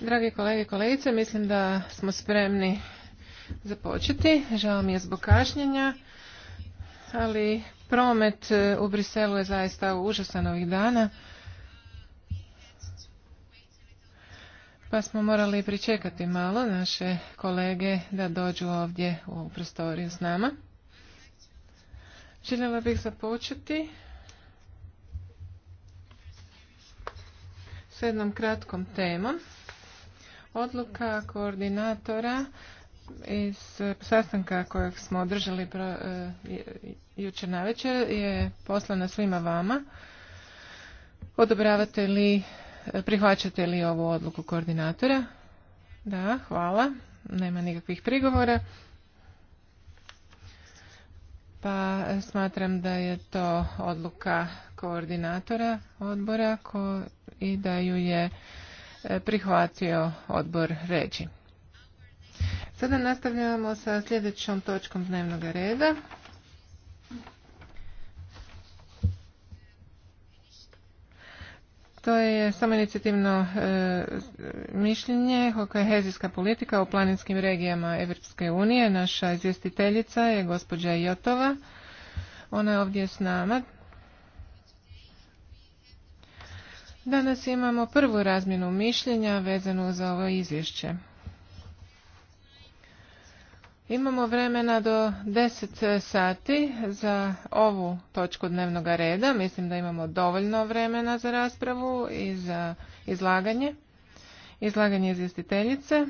Drage kolege i kolegice, mislim da smo spremni započeti. Žao mi je zbog kašnjenja, ali promet e, u Briselu je zaista užasan ovih dana. Pa smo morali pričekati malo naše kolege da dođu ovdje u prostoriju s nama. Željela bih započeti s jednom kratkom temom. Odluka koordinatora iz sastanka kojeg smo održali e, jučer navečer je poslana svima vama. Odobravate li, prihvaćate li ovu odluku koordinatora? Da, hvala. Nema nikakvih prigovora. Pa e, smatram da je to odluka koordinatora odbora ko i da ju je e, prihvatio odbor ređi. Sada nastavljamo sa sljedećom točkom dnevnog reda. je samo inicijativno e, mišljenje o kohezijska politika u planinskim regijama Evropske unije. Naša izvjestiteljica je gospođa Jotova. Ona je ovdje s nama. Danas imamo prvu razmjenu mišljenja vezanu za ovo izvješće. Imamo vremena do 10 sati za ovu točku dnevnog reda. Mislim da imamo dovoljno vremena za raspravu i za izlaganje. Izlaganje izvjestiteljice.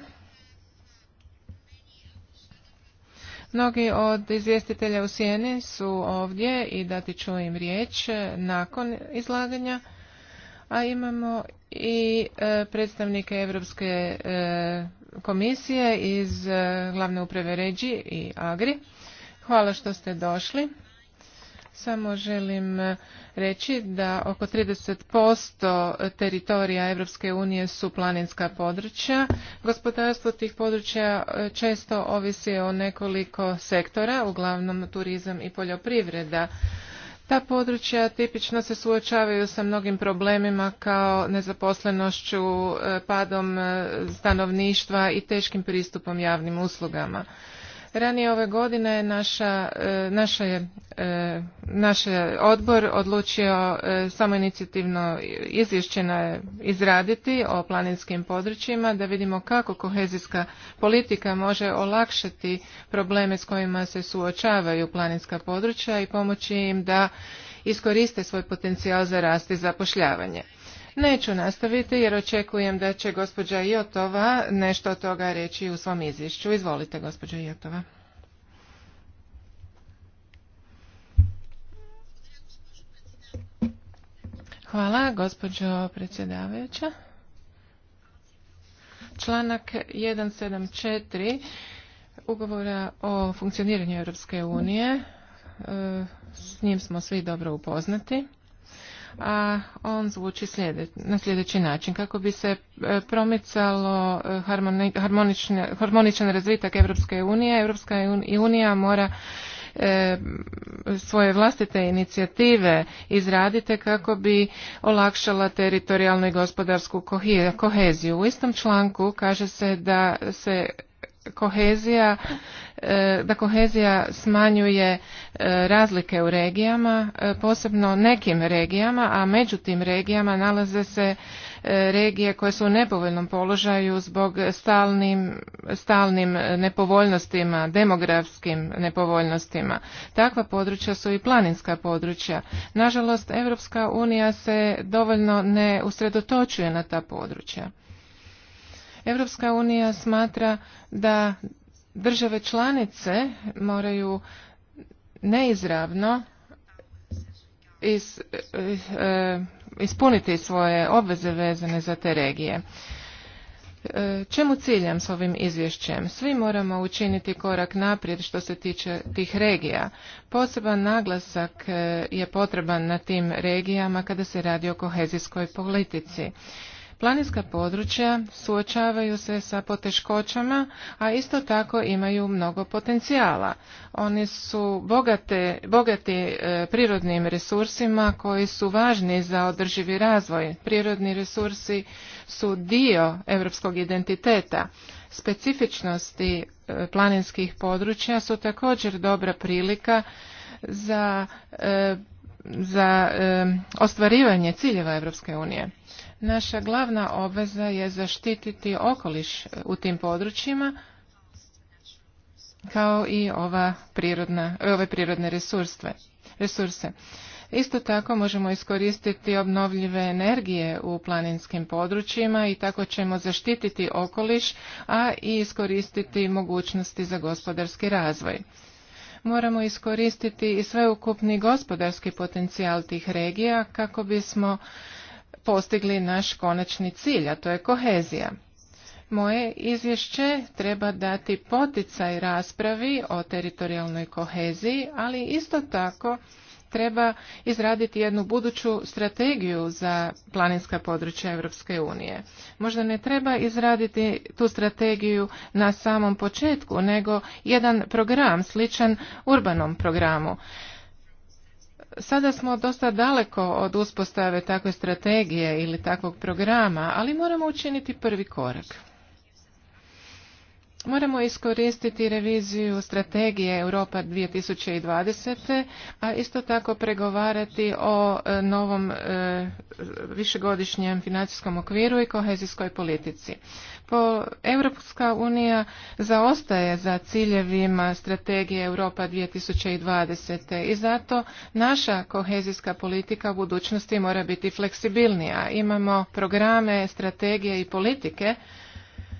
Mnogi od izvjestitelja u sjeni su ovdje i dati ću im riječ nakon izlaganja. A imamo i e, predstavnike Europske e, komisije iz e, glavne uprave Ređi i Agri. Hvala što ste došli. Samo želim e, reći da oko 30% teritorija Europske unije su planinska područja. Gospodarstvo tih područja e, često ovisi o nekoliko sektora, uglavnom turizam i poljoprivreda. Ta područja tipično se suočavaju sa mnogim problemima kao nezaposlenošću, e, padom e, stanovništva i teškim pristupom javnim uslugama. Ranije ove godine naša, e, naša je, e, naš je odbor odlučio e, samo inicijativno izvješće izraditi o planinskim područjima da vidimo kako kohezijska politika može olakšati probleme s kojima se suočavaju planinska područja i pomoći im da iskoriste svoj potencijal za rast i zapošljavanje. Neću nastaviti jer očekujem da će gospođa Jotova nešto od toga reći u svom izvješću. Izvolite gospođa Jotova. Hvala, gospođo predsjedavajuća. Članak 174 ugovora o funkcioniranju Europske unije, e, s njim smo svi dobro upoznati a on zvuči na sljedeći način. Kako bi se e, promicalo e, harmoničan razvitak Europske unije, Europska unija mora e, svoje vlastite inicijative izradite kako bi olakšala teritorijalnu i gospodarsku koheziju. U istom članku kaže se da se kohezija E, da kohezija smanjuje e, razlike u regijama, e, posebno nekim regijama, a među tim regijama nalaze se regije koje su u nepovoljnom položaju zbog stalnim, stalnim nepovoljnostima, demografskim nepovoljnostima. Takva područja su i planinska područja. Nažalost, Europska unija se dovoljno ne usredotočuje na ta područja. Europska unija smatra da države članice moraju neizravno eh, eh, ispuniti svoje obveze vezane za te regije. Eh, čemu ciljam s ovim izvješćem? Svi moramo učiniti korak naprijed što se tiče tih regija. Poseban naglasak je potreban na tim regijama kada se radi o kohezijskoj politici. Planinska područja suočavaju se sa poteškoćama, a isto tako imaju mnogo potencijala. Oni su bogate, bogati e, prirodnim resursima koji su važni za održivi razvoj. Prirodni resursi su dio europskog identiteta. Specifičnosti e, planinskih područja su također dobra prilika za e, za ostvarivanje ciljeva Europske unije. Naša glavna obveza je zaštititi okoliš e, u tim područjima kao i ova prirodna, e, ove prirodne resurse. resurse. Isto tako možemo iskoristiti obnovljive energije u planinskim područjima i tako ćemo zaštititi okoliš, a i iskoristiti mogućnosti za gospodarski razvoj. Moramo iskoristiti i sveukupni gospodarski potencijal tih regija kako bismo postigli naš konačni cilj, a to je kohezija. Moje izvješće treba dati poticaj raspravi o teritorijalnoj koheziji, ali isto tako treba izraditi jednu buduću strategiju za planinska područja Europske unije. Možda ne treba izraditi tu strategiju na samom početku, nego jedan program sličan urbanom programu. Sada smo dosta daleko od uspostave takve strategije ili takvog programa, ali moramo učiniti prvi korak. Moramo iskoristiti reviziju strategije Europa 2020. a isto tako pregovarati o e, novom e, višegodišnjem financijskom okviru i kohezijskoj politici po Europska unija zaostaje za ciljevima strategije Europa 2020. i zato naša kohezijska politika u budućnosti mora biti fleksibilnija. Imamo programe, strategije i politike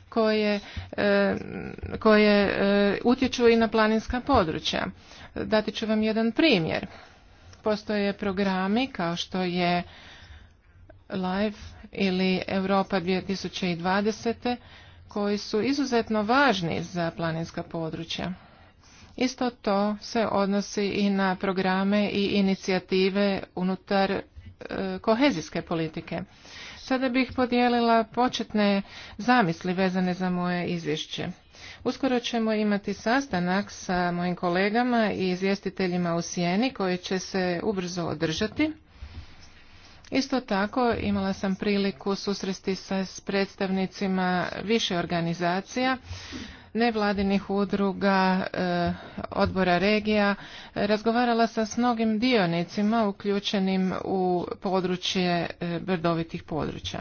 koje, e, koje e, utječu i na planinska područja. Dati ću vam jedan primjer. Postoje programi kao što je Live ili Europa 2020. koji su izuzetno važni za planinska područja. Isto to se odnosi i na programe i inicijative unutar e, kohezijske politike. Sada bih podijelila početne zamisli vezane za moje izvješće. Uskoro ćemo imati sastanak sa mojim kolegama i izvjestiteljima u Sijeni koji će se ubrzo održati Isto tako imala sam priliku susresti se s predstavnicima više organizacija, nevladinih udruga, e, odbora regija. Razgovarala sam s mnogim dionicima uključenim u područje e, brdovitih područja.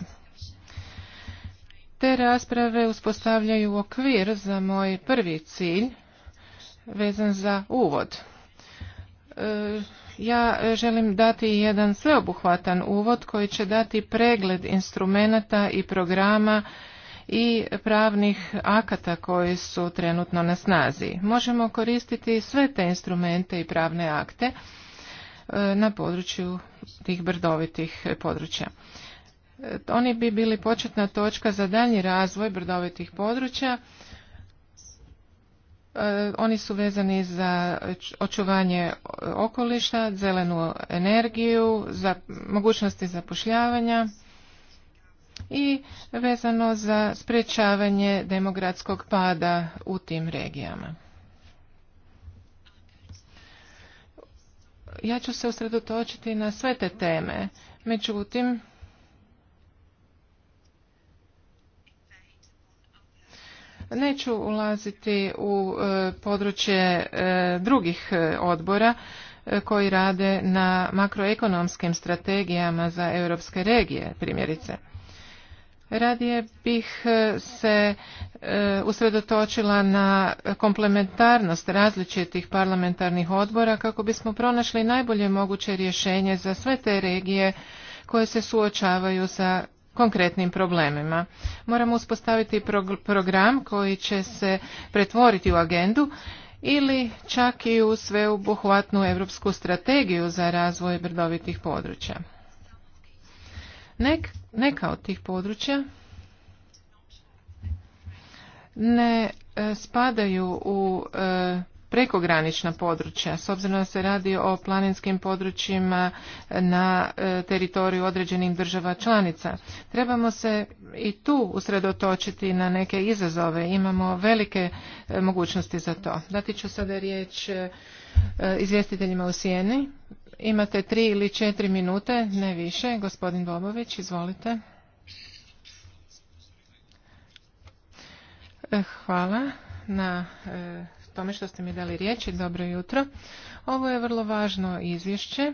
Te rasprave uspostavljaju okvir za moj prvi cilj vezan za uvod. E, ja e, želim dati jedan sveobuhvatan uvod koji će dati pregled instrumenata i programa i pravnih akata koji su trenutno na snazi. Možemo koristiti sve te instrumente i pravne akte e, na području tih brdovitih područja. E, oni bi bili početna točka za dalji razvoj brdovitih područja E, oni su vezani za očuvanje okoliša, zelenu energiju, za mogućnosti zapošljavanja i vezano za sprečavanje demografskog pada u tim regijama. Ja ću se usredotočiti na sve te teme, međutim Neću ulaziti u e, područje e, drugih e, odbora koji rade na makroekonomskim strategijama za europske regije, primjerice. Radije bih se usredotočila na komplementarnost različitih parlamentarnih odbora kako bismo pronašli najbolje moguće rješenje za sve te regije koje se suočavaju sa konkretnim problemima. Moramo uspostaviti program koji će se pretvoriti u agendu ili čak i u sveobuhvatnu europsku strategiju za razvoj brdovitih područja. Nek, neka od tih područja ne e, spadaju u e, prekogranična područja. S obzirom da se radi o planinskim područjima na e, teritoriju određenih država članica. Trebamo se i tu usredotočiti na neke izazove. Imamo velike e, mogućnosti za to. Dati ću sada riječ e, izvjestiteljima u Sijeni. Imate tri ili četiri minute, ne više. Gospodin Bobović, izvolite. Hvala na tome što ste mi dali riječ dobro jutro. Ovo je vrlo važno izvješće.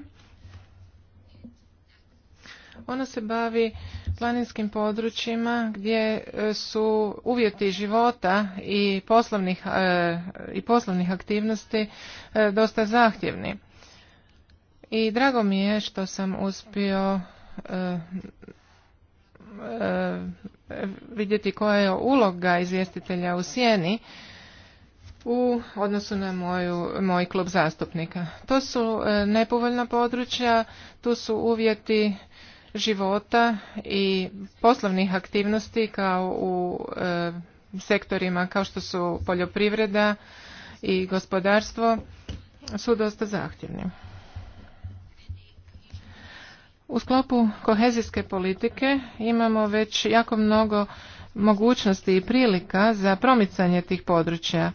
Ono se bavi planinskim područjima gdje e, su uvjeti života i poslovnih, e, i poslovnih aktivnosti e, dosta zahtjevni. I drago mi je što sam uspio vidjeti koja je uloga izvjestitelja u sjeni u odnosu na moju, moj klub zastupnika. To su e, nepovoljna područja, tu su uvjeti života i poslovnih aktivnosti kao u e, sektorima kao što su poljoprivreda i gospodarstvo su dosta zahtjevni. U sklopu kohezijske politike imamo već jako mnogo mogućnosti i prilika za promicanje tih područja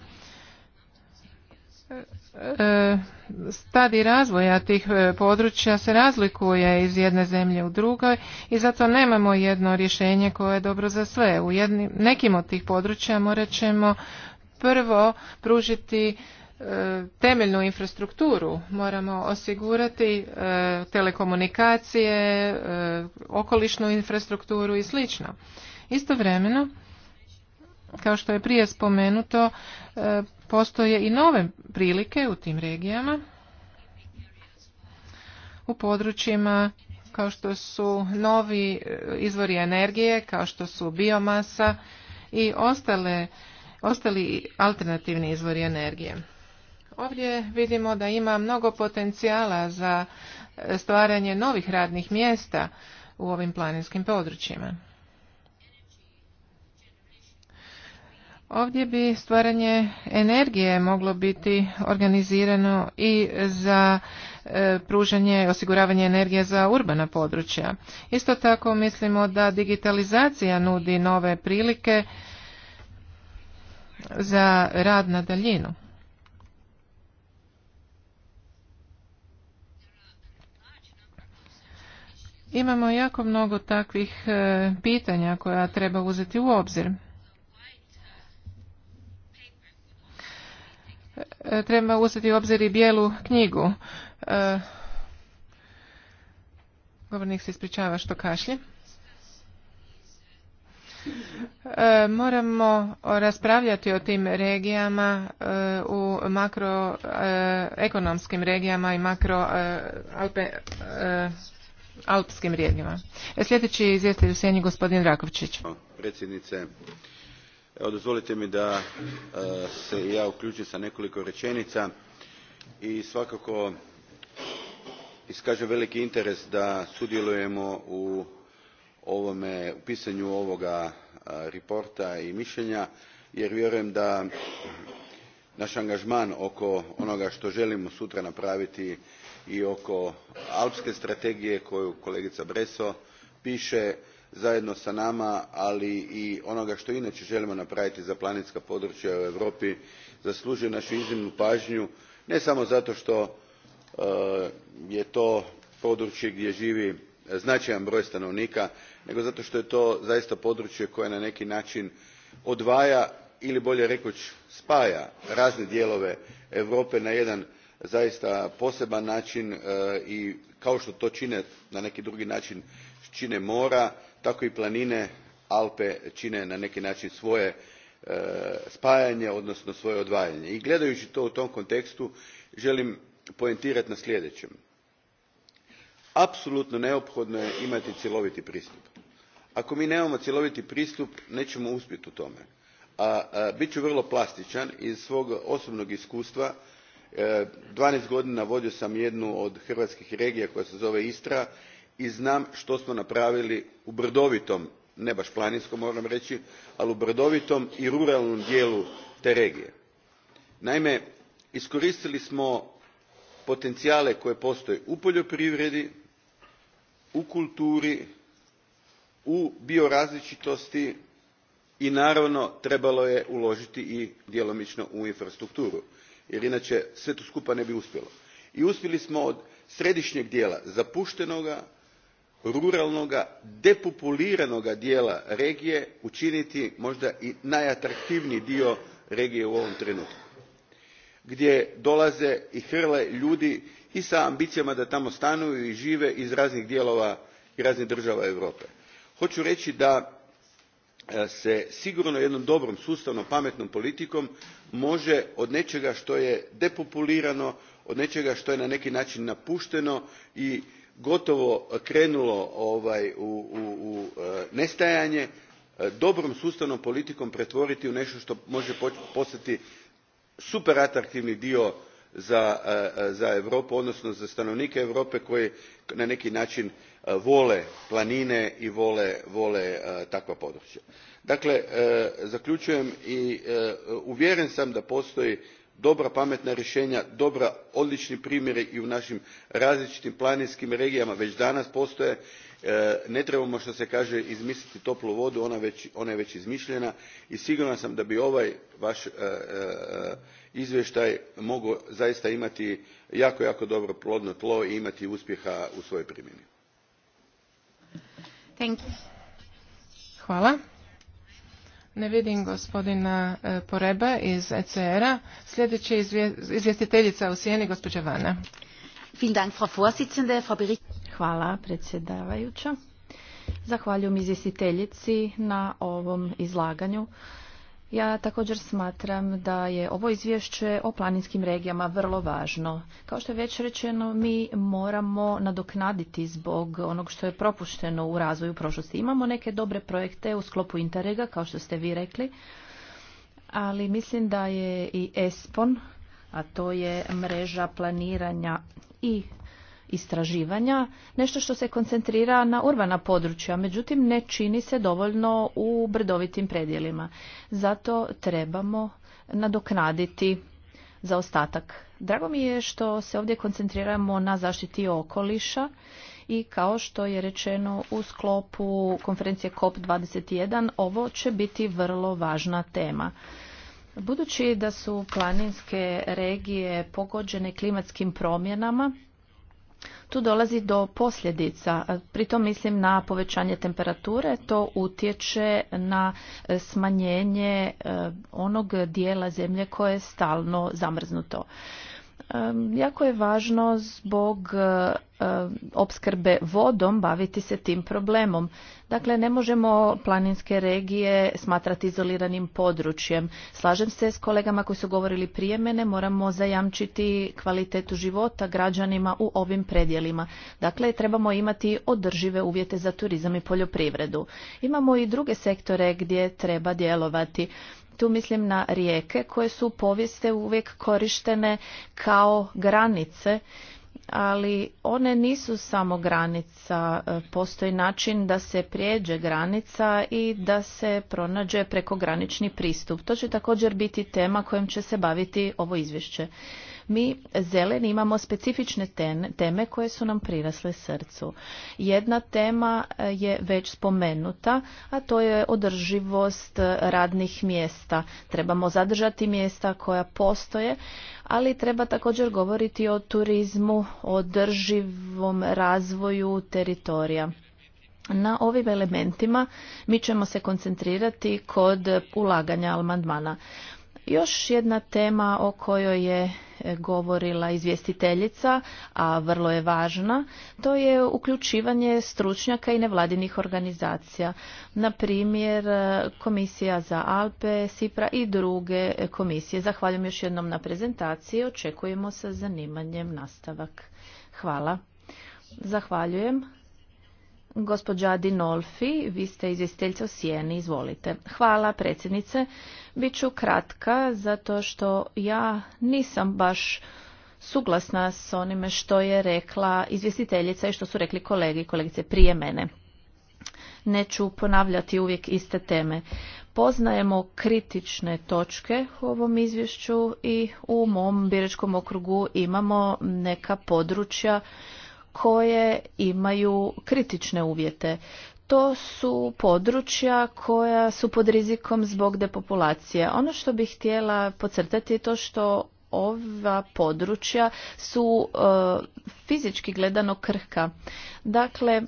E, stadi razvoja tih e, područja se razlikuje iz jedne zemlje u drugoj i zato nemamo jedno rješenje koje je dobro za sve. U jednim, nekim od tih područja morat ćemo prvo pružiti e, temeljnu infrastrukturu moramo osigurati telekomunikacije okolišnu infrastrukturu i slično istovremeno kao što je prije spomenuto, e, postoje i nove prilike u tim regijama, u područjima kao što su novi e, izvori energije, kao što su biomasa i ostale, ostali alternativni izvori energije. Ovdje vidimo da ima mnogo potencijala za e, stvaranje novih radnih mjesta u ovim planinskim područjima. Ovdje bi stvaranje energije moglo biti organizirano i za e, pružanje i osiguravanje energije za urbana područja. Isto tako mislimo da digitalizacija nudi nove prilike za rad na daljinu. Imamo jako mnogo takvih e, pitanja koja treba uzeti u obzir. E, treba uzeti u obzir i bijelu knjigu. E, govornik se ispričava što kašlje. E, moramo raspravljati o tim regijama u makroekonomskim regijama i makroalpskim regijama. Sljedeći izvjestitelj u sjeni gospodin Rakovčić. Predsjednice, evo dozvolite mi da e, se i ja uključim sa nekoliko rečenica i svakako iskažem veliki interes da sudjelujemo u pisanju ovoga e, reporta i mišljenja jer vjerujem da naš angažman oko onoga što želimo sutra napraviti i oko alpske strategije koju kolegica Breso piše zajedno sa nama ali i onoga što inače želimo napraviti za planinska područja u europi zaslužuje našu iznimnu pažnju ne samo zato što e, je to područje gdje živi značajan broj stanovnika nego zato što je to zaista područje koje na neki način odvaja ili bolje rečeno spaja razne dijelove europe na jedan zaista poseban način e, i kao što to čine na neki drugi način čine mora tako i planine alpe čine na neki način svoje e, spajanje odnosno svoje odvajanje i gledajući to u tom kontekstu želim poentirati na sljedećem apsolutno neophodno je imati cjeloviti pristup. ako mi nemamo cjeloviti pristup nećemo uspjeti u tome a bit ću vrlo plastičan iz svog osobnog iskustva e, dvanaest godina vodio sam jednu od hrvatskih regija koja se zove istra i znam što smo napravili u brdovitom ne baš planinskom moram reći ali u brdovitom i ruralnom dijelu te regije. naime iskoristili smo potencijale koji postoje u poljoprivredi u kulturi u biorazličitosti i naravno trebalo je uložiti i djelomično u infrastrukturu jer inače sve to skupa ne bi uspjelo. i uspjeli smo od središnjeg dijela zapuštenoga ruralnoga depopuliranoga dijela regije učiniti možda i najatraktivniji dio regije u ovom trenutku gdje dolaze i hrle ljudi i sa ambicijama da tamo stanuju i žive iz raznih dijelova i raznih država europe. hoću reći da e, se sigurno jednom dobrom sustavnom pametnom politikom može od nečega što je depopulirano od nečega što je na neki način napušteno i gotovo krenulo ovaj, u, e, nestajanje e, dobrom sustavnom politikom pretvoriti u nešto što može postati atraktivni dio e, za, europu odnosno za stanovnike europe koji na neki način vole planine i vole, vole takva područja. dakle zaključujem i uvjeren sam da postoji dobra pametna rješenja dobra, odlični primjeri i u našim različitim planinskim regijama već danas postoje e, ne trebamo što se kaže izmisliti toplu vodu ona je već izmišljena i siguran sam da bi ovaj vaš e, e, izvještaj mogao zaista imati jako jako dobro plodno tlo i imati uspjeha u svojoj primjeni. Hvala. Ne vidim gospodina e, Poreba iz ECR-a. Sljedeća izvjestiteljica u sjeni, gospođa Vana. Hvala predsjedavajuća. Zahvaljujem izvjestiteljici na ovom izlaganju. Ja također smatram da je ovo izvješće o planinskim regijama vrlo važno. Kao što je već rečeno, mi moramo nadoknaditi zbog onog što je propušteno u razvoju prošlosti. Imamo neke dobre projekte u sklopu Interrega, kao što ste vi rekli, ali mislim da je i ESPON, a to je mreža planiranja i istraživanja, nešto što se koncentrira na urbana područja, međutim ne čini se dovoljno u brdovitim predjelima. Zato trebamo nadoknaditi zaostatak. Drago mi je što se ovdje koncentriramo na zaštiti okoliša i kao što je rečeno u sklopu konferencije COP21 ovo će biti vrlo važna tema. Budući da su planinske regije pogođene klimatskim promjenama, tu dolazi do posljedica. Pritom mislim na povećanje temperature, to utječe na e, smanjenje e, onog dijela zemlje koje je stalno zamrznuto jako je važno zbog opskrbe vodom baviti se tim problemom. Dakle, ne možemo planinske regije smatrati izoliranim područjem. Slažem se s kolegama koji su govorili prije mene, moramo zajamčiti kvalitetu života građanima u ovim predjelima. Dakle, trebamo imati održive uvjete za turizam i poljoprivredu. Imamo i druge sektore gdje treba djelovati. Tu mislim na rijeke koje su u povijeste uvijek korištene kao granice ali one nisu samo granica. E, postoji način da se prijeđe granica i da se pronađe prekogranični pristup. To će također biti tema kojom će se baviti ovo izvješće. Mi zeleni imamo specifične teme koje su nam prirasle srcu. Jedna tema e, je već spomenuta, a to je održivost e, radnih mjesta. Trebamo zadržati mjesta koja postoje, ali treba također govoriti o turizmu, o održivom razvoju teritorija. Na ovim elementima mi ćemo se koncentrirati kod ulaganja almandmana. Još jedna tema o kojoj je e, govorila izvjestiteljica, a vrlo je važna, to je uključivanje stručnjaka i nevladinih organizacija. Na primjer, e, Komisija za Alpe, Sipra i druge e, komisije. Zahvaljujem još jednom na prezentaciji. Očekujemo sa zanimanjem nastavak. Hvala. Zahvaljujem. Gospođa Dinolfi, vi ste izvjestiteljica u Sijeni, izvolite. Hvala predsjednice, bit ću kratka zato što ja nisam baš suglasna s onime što je rekla izvjestiteljica i što su rekli kolegi i kolegice prije mene. Neću ponavljati uvijek iste teme. Poznajemo kritične točke u ovom izvješću i u mom biračkom okrugu imamo neka područja koje imaju kritične uvjete. To su područja koja su pod rizikom zbog depopulacije. Ono što bih htjela podcrtati je to što ova područja su e, fizički gledano krhka. Dakle,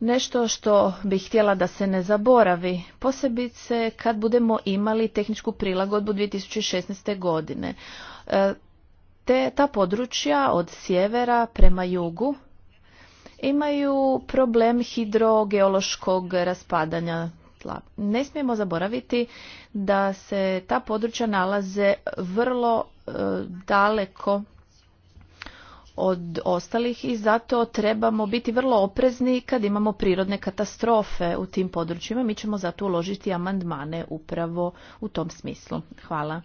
nešto što bih htjela da se ne zaboravi, posebice kad budemo imali tehničku prilagodbu 2016. godine. E, te ta područja od sjevera prema jugu imaju problem hidrogeološkog raspadanja tla. Ne smijemo zaboraviti da se ta područja nalaze vrlo e, daleko od ostalih i zato trebamo biti vrlo oprezni kad imamo prirodne katastrofe u tim područjima. Mi ćemo zato uložiti amandmane upravo u tom smislu. Hvala.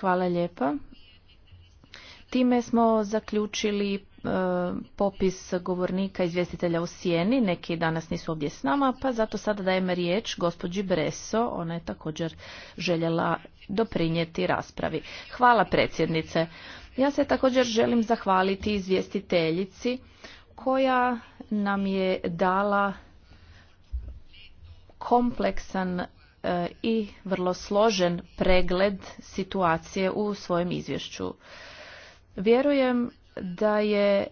Hvala lijepa. Time smo zaključili e, popis govornika izvjestitelja u sjeni, neki danas nisu ovdje s nama, pa zato sada dajem riječ gospođi Breso, ona je također željela doprinijeti raspravi. Hvala predsjednice. Ja se također želim zahvaliti izvjestiteljici koja nam je dala kompleksan e, i vrlo složen pregled situacije u svojem izvješću. Vjerujem da je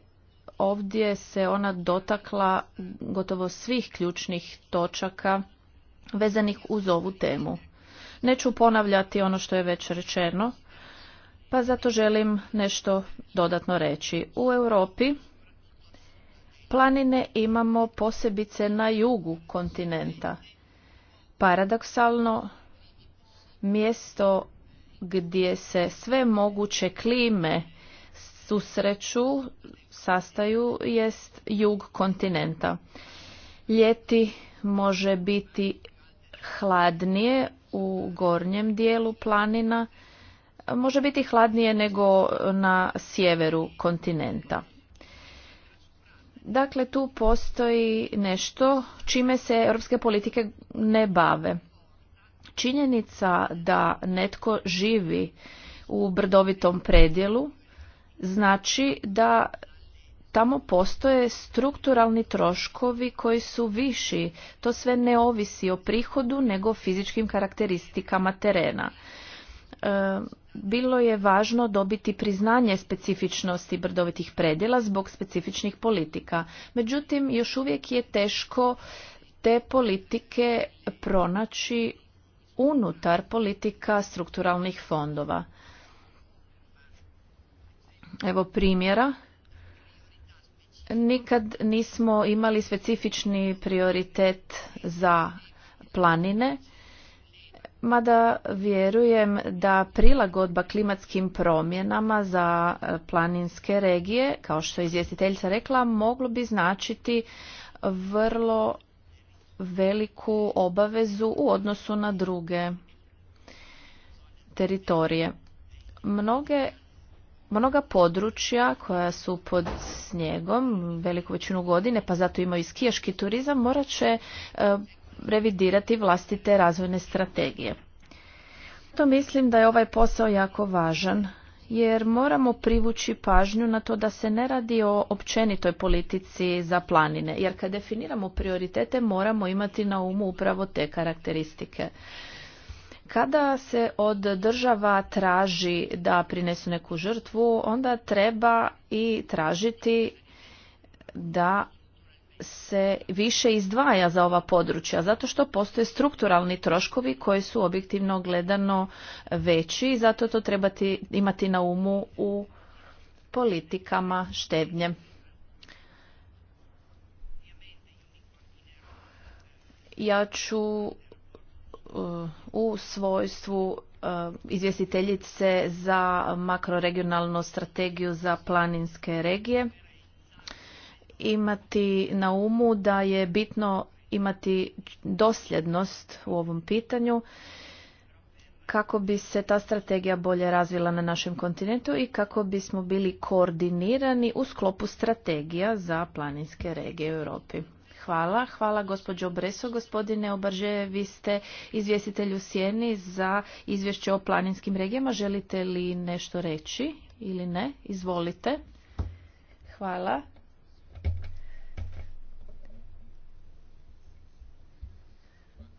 ovdje se ona dotakla gotovo svih ključnih točaka vezanih uz ovu temu. Neću ponavljati ono što je već rečeno, pa zato želim nešto dodatno reći. U Europi planine imamo posebice na jugu kontinenta. Paradoksalno, mjesto gdje se sve moguće klime susreću, sastaju, jest jug kontinenta. Ljeti može biti hladnije u gornjem dijelu planina, može biti hladnije nego na sjeveru kontinenta. Dakle, tu postoji nešto čime se europske politike ne bave. Činjenica da netko živi u brdovitom predjelu znači da tamo postoje strukturalni troškovi koji su viši. To sve ne ovisi o prihodu nego o fizičkim karakteristikama terena. E, bilo je važno dobiti priznanje specifičnosti brdovitih predjela zbog specifičnih politika. Međutim, još uvijek je teško te politike pronaći unutar politika strukturalnih fondova. Evo primjera. Nikad nismo imali specifični prioritet za planine, mada vjerujem da prilagodba klimatskim promjenama za planinske regije, kao što je izvjestiteljica rekla, moglo bi značiti vrlo veliku obavezu u odnosu na druge teritorije. Mnoge mnoga područja koja su pod snijegom veliku većinu godine, pa zato imaju i skijaški turizam, morat će e, revidirati vlastite razvojne strategije. To mislim da je ovaj posao jako važan jer moramo privući pažnju na to da se ne radi o općenitoj politici za planine, jer kad definiramo prioritete moramo imati na umu upravo te karakteristike. Kada se od država traži da prinesu neku žrtvu, onda treba i tražiti da se više izdvaja za ova područja zato što postoje strukturalni troškovi koji su objektivno gledano veći i zato to trebati imati na umu u politikama štednje. Ja ću u svojstvu e, izvjestiteljice za makroregionalnu strategiju za planinske regije imati na umu da je bitno imati dosljednost u ovom pitanju kako bi se ta strategija bolje razvila na našem kontinentu i kako bismo bili koordinirani u sklopu strategija za planinske regije u Europi. Hvala. Hvala gospođo Breso. Gospodine Obarže, vi ste izvjestitelj u Sjeni za izvješće o planinskim regijama. Želite li nešto reći ili ne? Izvolite. Hvala.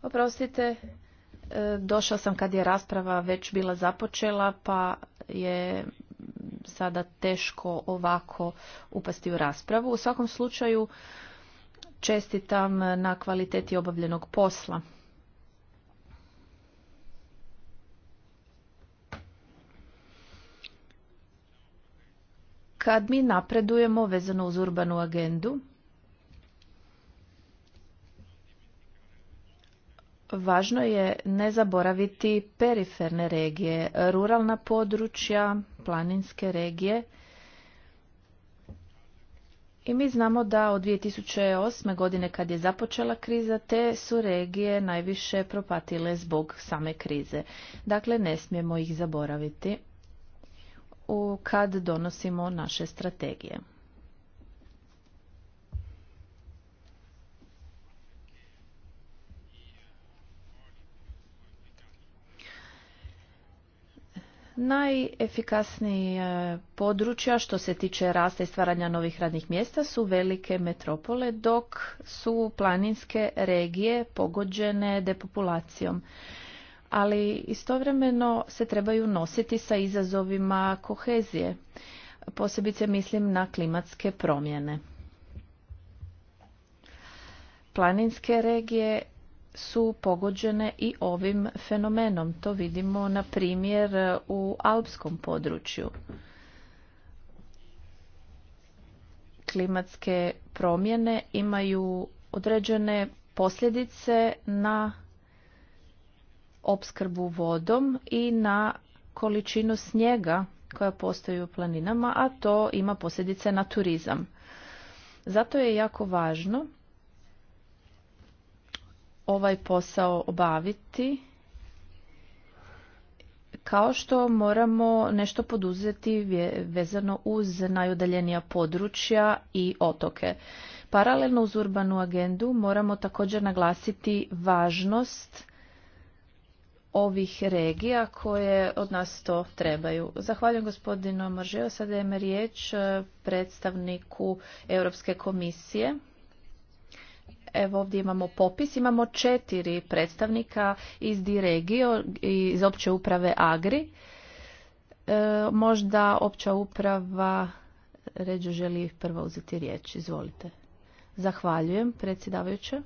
Oprostite, e, došao sam kad je rasprava već bila započela, pa je sada teško ovako upasti u raspravu. U svakom slučaju, čestitam na kvaliteti obavljenog posla. Kad mi napredujemo vezano uz urbanu agendu, važno je ne zaboraviti periferne regije, ruralna područja, planinske regije, i mi znamo da od 2008. godine kad je započela kriza, te su regije najviše propatile zbog same krize. Dakle, ne smijemo ih zaboraviti kad donosimo naše strategije. Najefikasnije područja što se tiče rasta i stvaranja novih radnih mjesta su velike metropole, dok su planinske regije pogođene depopulacijom. Ali istovremeno se trebaju nositi sa izazovima kohezije. Posebice mislim na klimatske promjene. Planinske regije su pogođene i ovim fenomenom. To vidimo na primjer u alpskom području. Klimatske promjene imaju određene posljedice na opskrbu vodom i na količinu snijega koja postoji u planinama, a to ima posljedice na turizam. Zato je jako važno ovaj posao obaviti kao što moramo nešto poduzeti vezano uz najudaljenija područja i otoke. Paralelno uz urbanu agendu moramo također naglasiti važnost ovih regija koje od nas to trebaju. Zahvaljujem gospodinu Maržeo. Sada je riječ eh, predstavniku Europske komisije. Evo ovdje imamo popis, imamo četiri predstavnika iz Diregio, iz opće uprave Agri. E, možda opća uprava Ređu želi prvo uzeti riječ. Izvolite. Zahvaljujem, predsjedavajuće.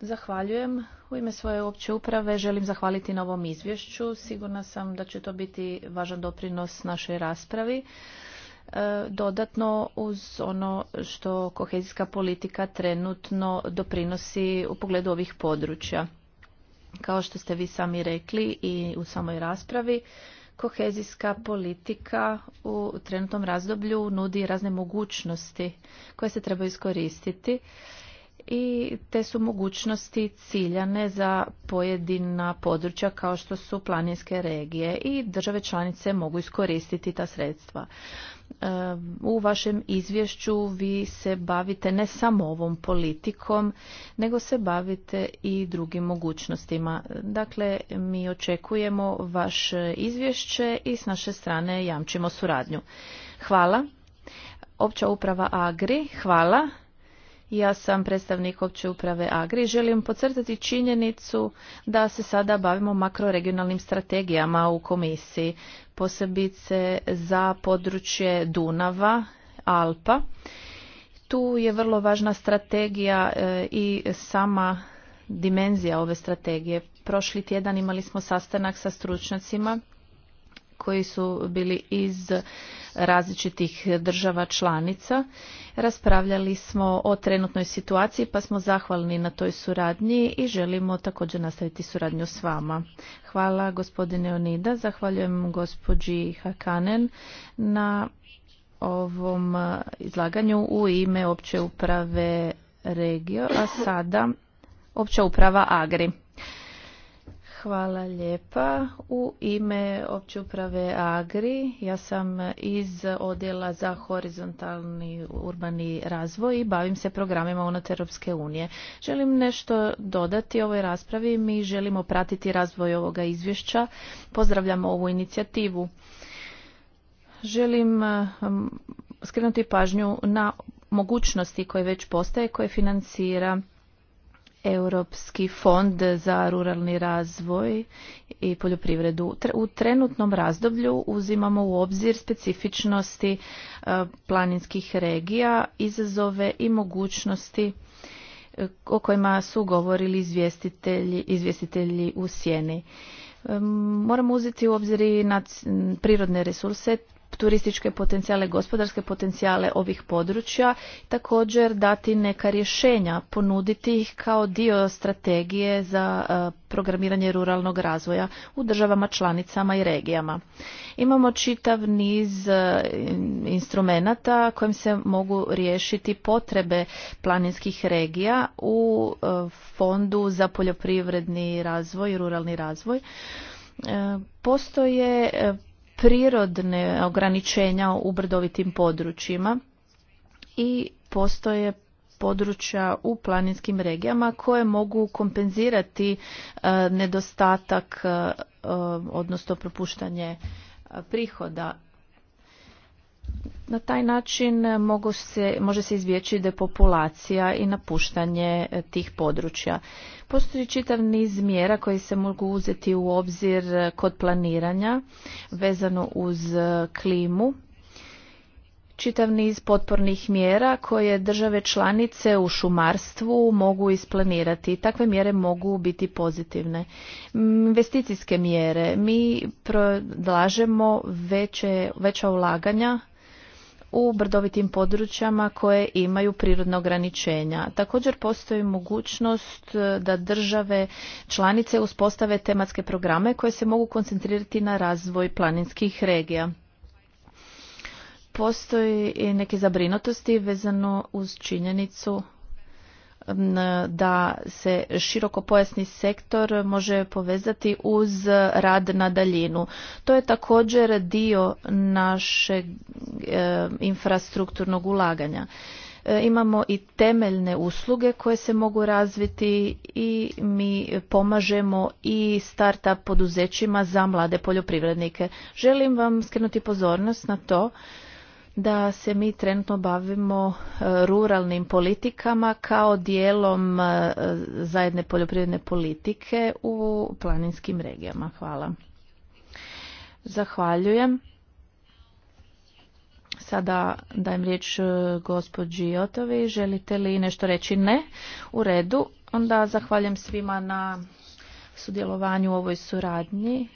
Zahvaljujem. U ime svoje opće uprave želim zahvaliti na ovom izvješću. Sigurna sam da će to biti važan doprinos našoj raspravi. E, dodatno uz ono što kohezijska politika trenutno doprinosi u pogledu ovih područja. Kao što ste vi sami rekli i u samoj raspravi, kohezijska politika u trenutnom razdoblju nudi razne mogućnosti koje se treba iskoristiti i te su mogućnosti ciljane za pojedina područja kao što su planinske regije i države članice mogu iskoristiti ta sredstva u vašem izvješću vi se bavite ne samo ovom politikom, nego se bavite i drugim mogućnostima. Dakle, mi očekujemo vaše izvješće i s naše strane jamčimo suradnju. Hvala. Opća uprava Agri, hvala. Ja sam predstavnik opće uprave Agri. Želim podcrtati činjenicu da se sada bavimo makroregionalnim strategijama u komisiji, posebice za područje Dunava, Alpa. Tu je vrlo važna strategija e, i sama dimenzija ove strategije. Prošli tjedan imali smo sastanak sa stručnjacima koji su bili iz različitih država članica. Raspravljali smo o trenutnoj situaciji pa smo zahvalni na toj suradnji i želimo također nastaviti suradnju s vama. Hvala gospodine Onida, zahvaljujem gospođi Hakanen na ovom izlaganju u ime opće uprave regio, a sada opća uprava Agri. Hvala lijepa. U ime opće uprave Agri, ja sam iz odjela za horizontalni urbani razvoj i bavim se programima unutar Europske unije. Želim nešto dodati ovoj raspravi. Mi želimo pratiti razvoj ovoga izvješća. Pozdravljamo ovu inicijativu. Želim um, skrenuti pažnju na mogućnosti koje već postaje, koje financira Europski fond za ruralni razvoj i poljoprivredu. U trenutnom razdoblju uzimamo u obzir specifičnosti e, planinskih regija, izazove i mogućnosti e, o kojima su govorili izvjestitelji, izvjestitelji u sjeni. E, moramo uzeti u obzir i prirodne resurse turističke potencijale, gospodarske potencijale ovih područja, također dati neka rješenja, ponuditi ih kao dio strategije za e, programiranje ruralnog razvoja u državama, članicama i regijama. Imamo čitav niz e, instrumenata kojim se mogu riješiti potrebe planinskih regija u e, fondu za poljoprivredni razvoj i ruralni razvoj. Postoje prirodne ograničenja u brdovitim područjima i postoje područja u planinskim regijama koje mogu kompenzirati e, nedostatak e, odnosno propuštanje e, prihoda na taj način mogu se, može se izbjeći depopulacija i napuštanje e, tih područja. Postoji čitav niz mjera koji se mogu uzeti u obzir e, kod planiranja vezano uz e, klimu. Čitav niz potpornih mjera koje države članice u šumarstvu mogu isplanirati. Takve mjere mogu biti pozitivne. Investicijske mjere. Mi predlažemo veća ulaganja u brdovitim područjama koje imaju prirodne ograničenja. Također postoji mogućnost e, da države članice uspostave tematske programe koje se mogu koncentrirati na razvoj planinskih regija. Postoji i neke zabrinutosti vezano uz činjenicu da se široko pojasni sektor može povezati uz rad na daljinu. To je također dio našeg e, infrastrukturnog ulaganja. E, imamo i temeljne usluge koje se mogu razviti i mi pomažemo i startup poduzećima za mlade poljoprivrednike. Želim vam skrenuti pozornost na to da se mi trenutno bavimo e, ruralnim politikama kao dijelom e, zajedne poljoprivredne politike u planinskim regijama. Hvala. Zahvaljujem. Sada dajem riječ e, gospođi Jotovi. Želite li nešto reći? Ne. U redu. Onda zahvaljujem svima na sudjelovanju u ovoj suradnji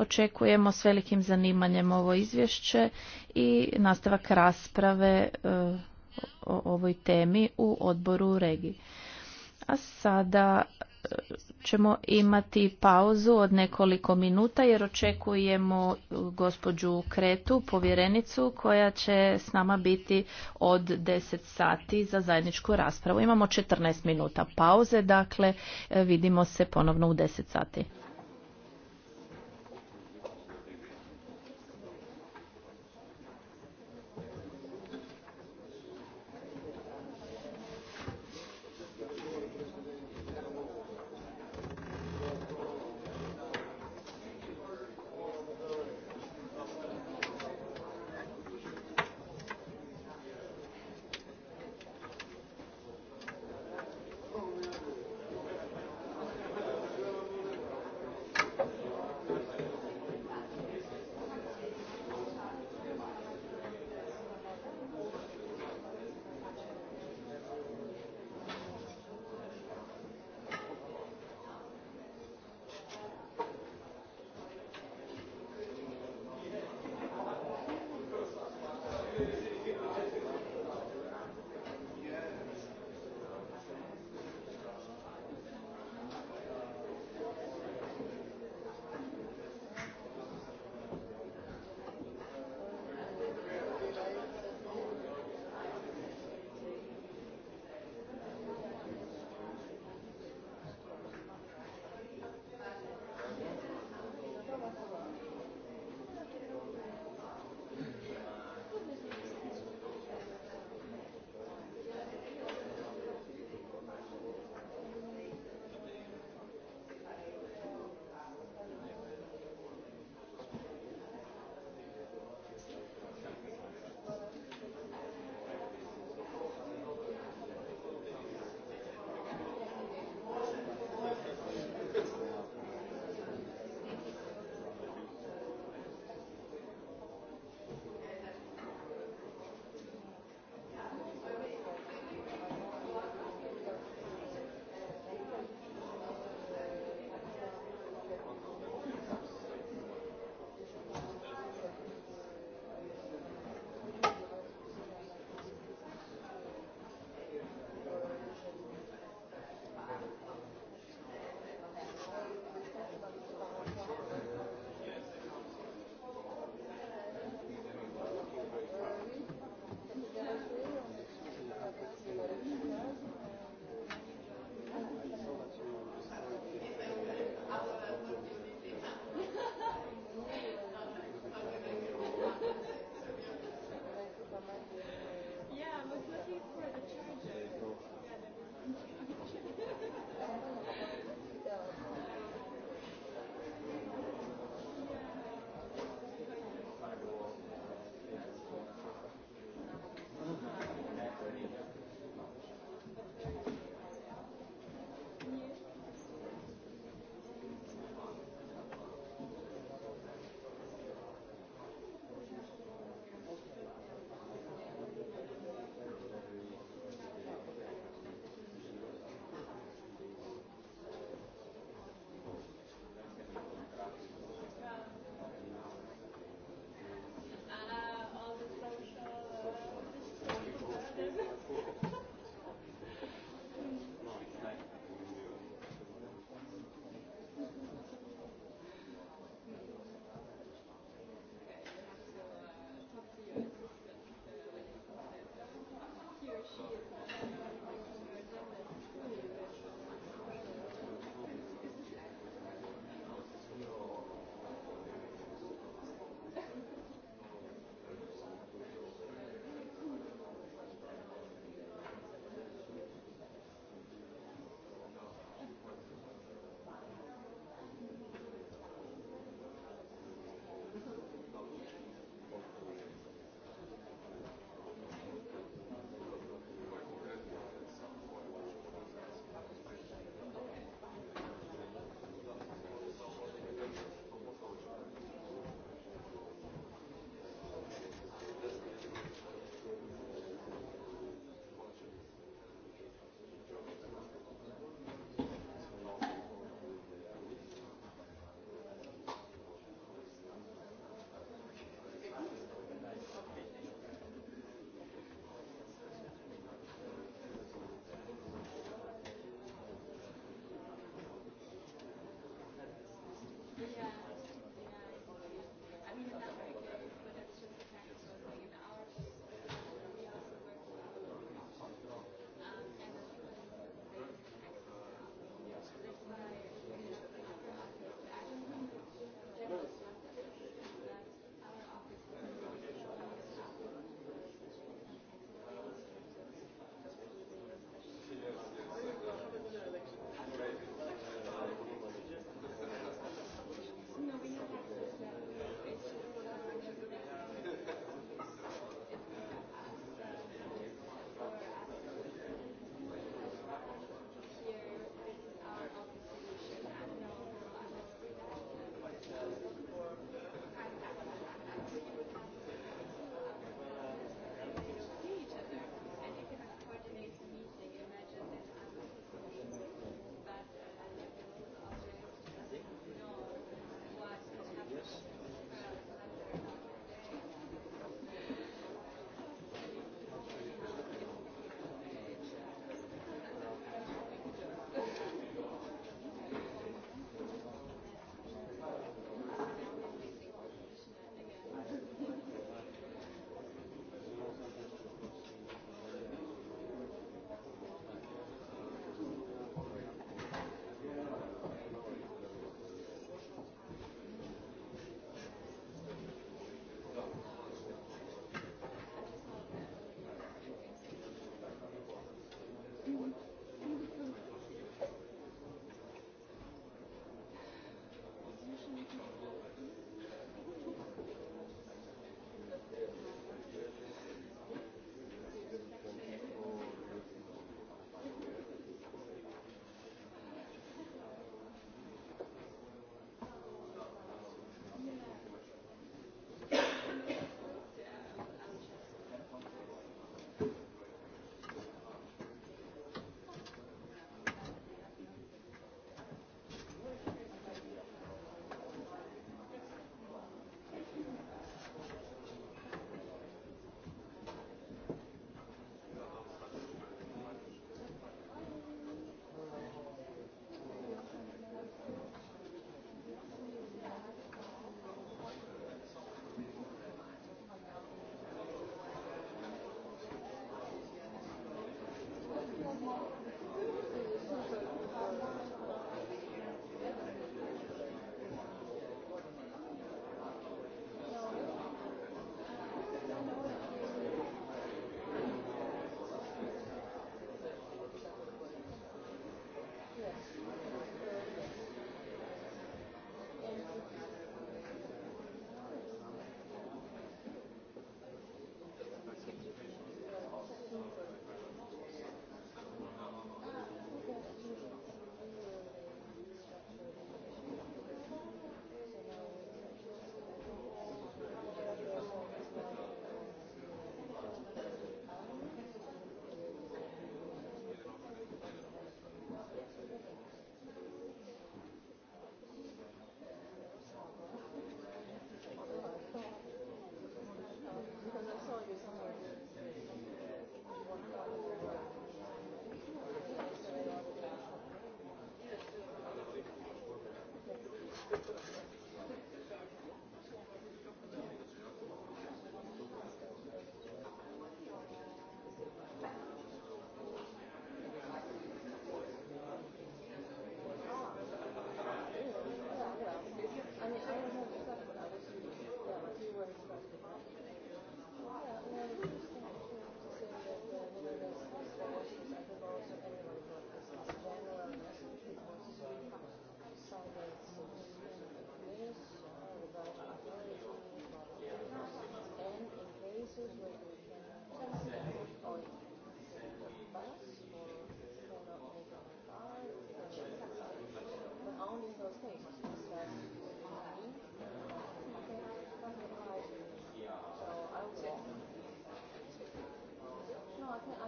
Očekujemo s velikim zanimanjem ovo izvješće i nastavak rasprave e, o ovoj temi u odboru regiji. A sada e, ćemo imati pauzu od nekoliko minuta jer očekujemo e, gospođu Kretu, povjerenicu koja će s nama biti od 10 sati za zajedničku raspravu. Imamo 14 minuta pauze, dakle vidimo se ponovno u 10 sati.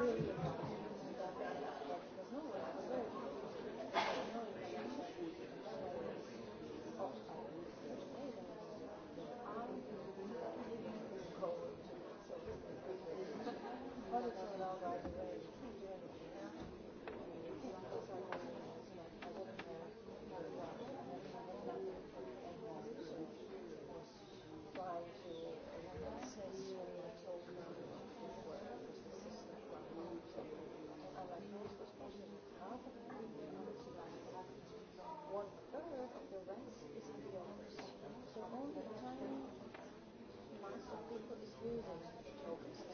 Oh all the time mass of people is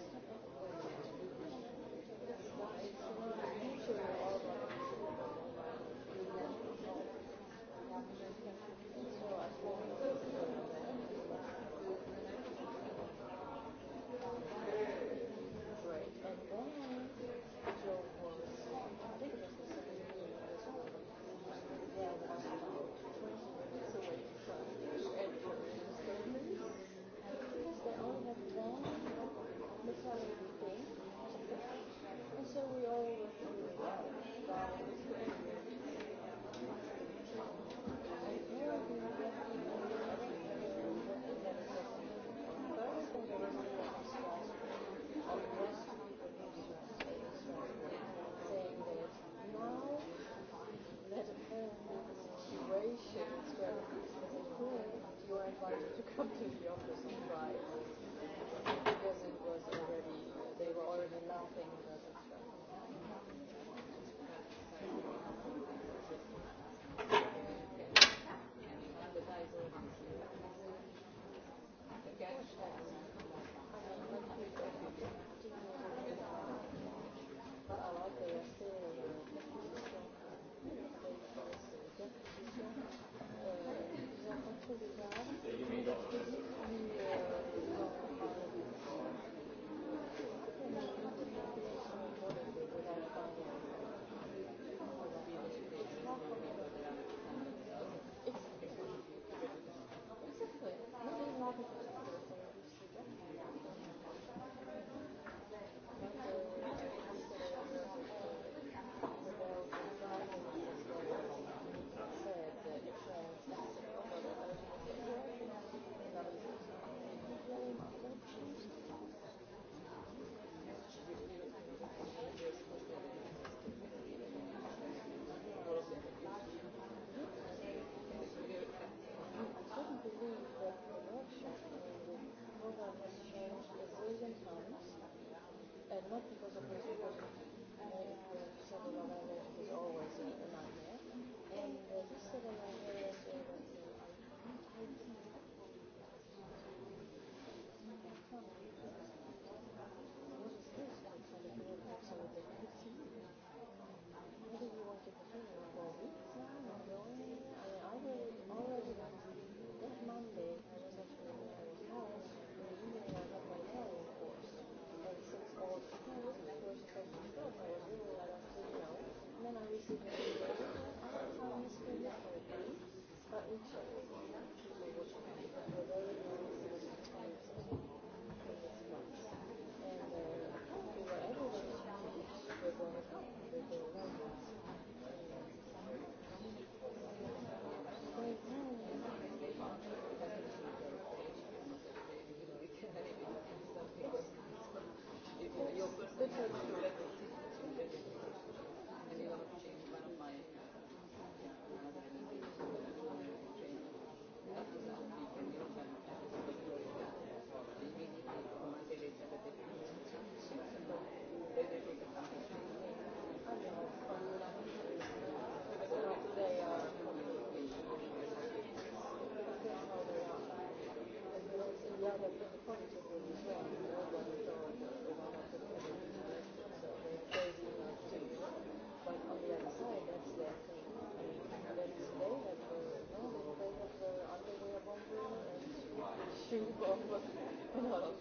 uplatu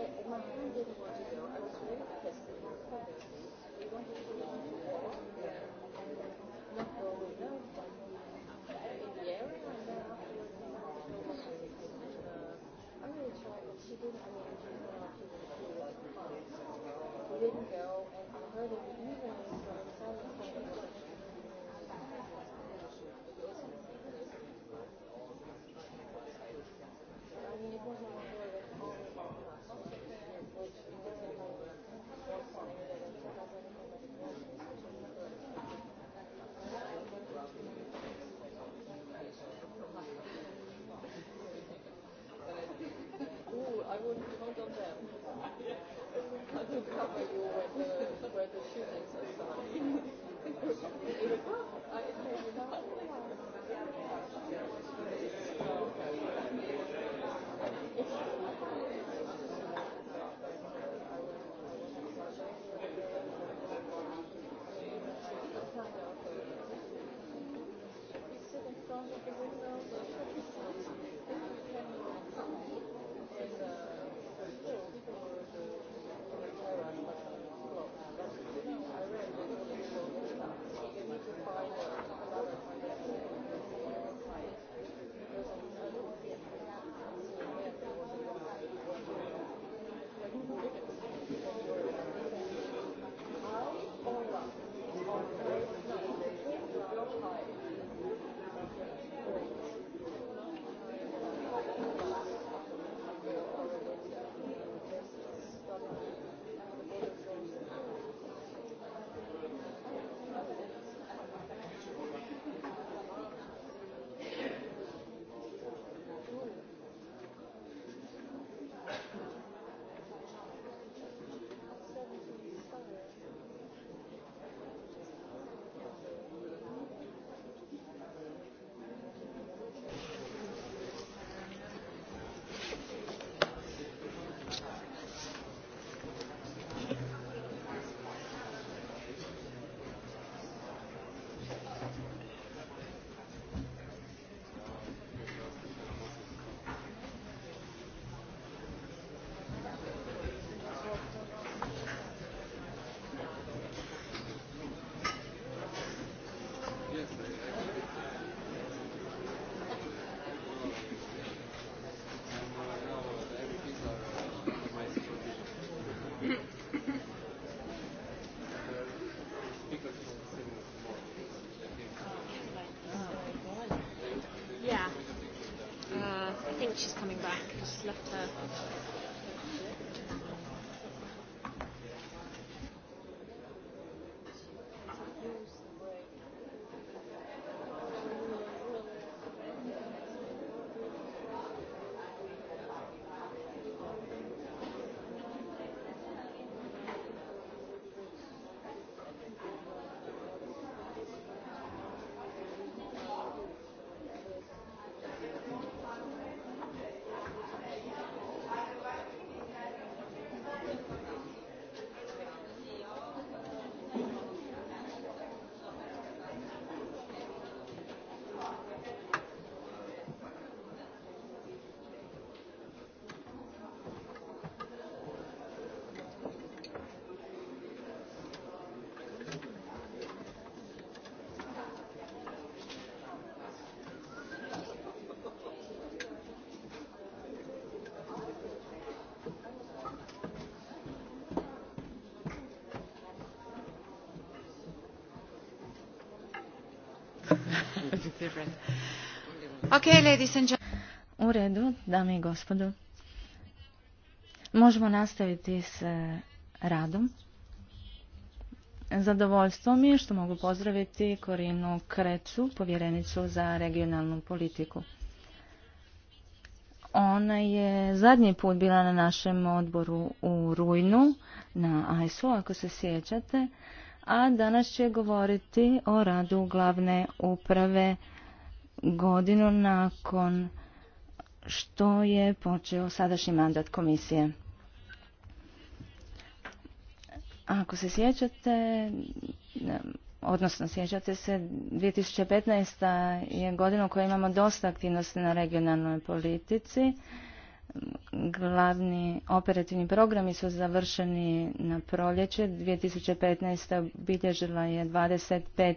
e U redu, dame i gospodo. Možemo nastaviti s eh, radom. Zadovoljstvo mi je što mogu pozdraviti Korinu Krecu, povjerenicu za regionalnu politiku. Ona je zadnji put bila na našem odboru u Rujnu, na ISO, ako se sjećate, a danas će govoriti o radu glavne uprave godinu nakon što je počeo sadašnji mandat komisije. Ako se sjećate, odnosno sjećate se, 2015. je godina u kojoj imamo dosta aktivnosti na regionalnoj politici. Glavni operativni programi su završeni na proljeće. 2015. obilježila je 25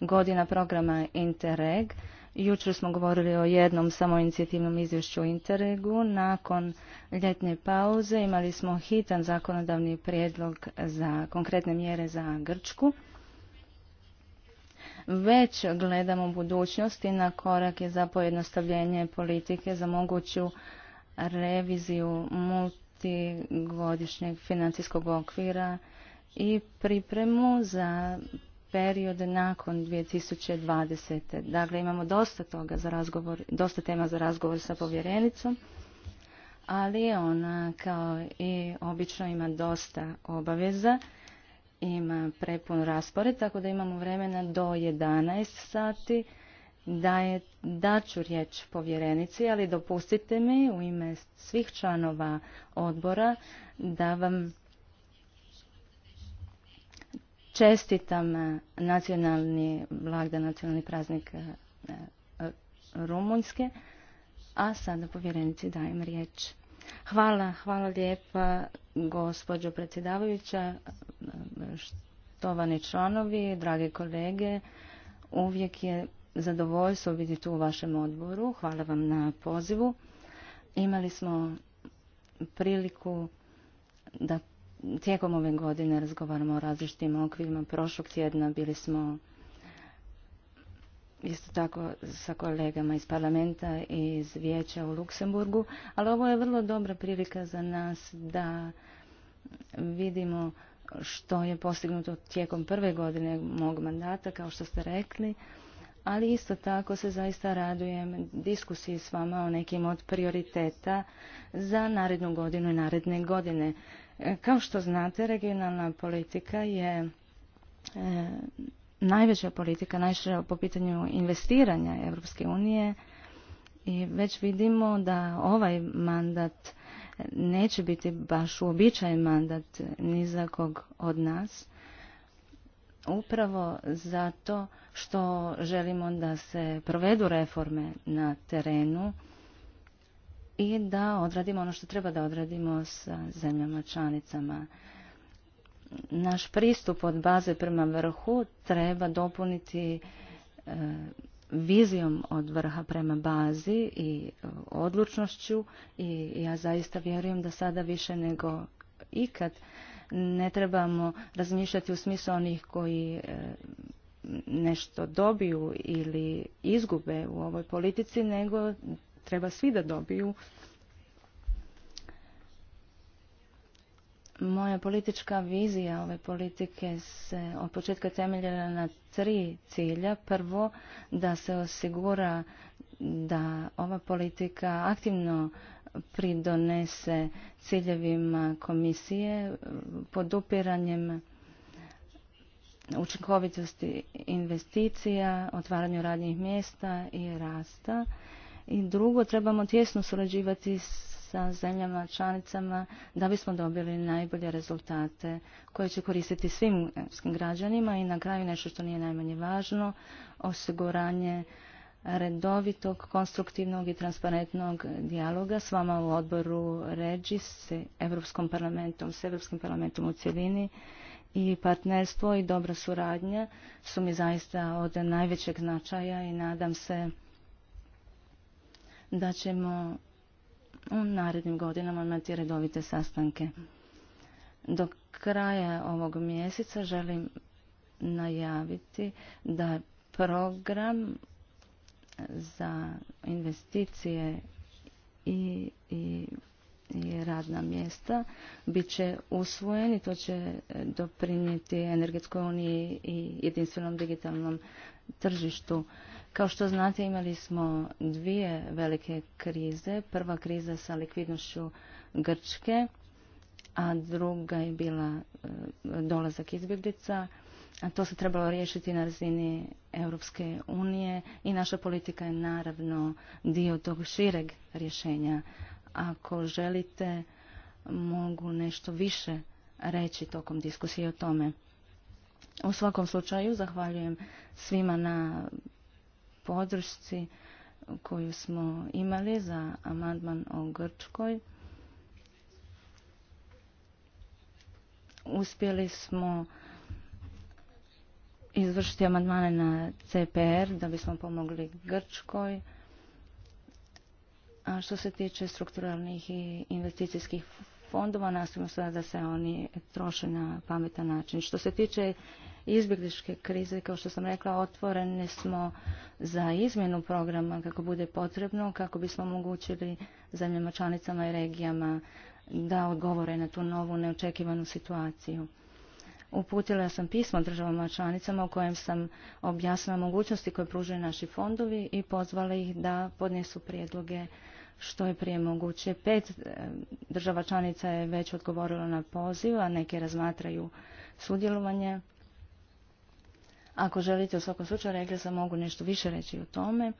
godina programa Interreg. Jučer smo govorili o jednom samoinicijativnom izvješću Interregu. Nakon ljetne pauze imali smo hitan zakonodavni prijedlog za konkretne mjere za Grčku. Već gledamo budućnosti na korak je za pojednostavljenje politike za moguću reviziju multigodišnjeg financijskog okvira i pripremu za period nakon 2020. Dakle, imamo dosta toga za razgovor, dosta tema za razgovor sa povjerenicom, ali ona kao i obično ima dosta obaveza, ima prepun raspored, tako da imamo vremena do 11 sati. da je daću riječ povjerenici, ali dopustite mi u ime svih članova odbora da vam Čestitam e, nacionalni blagdan, nacionalni praznik e, e, Rumunjske, a sada povjerenici dajem riječ. Hvala, hvala lijepa gospođo predsjedavajuća, štovani članovi, drage kolege. Uvijek je zadovoljstvo vidjeti tu u vašem odboru. Hvala vam na pozivu. Imali smo priliku da tijekom ove godine razgovaramo o različitim okvirima. Prošlog tjedna bili smo isto tako sa kolegama iz parlamenta i iz vijeća u Luksemburgu, ali ovo je vrlo dobra prilika za nas da vidimo što je postignuto tijekom prve godine mog mandata, kao što ste rekli, ali isto tako se zaista radujem diskusiji s vama o nekim od prioriteta za narednu godinu i naredne godine. Kao što znate, regionalna politika je e, najveća politika, najšira po pitanju investiranja Europske unije i već vidimo da ovaj mandat neće biti baš uobičajen mandat ni za kog od nas. Upravo zato što želimo da se provedu reforme na terenu i da odradimo ono što treba da odradimo sa zemljama članicama. Naš pristup od baze prema vrhu treba dopuniti e, vizijom od vrha prema bazi i e, odlučnošću i ja zaista vjerujem da sada više nego ikad ne trebamo razmišljati u smislu onih koji e, nešto dobiju ili izgube u ovoj politici, nego treba svi da dobiju. Moja politička vizija ove politike se od početka temeljena na tri cilja. Prvo, da se osigura da ova politika aktivno pridonese ciljevima komisije podupiranjem učinkovitosti investicija, otvaranju radnih mjesta i rasta i drugo, trebamo tjesno surađivati sa zemljama, članicama, da bismo dobili najbolje rezultate koje će koristiti svim europskim građanima i na kraju nešto što nije najmanje važno, osiguranje redovitog, konstruktivnog i transparentnog dijaloga s vama u odboru Ređi s Europskom parlamentom, s Europskim parlamentom u cjelini i partnerstvo i dobra suradnja su mi zaista od najvećeg značaja i nadam se da ćemo u narednim godinama imati redovite sastanke. Do kraja ovog mjeseca želim najaviti da program za investicije i, radna mjesta bit će usvojen i to će doprinijeti energetskoj uniji i jedinstvenom digitalnom tržištu. Kao što znate, imali smo dvije velike krize. Prva kriza sa likvidnošću Grčke, a druga je bila e, dolazak izbjeglica. A to se trebalo riješiti na razini Europske unije i naša politika je naravno dio tog šireg rješenja. Ako želite, mogu nešto više reći tokom diskusije o tome. U svakom slučaju zahvaljujem svima na podršci koju smo imali za amandman o Grčkoj. Uspjeli smo izvršiti amandmane na CPR da bismo pomogli Grčkoj. A što se tiče strukturalnih i investicijskih fondova, nastavimo sada da se oni troše na pametan način. Što se tiče izbjegličke krize, kao što sam rekla, otvoreni smo za izmjenu programa kako bude potrebno, kako bismo omogućili zemljama, članicama i regijama da odgovore na tu novu neočekivanu situaciju. Uputila sam pismo državama članicama u kojem sam objasnila mogućnosti koje pružaju naši fondovi i pozvala ih da podnesu prijedloge što je prije moguće. Pet eh, država članica je već odgovorilo na poziv, a neke razmatraju sudjelovanje. Ako želite u svakom slučaju, rekla sam mogu nešto više reći o tome.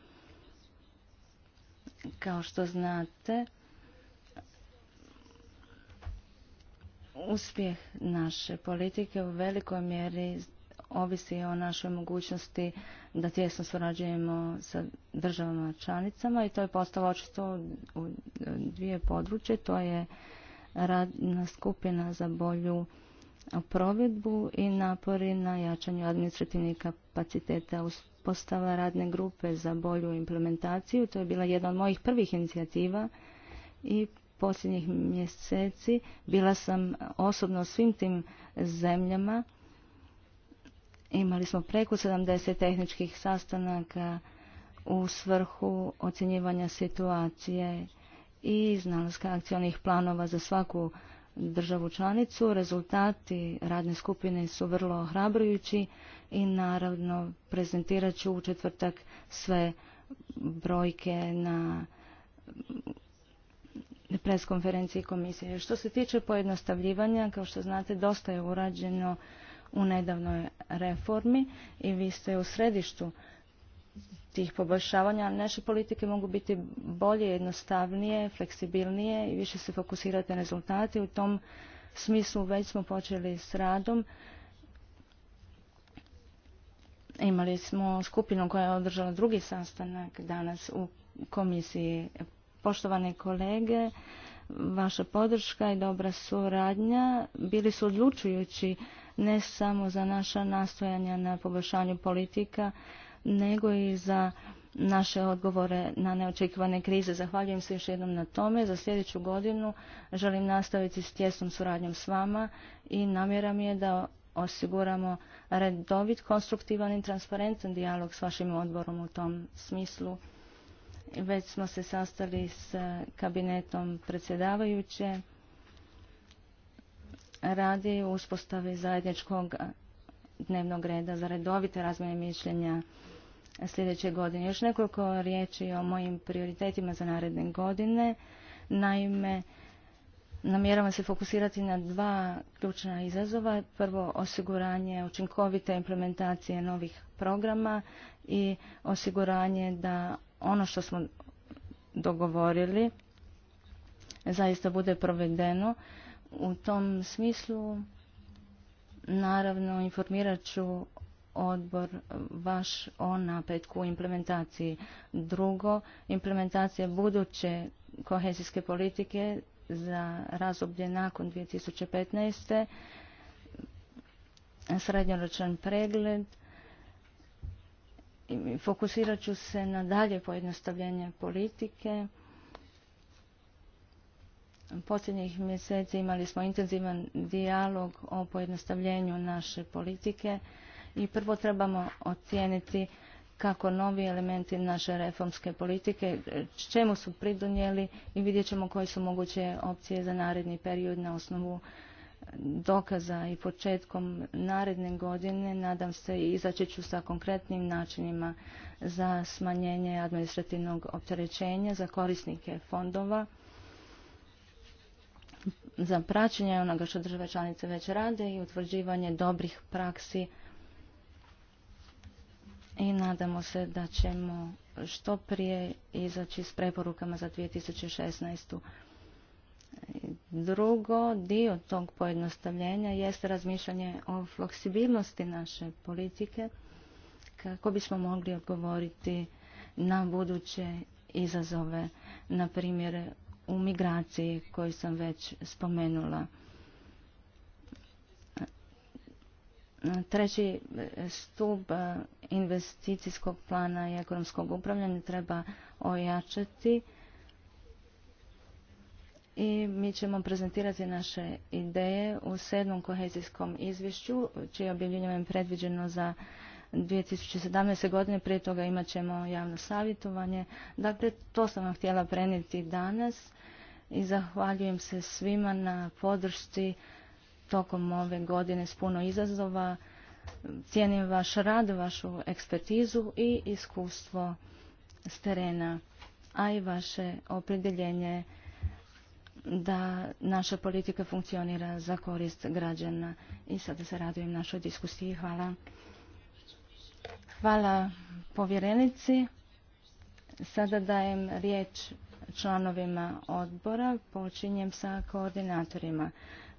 Kao što znate, uspjeh naše politike u velikoj mjeri ovisi o našoj mogućnosti da tjesno surađujemo sa državama članicama i to je postalo očito u dvije područje. To je radna skupina za bolju provedbu i napori na jačanju administrativnih kapaciteta uspostava radne grupe za bolju implementaciju. To je bila jedna od mojih prvih inicijativa i posljednjih mjeseci bila sam osobno svim tim zemljama. Imali smo preko 70 tehničkih sastanaka u svrhu ocjenjivanja situacije i iznalaska akcionih planova za svaku državu članicu. Rezultati radne skupine su vrlo ohrabrujući i naravno prezentirat ću u četvrtak sve brojke na preskonferenciji komisije. Što se tiče pojednostavljivanja, kao što znate, dosta je urađeno u nedavnoj reformi i vi ste u središtu tih poboljšavanja naše politike mogu biti bolje, jednostavnije, fleksibilnije i više se fokusirati na rezultate. U tom smislu već smo počeli s radom. Imali smo skupinu koja je održala drugi sastanak danas u komisiji. Poštovane kolege, vaša podrška i dobra suradnja bili su odlučujući ne samo za naša nastojanja na poboljšanju politika, nego i za naše odgovore na neočekivane krize. Zahvaljujem se još jednom na tome. Za sljedeću godinu želim nastaviti s tjesnom suradnjom s vama i namjera mi je da osiguramo redovit, konstruktivan i transparentan dijalog s vašim odborom u tom smislu. Već smo se sastali s kabinetom predsjedavajuće radi uspostave zajedničkog dnevnog reda za redovite razmjene mišljenja sljedeće godine. Još nekoliko riječi o mojim prioritetima za naredne godine. Naime, namjeravam se fokusirati na dva ključna izazova. Prvo, osiguranje učinkovite implementacije novih programa i osiguranje da ono što smo dogovorili zaista bude provedeno. U tom smislu, naravno, informirat ću odbor baš o napetku u implementaciji. Drugo, implementacija buduće kohezijske politike za razdoblje nakon 2015. Srednjoročan pregled. Fokusirat ću se na dalje pojednostavljenje politike. Posljednjih mjeseci imali smo intenzivan dijalog o pojednostavljenju naše politike i prvo trebamo ocijeniti kako novi elementi naše reformske politike, čemu su pridonijeli i vidjet ćemo koje su moguće opcije za naredni period na osnovu dokaza i početkom naredne godine nadam se i izaći ću sa konkretnim načinima za smanjenje administrativnog opterećenja za korisnike fondova za praćenje onoga što države članice već rade i utvrđivanje dobrih praksi i nadamo se da ćemo što prije izaći s preporukama za 2016. Drugo, dio tog pojednostavljenja jeste razmišljanje o fleksibilnosti naše politike kako bismo mogli odgovoriti na buduće izazove, na primjer u migraciji koju sam već spomenula. Treći e, stup e, investicijskog plana i ekonomskog upravljanja treba ojačati i mi ćemo prezentirati naše ideje u sedmom kohezijskom izvješću, čije objavljenje je predviđeno za 2017. godine, prije toga imat ćemo javno savjetovanje. Dakle, to sam vam htjela prenijeti danas i zahvaljujem se svima na podršci tokom ove godine s puno izazova. Cijenim vaš rad, vašu ekspertizu i iskustvo s terena, a i vaše opredjeljenje da naša politika funkcionira za korist građana. I sada se radujem našoj diskusiji. Hvala. Hvala povjerenici. Sada dajem riječ članovima odbora. Počinjem sa koordinatorima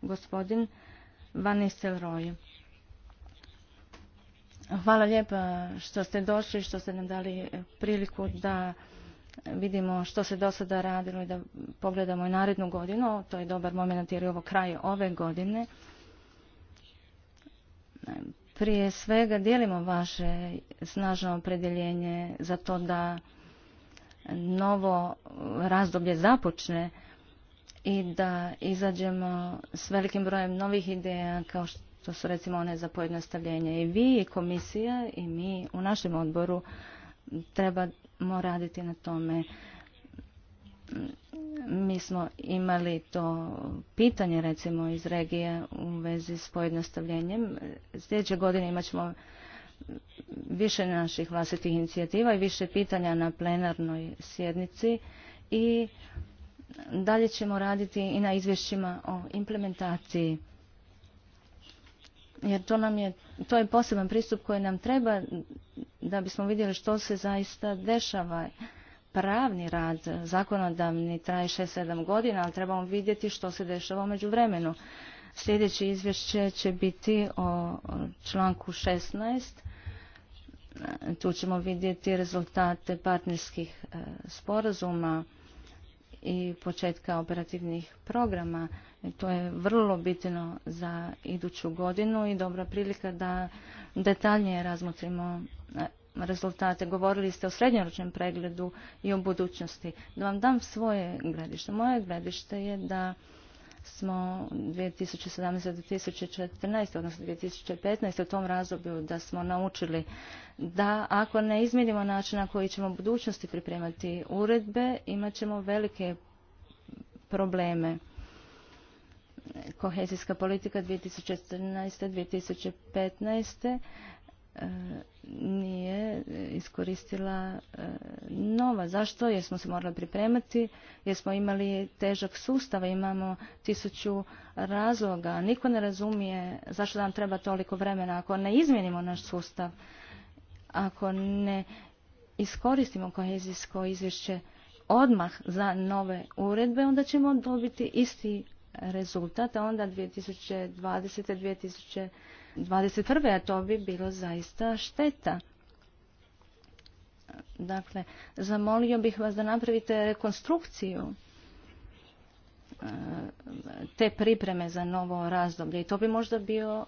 gospodin Van Nistelrooy. Hvala lijepa što ste došli, što ste nam dali priliku da vidimo što se do sada radilo i da pogledamo i narednu godinu. To je dobar moment jer je ovo kraj ove godine. Prije svega dijelimo vaše snažno opredjeljenje za to da novo razdoblje započne i da izađemo s velikim brojem novih ideja kao što su recimo one za pojednostavljenje. I vi i komisija i mi u našem odboru trebamo raditi na tome. Mi smo imali to pitanje recimo iz regije u vezi s pojednostavljenjem. Sljedeće godine imat ćemo više naših vlastitih inicijativa i više pitanja na plenarnoj sjednici i Dalje ćemo raditi i na izvješćima o implementaciji. Jer to, nam je, to je poseban pristup koji nam treba da bismo vidjeli što se zaista dešava. Pravni rad zakonodavni traje 6-7 godina, ali trebamo vidjeti što se dešava među vremenu. Sljedeće izvješće će biti o članku 16. Tu ćemo vidjeti rezultate partnerskih e, sporazuma i početka operativnih programa. E, to je vrlo bitno za iduću godinu i dobra prilika da detaljnije razmotrimo e, rezultate. Govorili ste o srednjoročnom pregledu i o budućnosti. Da vam dam svoje gledište. Moje gledište je da smo 2017. 2014. odnosno 2015. u tom razdoblju da smo naučili da ako ne izmijenimo način na koji ćemo u budućnosti pripremati uredbe, imat ćemo velike probleme. Kohezijska politika 2014. 2015 nije iskoristila e, nova. Zašto? Jer smo se morali pripremati, jer smo imali težak sustav, imamo tisuću razloga. Niko ne razumije zašto nam treba toliko vremena ako ne izmijenimo naš sustav, ako ne iskoristimo kohezijsko izvješće odmah za nove uredbe, onda ćemo dobiti isti rezultat, a onda 2020. 2020 2021. a to bi bilo zaista šteta. Dakle, zamolio bih vas da napravite rekonstrukciju e, te pripreme za novo razdoblje i to bi možda bio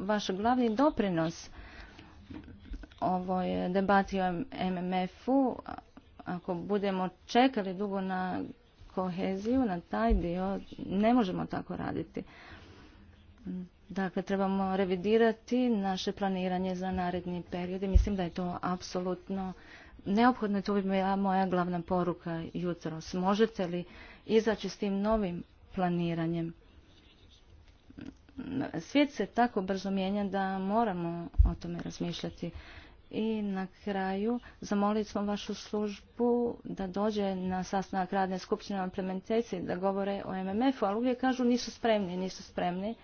vaš glavni doprinos ovoj debati o MMF-u. Ako budemo čekali dugo na koheziju, na taj dio, ne možemo tako raditi. Dakle, trebamo revidirati naše planiranje za naredni period i mislim da je to apsolutno neophodno to bi bila moja glavna poruka jutros. Možete li izaći s tim novim planiranjem? Svijet se tako brzo mijenja da moramo o tome razmišljati. I na kraju zamolili smo vašu službu da dođe na sastanak radne skupštine implementacije da govore o MMF-u, ali uvijek kažu nisu spremni, nisu spremni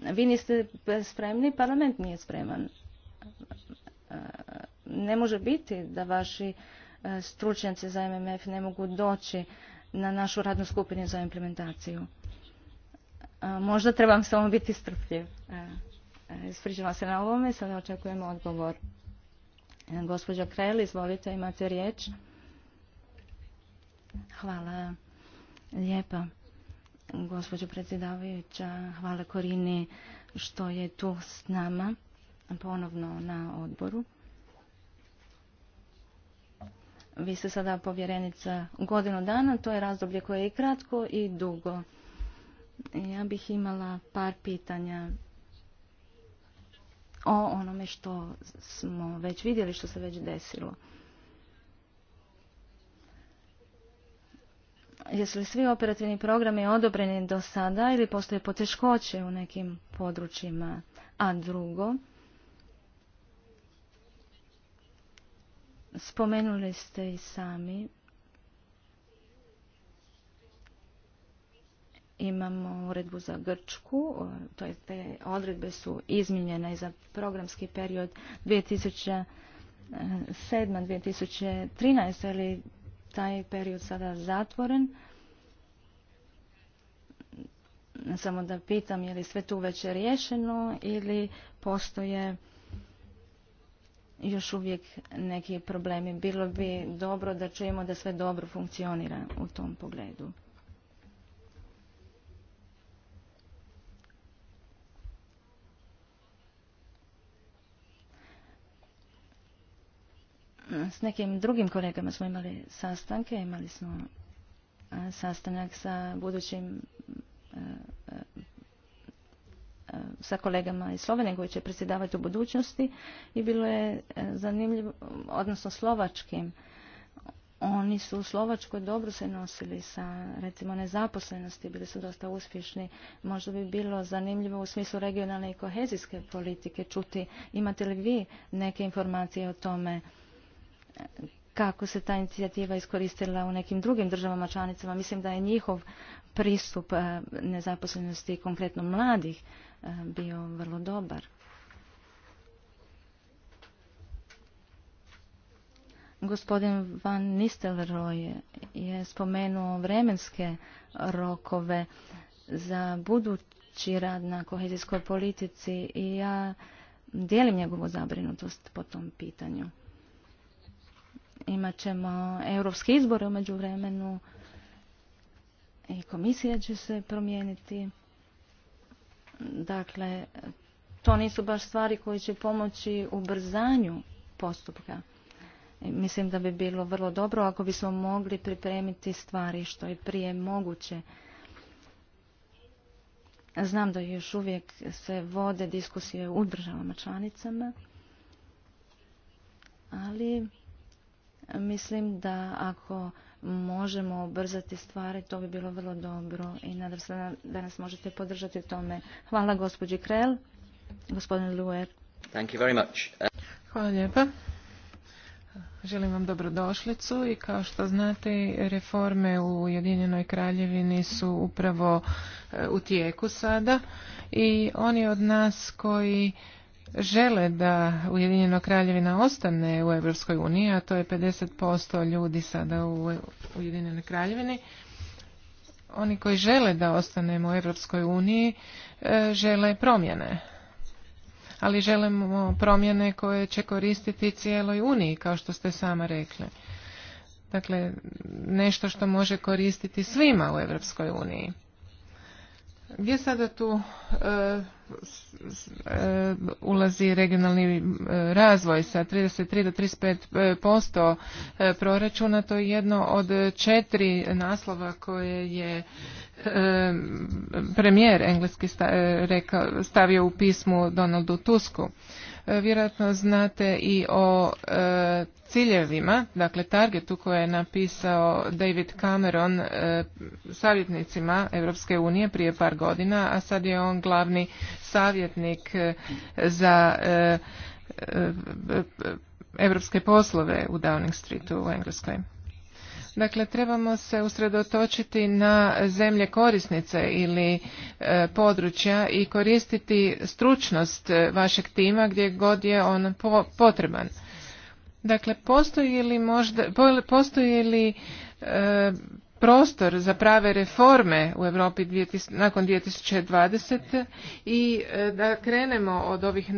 vi niste spremni, parlament nije spreman. E, ne može biti da vaši e, stručnjaci za MMF ne mogu doći na našu radnu skupinu za implementaciju. E, možda trebam samo biti strpljiv. Ispričavam se na ovome, sada očekujemo odgovor. Gospođa Krel, izvolite, imate riječ. Hvala lijepa gospođo predsjedavajuća. Hvala Korini što je tu s nama ponovno na odboru. Vi ste sada povjerenica godinu dana, to je razdoblje koje je i kratko i dugo. Ja bih imala par pitanja o onome što smo već vidjeli, što se već desilo. jesu li svi operativni programi odobreni do sada ili postoje poteškoće u nekim područjima? A drugo, spomenuli ste i sami, imamo uredbu za Grčku, to je te odredbe su izmijenjene za programski period 2007-2013 e, ili taj period sada zatvoren. Samo da pitam je li sve tu već riješeno ili postoje još uvijek neki problemi. Bilo bi dobro da čujemo da sve dobro funkcionira u tom pogledu. S nekim drugim kolegama smo imali sastanke, imali smo sastanak sa budućim sa kolegama iz Slovenije koji će predsjedavati u budućnosti i bilo je e, zanimljivo, odnosno slovačkim. Oni su u Slovačkoj dobro se nosili sa recimo nezaposlenosti, bili su dosta uspješni. Možda bi bilo zanimljivo u smislu regionalne i kohezijske politike čuti imate li vi neke informacije o tome kako se ta inicijativa iskoristila u nekim drugim državama članicama. Mislim da je njihov pristup eh, nezaposlenosti konkretno mladih eh, bio vrlo dobar. Gospodin Van Nistelrooy je spomenuo vremenske rokove za budući rad na kohezijskoj politici i ja dijelim njegovu zabrinutost po tom pitanju imat ćemo europske izbore u međuvremenu i komisija će se promijeniti. Dakle, to nisu baš stvari koje će pomoći ubrzanju postupka. Mislim da bi bilo vrlo dobro ako bismo mogli pripremiti stvari što je prije moguće. Znam da još uvijek se vode diskusije u državama članicama, ali Mislim da ako možemo ubrzati stvari, to bi bilo vrlo dobro i nadam se da nas možete podržati u tome. Hvala gospođi Krel, gospodin Luer. Thank you very much. Hvala lijepa. Želim vam dobrodošlicu i kao što znate reforme u Ujedinjenoj kraljevini su upravo e, u tijeku sada i oni od nas koji žele da Ujedinjeno kraljevina ostane u Europskoj uniji, a to je 50% ljudi sada u Ujedinjenoj kraljevini, oni koji žele da ostanemo u Europskoj uniji e, žele promjene. Ali želimo promjene koje će koristiti cijeloj uniji, kao što ste sama rekli. Dakle, nešto što može koristiti svima u Europskoj uniji. Gdje sada tu e, E, ulazi regionalni e, razvoj sa 33 do 35 e, posto proračuna. To je jedno od četiri naslova koje je premijer engleski stavio u pismu Donaldu Tusku. Vjerojatno znate i o ciljevima, dakle targetu koje je napisao David Cameron savjetnicima Europske unije prije par godina, a sad je on glavni savjetnik e, za europske e, poslove u Downing Streetu u Engleskoj. Dakle, trebamo se usredotočiti na zemlje korisnice ili e, područja i koristiti stručnost vašeg tima gdje god je on potreban. Dakle, postoji li možda, postoji li prostor za prave reforme u Europi nakon 2020 i e, da krenemo od ovih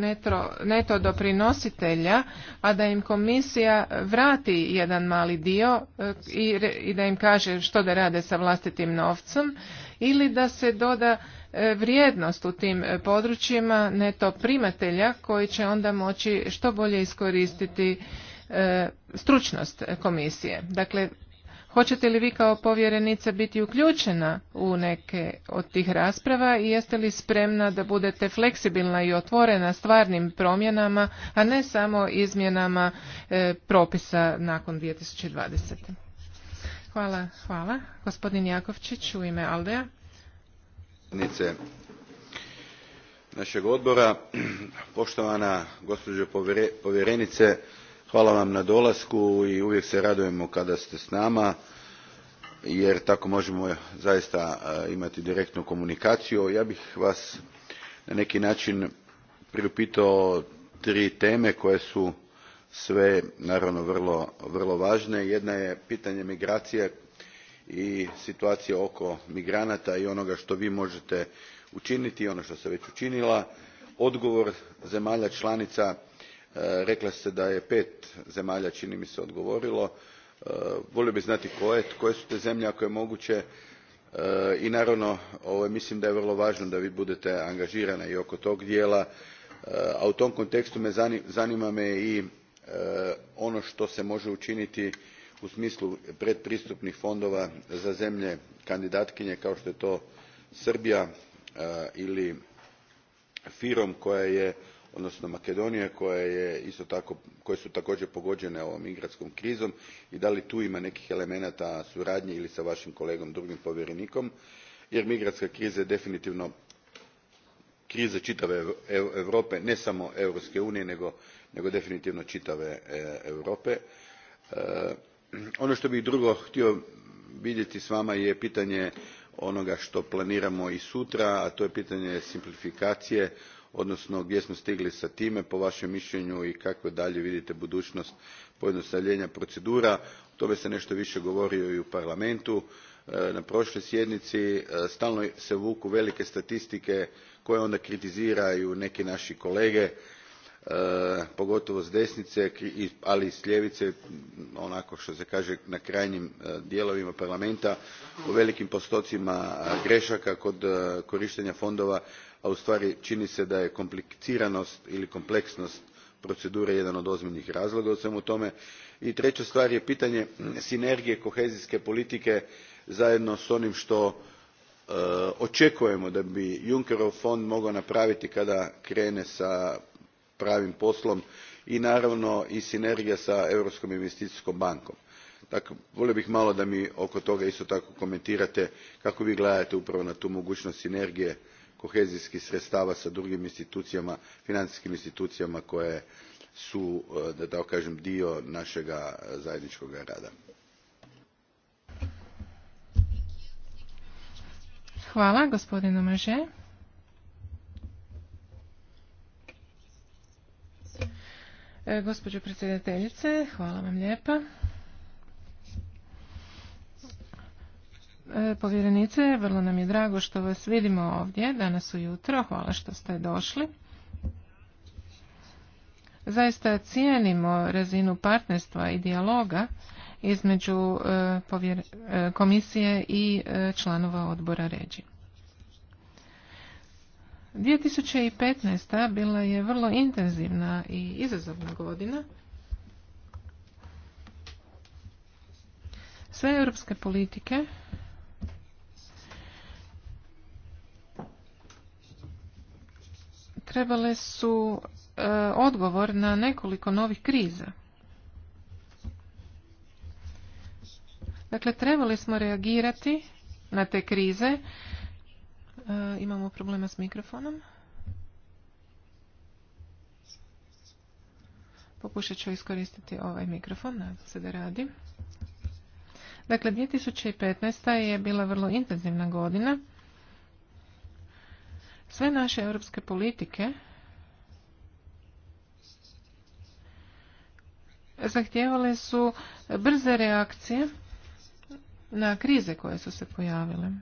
neto doprinositelja, a da im komisija vrati jedan mali dio e, i, i da im kaže što da rade sa vlastitim novcom, ili da se doda e, vrijednost u tim područjima neto primatelja koji će onda moći što bolje iskoristiti stručnost komisije. Dakle, Hoćete li vi kao povjerenica biti uključena u neke od tih rasprava i jeste li spremna da budete fleksibilna i otvorena stvarnim promjenama, a ne samo izmjenama e, propisa nakon 2020. Hvala, hvala. Gospodin Jakovčić u ime Aldea. Našeg odbora, poštovana gospođo povjerenice, hvala vam na dolasku i uvijek se radujemo kada ste s nama jer tako možemo zaista imati direktnu komunikaciju. ja bih vas na neki način priupitao tri teme koje su sve naravno vrlo, važne. jedna je pitanje migracije i situacija oko migranata i onoga što vi možete učiniti i ono što ste već učinila. odgovor zemalja članica E, rekla ste da je pet zemalja čini mi se odgovorilo. E, volio bih znati koje su to zemlje ako je moguće e, i naravno mislim da je vrlo važno da vi budete angažirani i oko tog dijela a u tom kontekstu zanima me i ono što se može učiniti u smislu pretpristupnih fondova za zemlje kandidatkinje kao što je to srbija ili fyrom koja je odnosno makedonije koje su također pogođene ovom migrantskom krizom i da li tu ima nekih elemenata suradnje ili s vašim kolegom drugim povjerenikom jer migrantska kriza je definitivno kriza čitave europe ne samo europske unije nego definitivno čitave e, europe. E, ono što bih drugo htio vidjeti s vama je pitanje onoga što planiramo i sutra a to je pitanje simplifikacije odnosno gdje smo stigli sa time po vašem mišljenju i kako dalje vidite budućnost pojednostavljenja procedura. o tome se nešto više govorio i u parlamentu e, na prošloj sjednici. E, stalno se vuku velike statistike koje onda kritiziraju neki naši kolege E, pogotovo s desnice ali i s ljevice onako što se kaže na krajnjim e, dijelovima parlamenta o velikim postocima e, grešaka kod korištenja fondova a ustvari čini se da je kompliciranost ili kompleksnost procedure jedan od ozbiljnih razloga u svemu tome. i treća stvar je pitanje sinergije kohezijske politike zajedno s onim što očekujemo da bi junckerov fond mogao napraviti kada krene s pravim poslom i naravno i sinergija s europskom investicijskom bankom. volio bih malo da mi oko toga isto tako komentirate kako vi gledate upravo na tu mogućnost sinergije kohezijskih sredstava s drugim institucijama financijskim institucijama koje su eh, da tako kažem dio našega eh, zajedničkog rada. E, gospođo predsjedateljice, hvala vam lijepa. E, povjerenice, vrlo nam je drago što vas vidimo ovdje danas ujutro. Hvala što ste došli. Zaista cijenimo razinu partnerstva i dijaloga između e, komisije i članova odbora ređima. 2015. bila je vrlo intenzivna i izazovna godina. Sve europske politike trebale su e, odgovor na nekoliko novih kriza. Dakle, trebali smo reagirati na te krize E, imamo problema s mikrofonom. Pokušat ću iskoristiti ovaj mikrofon, nadam se da radi. Dakle, 2015. je bila vrlo intenzivna godina. Sve naše europske politike zahtijevale su brze reakcije na krize koje su se pojavile.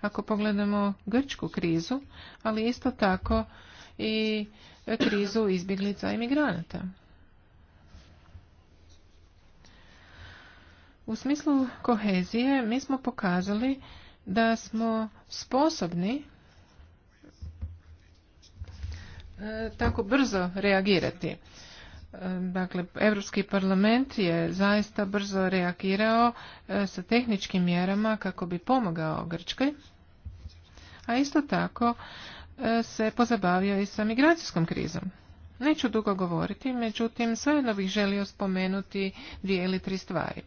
ako pogledamo grčku krizu, ali isto tako i krizu izbjeglica i migranata. U smislu kohezije mi smo pokazali da smo sposobni e, tako brzo reagirati. Dakle, Europski parlament je zaista brzo reagirao e, sa tehničkim mjerama kako bi pomogao Grčkoj, a isto tako e, se pozabavio i sa migracijskom krizom. Neću dugo govoriti, međutim, svejedno bih želio spomenuti dvije ili tri stvari.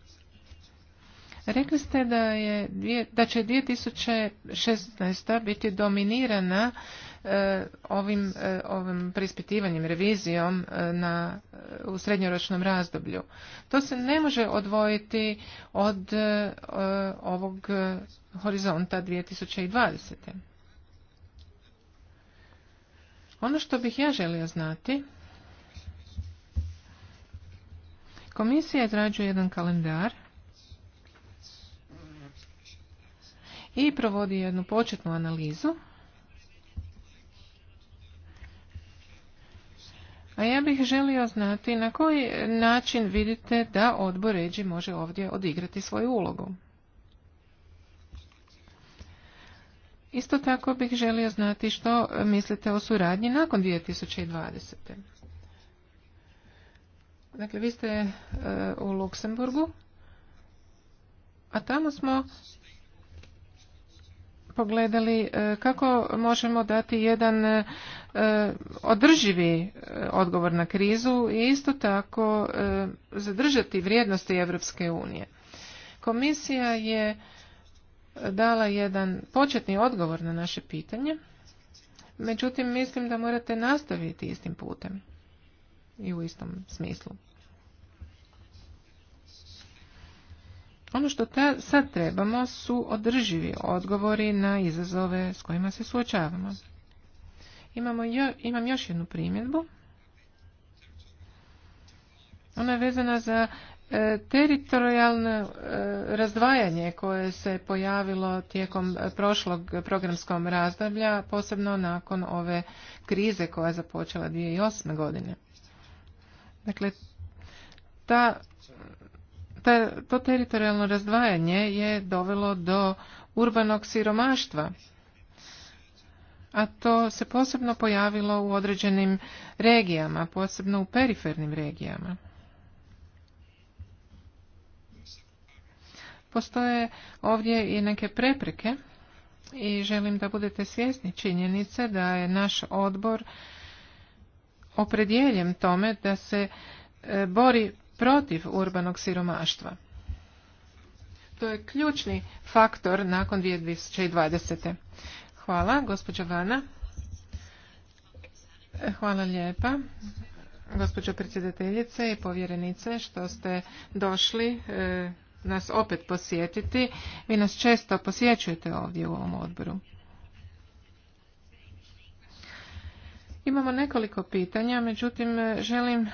Rekli ste da, je, da će 2016. biti dominirana e, ovim, e, ovim prispitivanjem, revizijom e, na, u srednjoročnom razdoblju. To se ne može odvojiti od ovog horizonta 2020. Ono što bih ja želio znati, komisija izrađuje jedan kalendar i provodi jednu početnu analizu. A ja bih želio znati na koji način vidite da odbor ređi može ovdje odigrati svoju ulogu. Isto tako bih želio znati što mislite o suradnji nakon 2020. Dakle, vi ste e, u Luksemburgu, a tamo smo pogledali e, kako možemo dati jedan e, održivi e, odgovor na krizu i isto tako zadržati vrijednosti Europske unije. Komisija je dala jedan početni odgovor na naše pitanje, međutim mislim da morate nastaviti istim putem i u istom smislu. Ono što sad trebamo su održivi odgovori na izazove s kojima se suočavamo. Imamo imam još jednu primjedbu. Ona je vezana za e, teritorijalno e, razdvajanje koje se pojavilo tijekom prošlog programskog razdoblja, posebno nakon ove krize koja je započela 2008. godine. Dakle, ta to teritorijalno razdvajanje je dovelo do urbanog siromaštva a to se posebno pojavilo u određenim regijama, posebno u perifernim regijama. Postoje ovdje i neke prepreke i želim da budete svjesni činjenice da je naš odbor opredjeljem tome da se e, bori protiv urbanog siromaštva. To je ključni faktor nakon 2020. Hvala, gospođa Vana. Hvala lijepa, gospođo predsjedateljice i povjerenice, što ste došli e, nas opet posjetiti. Vi nas često posjećujete ovdje u ovom odboru. Imamo nekoliko pitanja, međutim želim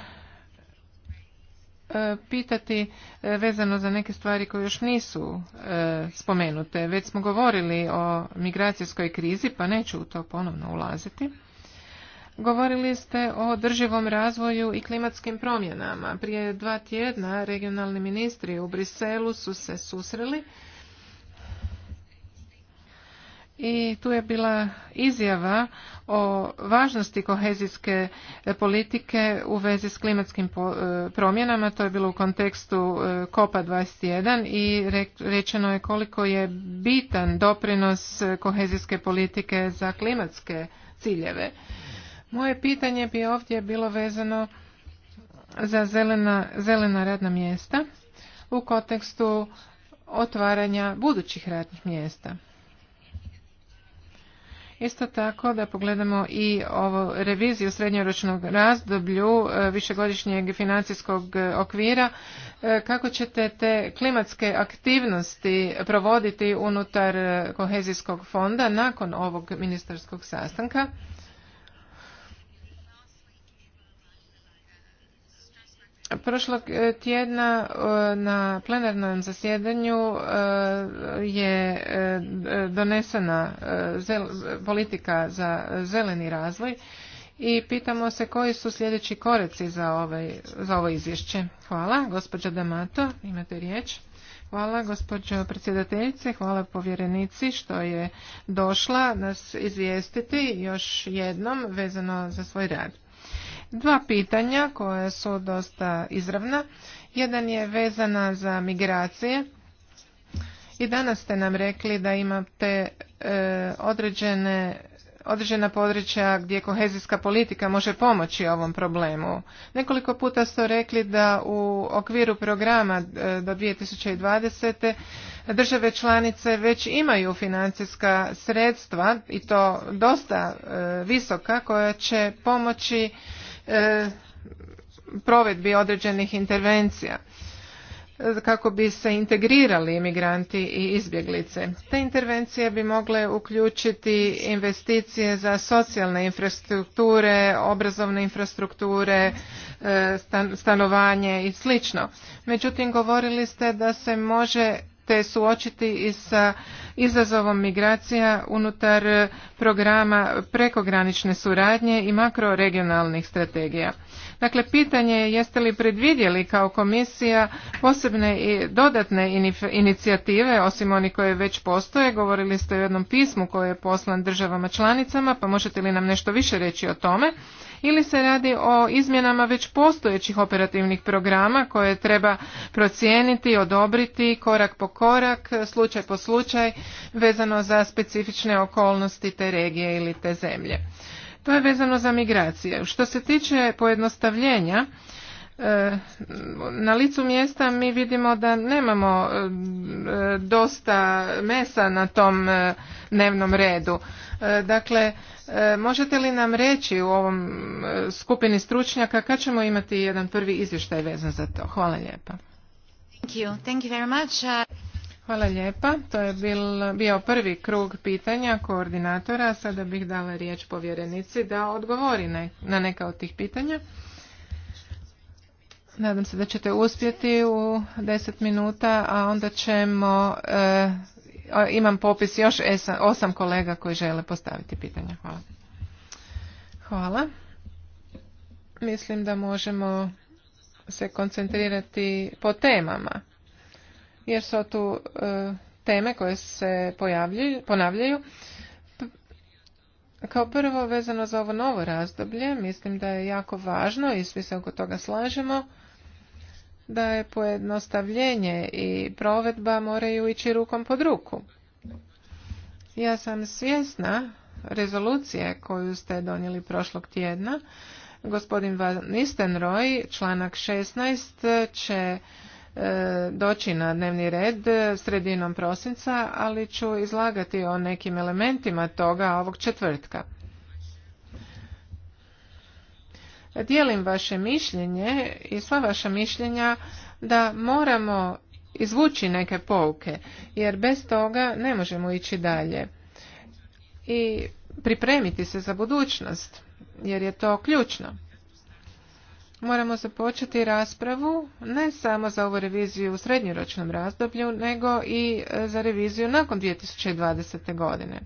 pitati e, vezano za neke stvari koje još nisu e, spomenute. Već smo govorili o migracijskoj krizi, pa neću u to ponovno ulaziti. Govorili ste o drživom razvoju i klimatskim promjenama. Prije dva tjedna regionalni ministri u Briselu su se susreli i tu je bila izjava o važnosti kohezijske politike u vezi s klimatskim e, promjenama. To je bilo u kontekstu e, COPA 21 i rečeno je koliko je bitan doprinos kohezijske politike za klimatske ciljeve. Moje pitanje bi ovdje bilo vezano za zelena, zelena radna mjesta u kontekstu otvaranja budućih radnih mjesta. Isto tako da pogledamo i ovu reviziju srednjoročnog razdoblju e, višegodišnjeg financijskog e, okvira. E, kako ćete te klimatske aktivnosti provoditi unutar kohezijskog fonda nakon ovog ministarskog sastanka? Prošlog e, tjedna e, na plenarnom zasjedanju e, je donesena politika za zeleni razvoj i pitamo se koji su sljedeći koreci za, ovaj, za ovo izvješće. Hvala. Gospođa Damato, imate riječ. Hvala gospođo predsjedateljice, hvala povjerenici što je došla nas izvijestiti još jednom vezano za svoj rad. Dva pitanja koja su dosta izravna. Jedan je vezana za migracije. I danas ste nam rekli da imate e, određene određena područja gdje kohezijska politika može pomoći ovom problemu. Nekoliko puta ste rekli da u okviru programa e, do 2020. države članice već imaju financijska sredstva i to dosta e, visoka koja će pomoći E, provedbi određenih intervencija e, kako bi se integrirali imigranti i izbjeglice. Te intervencije bi mogle uključiti investicije za socijalne infrastrukture, obrazovne infrastrukture, e, stanovanje i sl. Međutim, govorili ste da se može te suočiti i sa izazovom migracija unutar programa prekogranične suradnje i makroregionalnih strategija. Dakle, pitanje je jeste li predvidjeli kao komisija posebne i dodatne inicijative, osim onih koje već postoje. Govorili ste o jednom pismu koje je poslan državama članicama, pa možete li nam nešto više reći o tome? ili se radi o izmjenama već postojećih operativnih programa koje treba procijeniti, odobriti korak po korak, slučaj po slučaj vezano za specifične okolnosti te regije ili te zemlje. To je vezano za migracije. Što se tiče pojednostavljenja, e, na licu mjesta mi vidimo da nemamo e, dosta mesa na tom e, dnevnom redu. E, dakle, e, možete li nam reći u ovom e, skupini stručnjaka kad ćemo imati jedan prvi izvještaj vezan za to? Hvala lijepa. Thank you. Thank you very much. Hvala lijepa. To je bil, bio prvi krug pitanja koordinatora. Sada bih dala riječ povjerenici da odgovori na neka od tih pitanja. Nadam se da ćete uspjeti u 10 minuta, a onda ćemo imam popis još osam kolega koji žele postaviti pitanja. Hvala. Hvala. Mislim da možemo se koncentrirati po temama. Jer su tu e, teme koje se ponavljaju. Kao prvo vezano za ovo novo razdoblje, mislim da je jako važno i svi se oko toga slažemo da je pojednostavljenje i provedba moraju ići rukom pod ruku. Ja sam svjesna rezolucije koju ste donijeli prošlog tjedna. Gospodin Van Nistenroj, članak 16, će e, doći na dnevni red sredinom prosinca, ali ću izlagati o nekim elementima toga ovog četvrtka. dijelim vaše mišljenje i sva vaša mišljenja da moramo izvući neke pouke, jer bez toga ne možemo ići dalje i pripremiti se za budućnost, jer je to ključno. Moramo započeti raspravu ne samo za ovu reviziju u srednjoročnom razdoblju, nego i za reviziju nakon 2020. godine.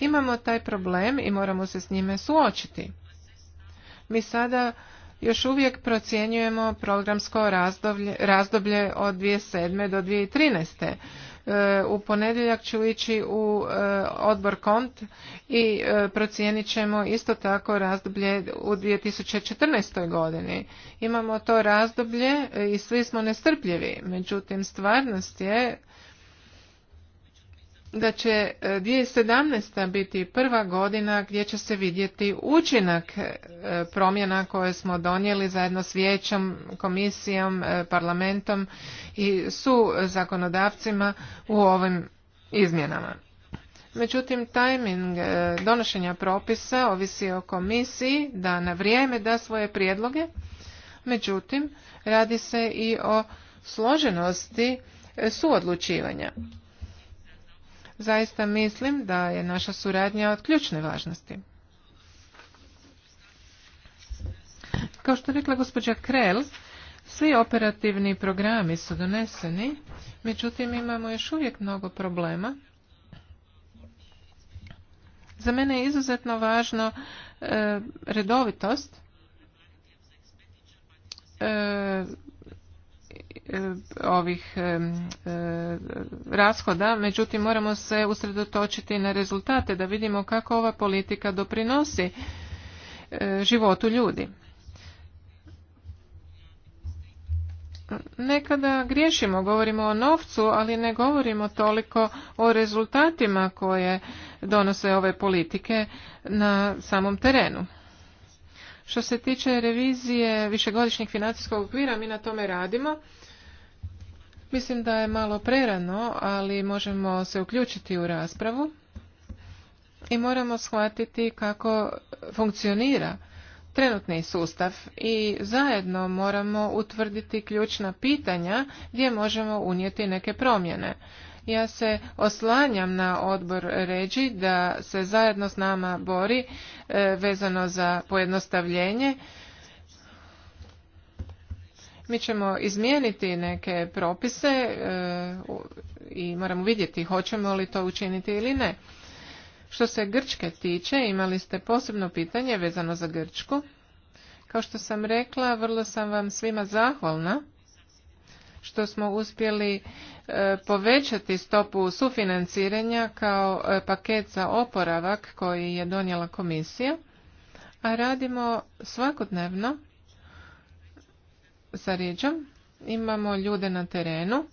Imamo taj problem i moramo se s njime suočiti. Mi sada još uvijek procjenjujemo programsko razdoblje, od 2007. do 2013. E, u ponedjeljak ću ići u e, odbor KONT i e, procijenit ćemo isto tako razdoblje u 2014. godini. Imamo to razdoblje i svi smo nestrpljivi, međutim stvarnost je da će 2017. E, biti prva godina gdje će se vidjeti učinak e, promjena koje smo donijeli zajedno s vijećom, komisijom, e, parlamentom i su zakonodavcima u ovim izmjenama. Međutim, tajming donošenja propisa ovisi o komisiji da na vrijeme da svoje prijedloge. Međutim, radi se i o složenosti suodlučivanja zaista mislim da je naša suradnja od ključne važnosti. Kao što rekla gospođa Krell, svi operativni programi su doneseni, međutim imamo još uvijek mnogo problema. Za mene je izuzetno važno e, redovitost e, E, ovih e, e, rashoda, međutim moramo se usredotočiti na rezultate da vidimo kako ova politika doprinosi životu ljudi. Nekada griješimo, govorimo o novcu, ali ne govorimo toliko o rezultatima koje donose ove politike na samom terenu. Što se tiče revizije višegodišnjeg financijskog okvira, mi na tome radimo. Mislim da je malo prerano, ali možemo se uključiti u raspravu i moramo shvatiti kako funkcionira trenutni sustav i zajedno moramo utvrditi ključna pitanja gdje možemo unijeti neke promjene. Ja se oslanjam na odbor ređi da se zajedno s nama bori e, vezano za pojednostavljenje. Mi ćemo izmijeniti neke propise e, i moramo vidjeti hoćemo li to učiniti ili ne. Što se Grčke tiče, imali ste posebno pitanje vezano za Grčku. Kao što sam rekla, vrlo sam vam svima zahvalna što smo uspjeli e, povećati stopu sufinanciranja kao e, paket za oporavak koji je donijela komisija, a radimo svakodnevno sa rijeđom Imamo ljude na terenu.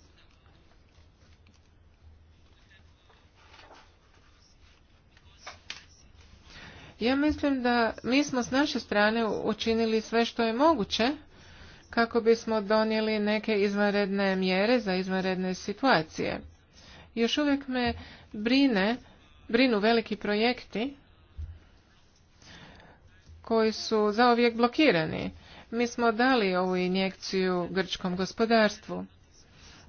Ja mislim da mi smo s naše strane učinili sve što je moguće kako bismo donijeli neke izvanredne mjere za izvanredne situacije. Još uvijek me brine, brinu veliki projekti koji su zaovijek blokirani. Mi smo dali ovu injekciju grčkom gospodarstvu.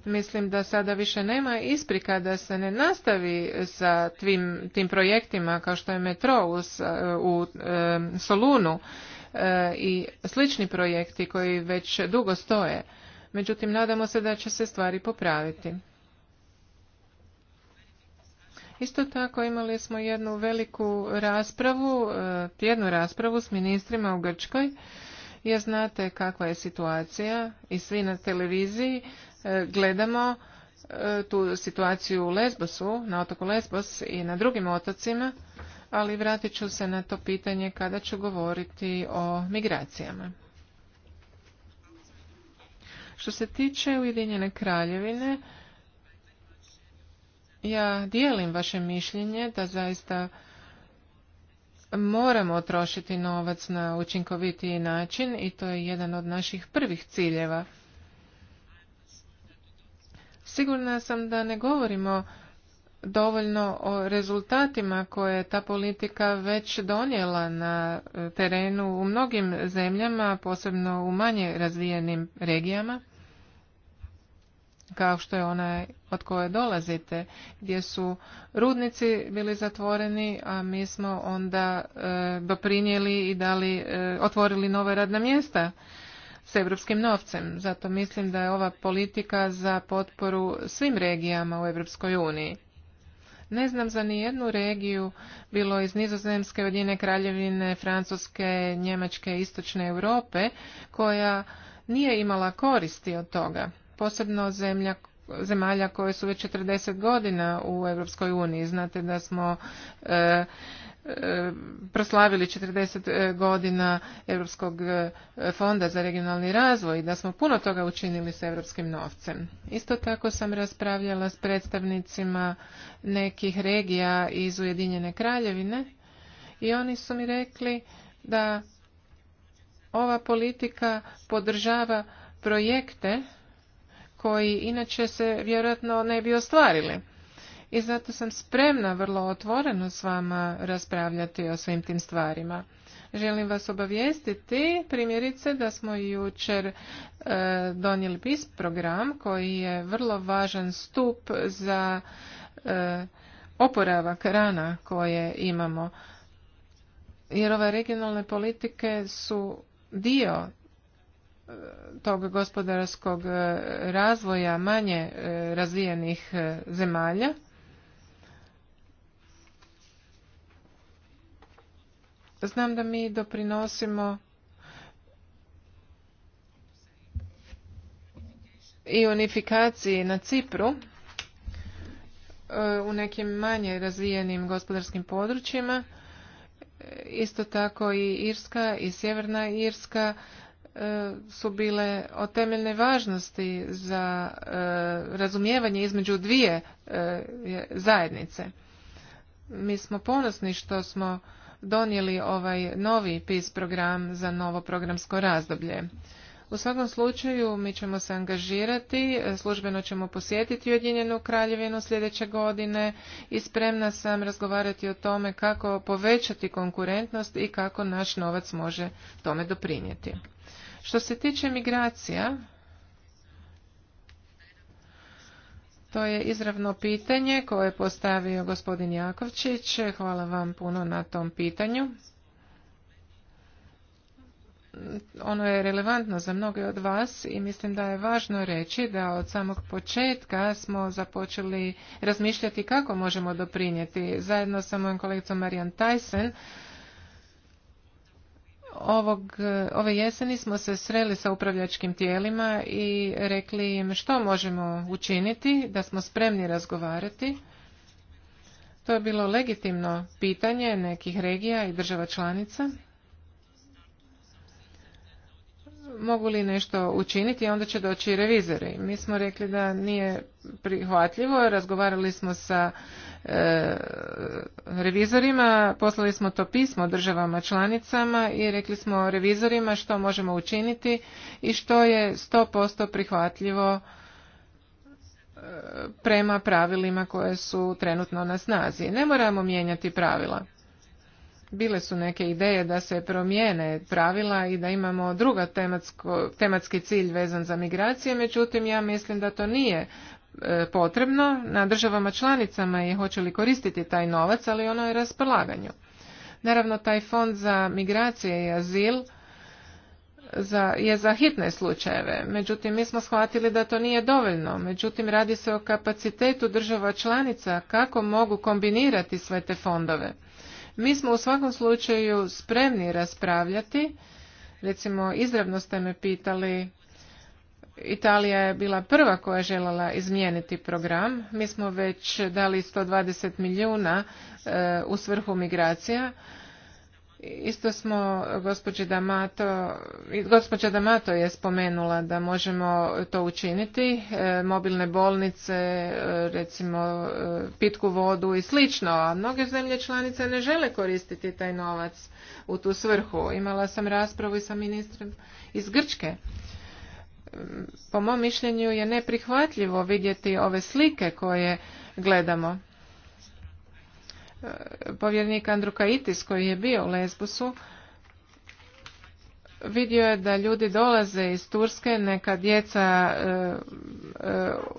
Mislim da sada više nema isprika da se ne nastavi sa tim, projektima kao što je metro e, u, e, Solunu E, i slični projekti koji već dugo stoje. Međutim, nadamo se da će se stvari popraviti. Isto tako imali smo jednu veliku raspravu, e, tjednu raspravu s ministrima u Grčkoj. Ja znate kakva je situacija i svi na televiziji e, gledamo tu situaciju u Lesbosu, na otoku Lesbos i na drugim otocima ali vratit ću se na to pitanje kada ću govoriti o migracijama. Što se tiče Ujedinjene kraljevine, ja dijelim vaše mišljenje da zaista moramo trošiti novac na učinkovitiji način i to je jedan od naših prvih ciljeva. Sigurna sam da ne govorimo dovoljno o rezultatima koje je ta politika već donijela na e, terenu u mnogim zemljama, posebno u manje razvijenim regijama, kao što je ona od koje dolazite, gdje su rudnici bili zatvoreni, a mi smo onda e, doprinijeli i dali, e, otvorili nove radna mjesta s europskim novcem. Zato mislim da je ova politika za potporu svim regijama u Europskoj uniji. Ne znam za nijednu regiju, bilo iz Nizozemske, Ujedinjene kraljevine, Francuske, Njemačke, Istočne Europe, koja nije imala koristi od toga. Posebno zemlja zemalja koje su već 40 godina u Europskoj uniji. Znate da smo e, proslavili 40 e, godina Europskog e, fonda za regionalni razvoj i da smo puno toga učinili s europskim novcem. Isto tako sam raspravljala s predstavnicima nekih regija iz Ujedinjene kraljevine i oni su mi rekli da ova politika podržava projekte koji inače se vjerojatno ne bi ostvarili i zato sam spremna vrlo otvoreno s vama raspravljati o svim tim stvarima. Želim vas obavijestiti primjerice da smo jučer e, donijeli PIS program koji je vrlo važan stup za e, oporavak rana koje imamo. Jer ove regionalne politike su dio e, tog gospodarskog razvoja manje razvijenih zemalja Znam da mi doprinosimo i unifikaciji na Cipru e, u nekim manje razvijenim gospodarskim područjima. E, isto tako i Irska i Sjeverna Irska e, su bile od temeljne važnosti za razumijevanje između dvije zajednice. Mi smo ponosni što smo donijeli ovaj novi PIS program za novo programsko razdoblje. U svakom slučaju mi ćemo se angažirati, službeno ćemo posjetiti Ujedinjenu kraljevinu sljedeće godine i spremna sam razgovarati o tome kako povećati konkurentnost i kako naš novac može tome doprinijeti. Što se tiče migracija, To je izravno pitanje koje je postavio gospodin Jakovčić. Hvala vam puno na tom pitanju. Ono je relevantno za mnoge od vas i mislim da je važno reći da od samog početka smo započeli razmišljati kako možemo doprinijeti. Zajedno sa mojom kolegicom Marijan Tyson ove jeseni smo se sreli sa upravljačkim tijelima i rekli im što možemo učiniti, da smo spremni razgovarati. To je bilo legitimno pitanje nekih regija i država članica. mogu li nešto učiniti, onda će doći revizori. Mi smo rekli da nije prihvatljivo, razgovarali smo sa e, revizorima, poslali smo to pismo državama članicama i rekli smo revizorima što možemo učiniti i što je 100% prihvatljivo e, prema pravilima koje su trenutno na snazi. Ne moramo mijenjati pravila bile su neke ideje da se promijene pravila i da imamo druga tematsko, tematski cilj vezan za migracije, međutim ja mislim da to nije e, potrebno. Na državama članicama je hoće li koristiti taj novac, ali ono je raspolaganju. Naravno, taj fond za migracije i azil za, je za hitne slučajeve. Međutim, mi smo shvatili da to nije dovoljno. Međutim, radi se o kapacitetu država članica kako mogu kombinirati sve te fondove. Mi smo u svakom slučaju spremni raspravljati. Recimo, izravno ste me pitali, Italija je bila prva koja je željela izmijeniti program. Mi smo već dali 120 milijuna e, u svrhu migracija. Isto smo, gospođi D'Amato, gospođa D'Amato je spomenula da možemo to učiniti, e, mobilne bolnice, e, recimo e, pitku vodu i slično, a mnoge zemlje članice ne žele koristiti taj novac u tu svrhu. Imala sam raspravu i sa ministrem iz Grčke. Po mom mišljenju je neprihvatljivo vidjeti ove slike koje gledamo povjerenik Andrukaitis koji je bio u Lesbusu, vidio je da ljudi dolaze iz Turske, neka djeca e, e,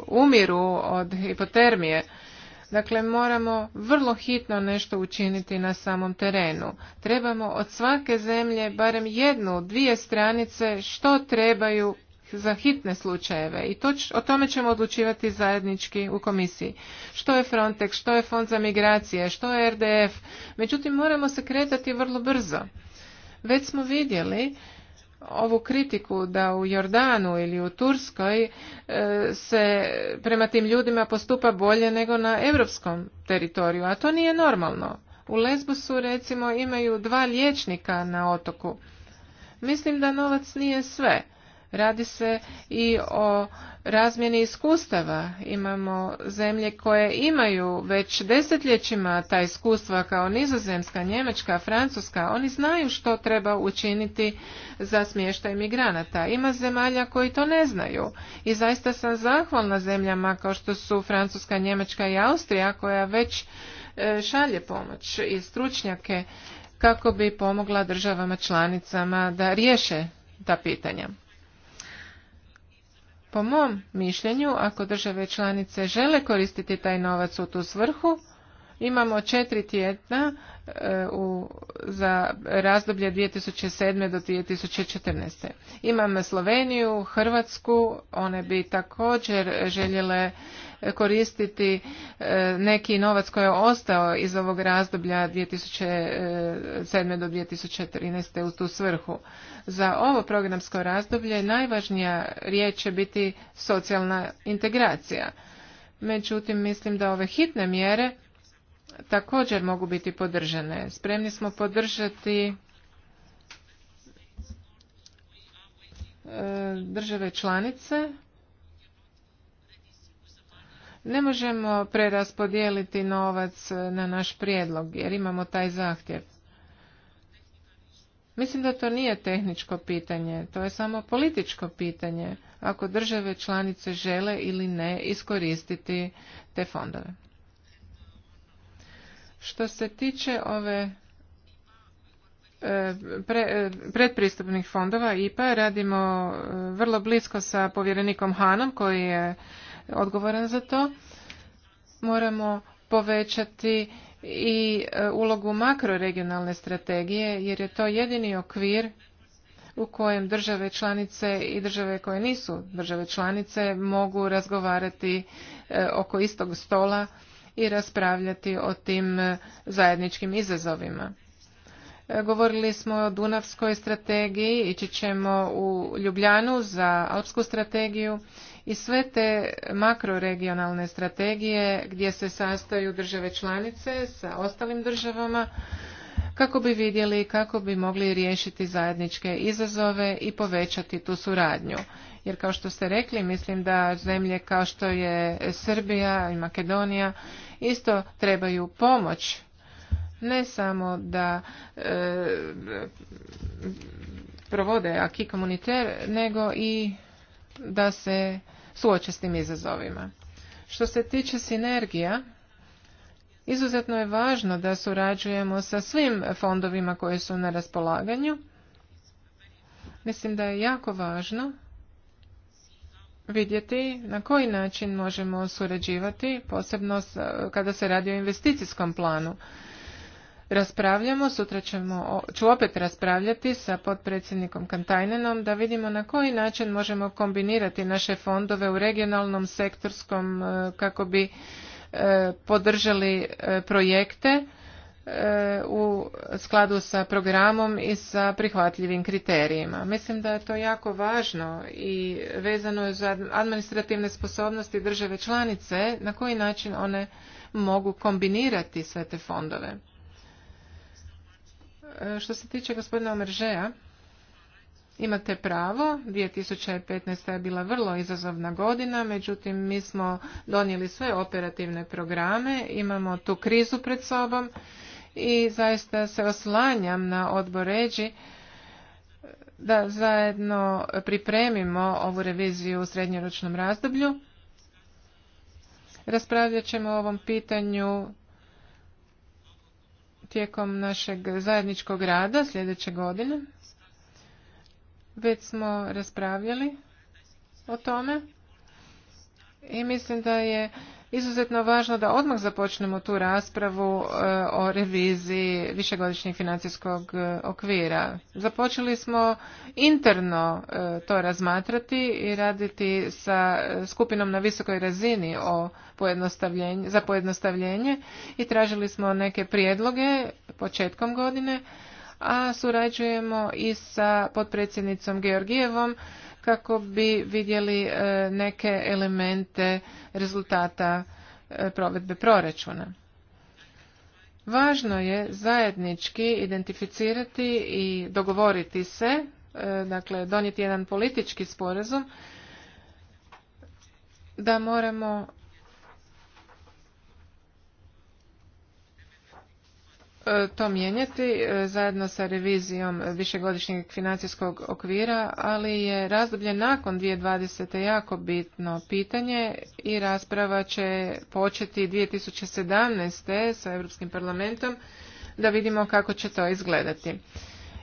umiru od hipotermije. Dakle, moramo vrlo hitno nešto učiniti na samom terenu. Trebamo od svake zemlje barem jednu, dvije stranice što trebaju za hitne slučajeve i to, o tome ćemo odlučivati zajednički u komisiji. Što je Frontex, što je Fond za migracije, što je RDF, međutim moramo se kretati vrlo brzo. Već smo vidjeli ovu kritiku da u Jordanu ili u Turskoj e, se prema tim ljudima postupa bolje nego na europskom teritoriju, a to nije normalno. U Lesbosu recimo imaju dva liječnika na otoku. Mislim da novac nije sve. Radi se i o razmjeni iskustava. Imamo zemlje koje imaju već desetljećima ta iskustva kao nizozemska, njemačka, francuska. Oni znaju što treba učiniti za smještaj migranata. Ima zemalja koji to ne znaju. I zaista sam zahvalna zemljama kao što su francuska, njemačka i Austrija koja već e, šalje pomoć i stručnjake kako bi pomogla državama članicama da riješe ta pitanja. Po mom mišljenju, ako države članice žele koristiti taj novac u tu svrhu, Imamo četiri tjedna e, za razdoblje 2007. do 2014. Imamo Sloveniju, Hrvatsku, one bi također željele koristiti e, neki novac koji je ostao iz ovog razdoblja 2007. do 2014. u tu svrhu. Za ovo programsko razdoblje najvažnija riječ će biti socijalna integracija. Međutim, mislim da ove hitne mjere također mogu biti podržane. Spremni smo podržati e, države članice. Ne možemo preraspodijeliti novac na naš prijedlog jer imamo taj zahtjev. Mislim da to nije tehničko pitanje, to je samo političko pitanje ako države članice žele ili ne iskoristiti te fondove. Što se tiče ove e, e, predpristupnih fondova IPA radimo e, vrlo blisko sa povjerenikom Hanom koji je odgovoran za to. Moramo povećati i ulogu makroregionalne strategije jer je to jedini okvir u kojem države članice i države koje nisu države članice mogu razgovarati oko istog stola i raspravljati o tim e, zajedničkim izazovima. E, govorili smo o Dunavskoj strategiji, ići ćemo u Ljubljanu za Alpsku strategiju i sve te makroregionalne strategije gdje se sastaju države članice sa ostalim državama kako bi vidjeli kako bi mogli riješiti zajedničke izazove i povećati tu suradnju jer kao što ste rekli mislim da zemlje kao što je Srbija i Makedonija isto trebaju pomoć ne samo da e, provode aki komuniter nego i da se suoče s tim izazovima. Što se tiče sinergija, izuzetno je važno da surađujemo sa svim fondovima koji su na raspolaganju. Mislim da je jako važno vidjeti na koji način možemo surađivati, posebno eh, kada se radi o investicijskom planu. Raspravljamo, sutra ćemo, ću opet raspravljati sa potpredsjednikom Kantajnenom da vidimo na koji način možemo kombinirati naše fondove u regionalnom, sektorskom eh, kako bi eh, podržali projekte u skladu sa programom i sa prihvatljivim kriterijima. Mislim da je to jako važno i vezano je za administrativne sposobnosti države članice na koji način one mogu kombinirati sve te fondove. E, što se tiče gospodina Omeržeja, Imate pravo, 2015. je bila vrlo izazovna godina, međutim mi smo donijeli sve operativne programe, imamo tu krizu pred sobom i zaista se oslanjam na odbor Ređi da zajedno pripremimo ovu reviziju u srednjoročnom razdoblju. Raspravljat ćemo o ovom pitanju tijekom našeg zajedničkog rada sljedeće godine. Već smo raspravljali o tome i mislim da je izuzetno važno da odmah započnemo tu raspravu e, o reviziji višegodišnjeg financijskog e, okvira. Započeli smo interno e, to razmatrati i raditi sa skupinom na visokoj razini o za pojednostavljenje i tražili smo neke prijedloge početkom godine, a surađujemo i sa potpredsjednicom Georgijevom kako bi vidjeli e, neke elemente rezultata e, provedbe proračuna. Važno je zajednički identificirati i dogovoriti se, e, dakle donijeti jedan politički sporazum da moramo E, to mijenjati e, zajedno sa revizijom višegodišnjeg financijskog okvira, ali je razdoblje nakon 2020. jako bitno pitanje i rasprava će početi 2017. sa Europskim parlamentom da vidimo kako će to izgledati.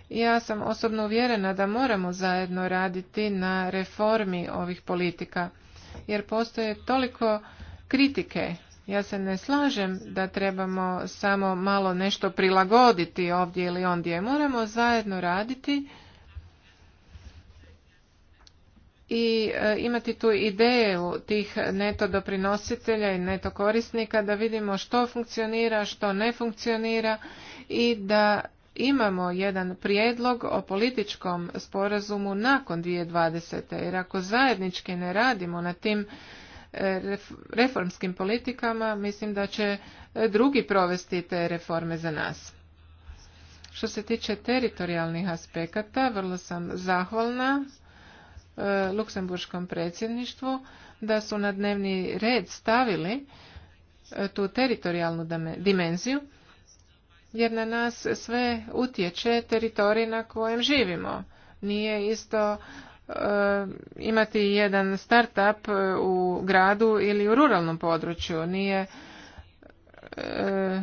Ja sam osobno uvjerena da moramo zajedno raditi na reformi ovih politika, jer postoje toliko kritike ja se ne slažem da trebamo samo malo nešto prilagoditi ovdje ili ondje. Moramo zajedno raditi i e, imati tu ideju tih neto doprinositelja i neto korisnika da vidimo što funkcionira, što ne funkcionira i da imamo jedan prijedlog o političkom sporazumu nakon 2020. Jer ako zajednički ne radimo na tim reformskim politikama, mislim da će e, drugi provesti te reforme za nas. Što se tiče teritorijalnih aspekata, vrlo sam zahvalna e, luksemburškom predsjedništvu da su na dnevni red stavili e, tu teritorijalnu dimenziju, jer na nas sve utječe teritorij na kojem živimo. Nije isto E, imati jedan startup e, u gradu ili u ruralnom području. Nije e,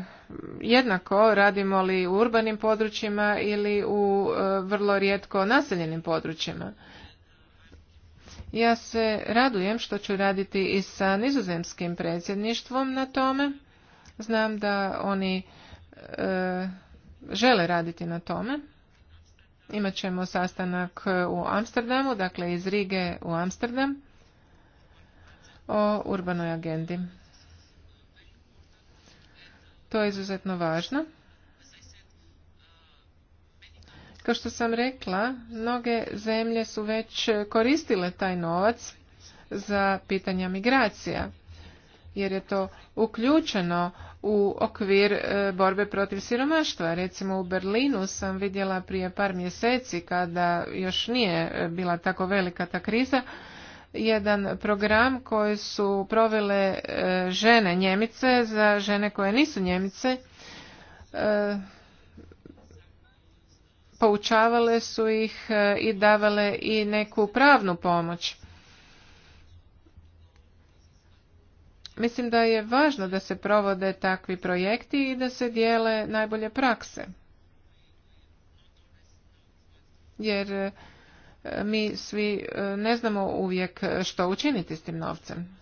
jednako radimo li u urbanim područjima ili u vrlo rijetko naseljenim područjima. Ja se radujem što ću raditi i sa nizozemskim predsjedništvom na tome. Znam da oni žele raditi na tome imat ćemo sastanak u Amsterdamu, dakle iz Rige u Amsterdam o urbanoj agendi. To je izuzetno važno. Kao što sam rekla, mnoge zemlje su već koristile taj novac za pitanja migracija, jer je to uključeno u okvir e, borbe protiv siromaštva. Recimo u Berlinu sam vidjela prije par mjeseci kada još nije e, bila tako velika ta kriza jedan program koji su provele e, žene Njemice za žene koje nisu Njemice poučavale su ih i davale i neku pravnu pomoć Mislim da je važno da se provode takvi projekti i da se dijele najbolje prakse. Jer e, mi svi e, ne znamo uvijek što učiniti s tim novcem.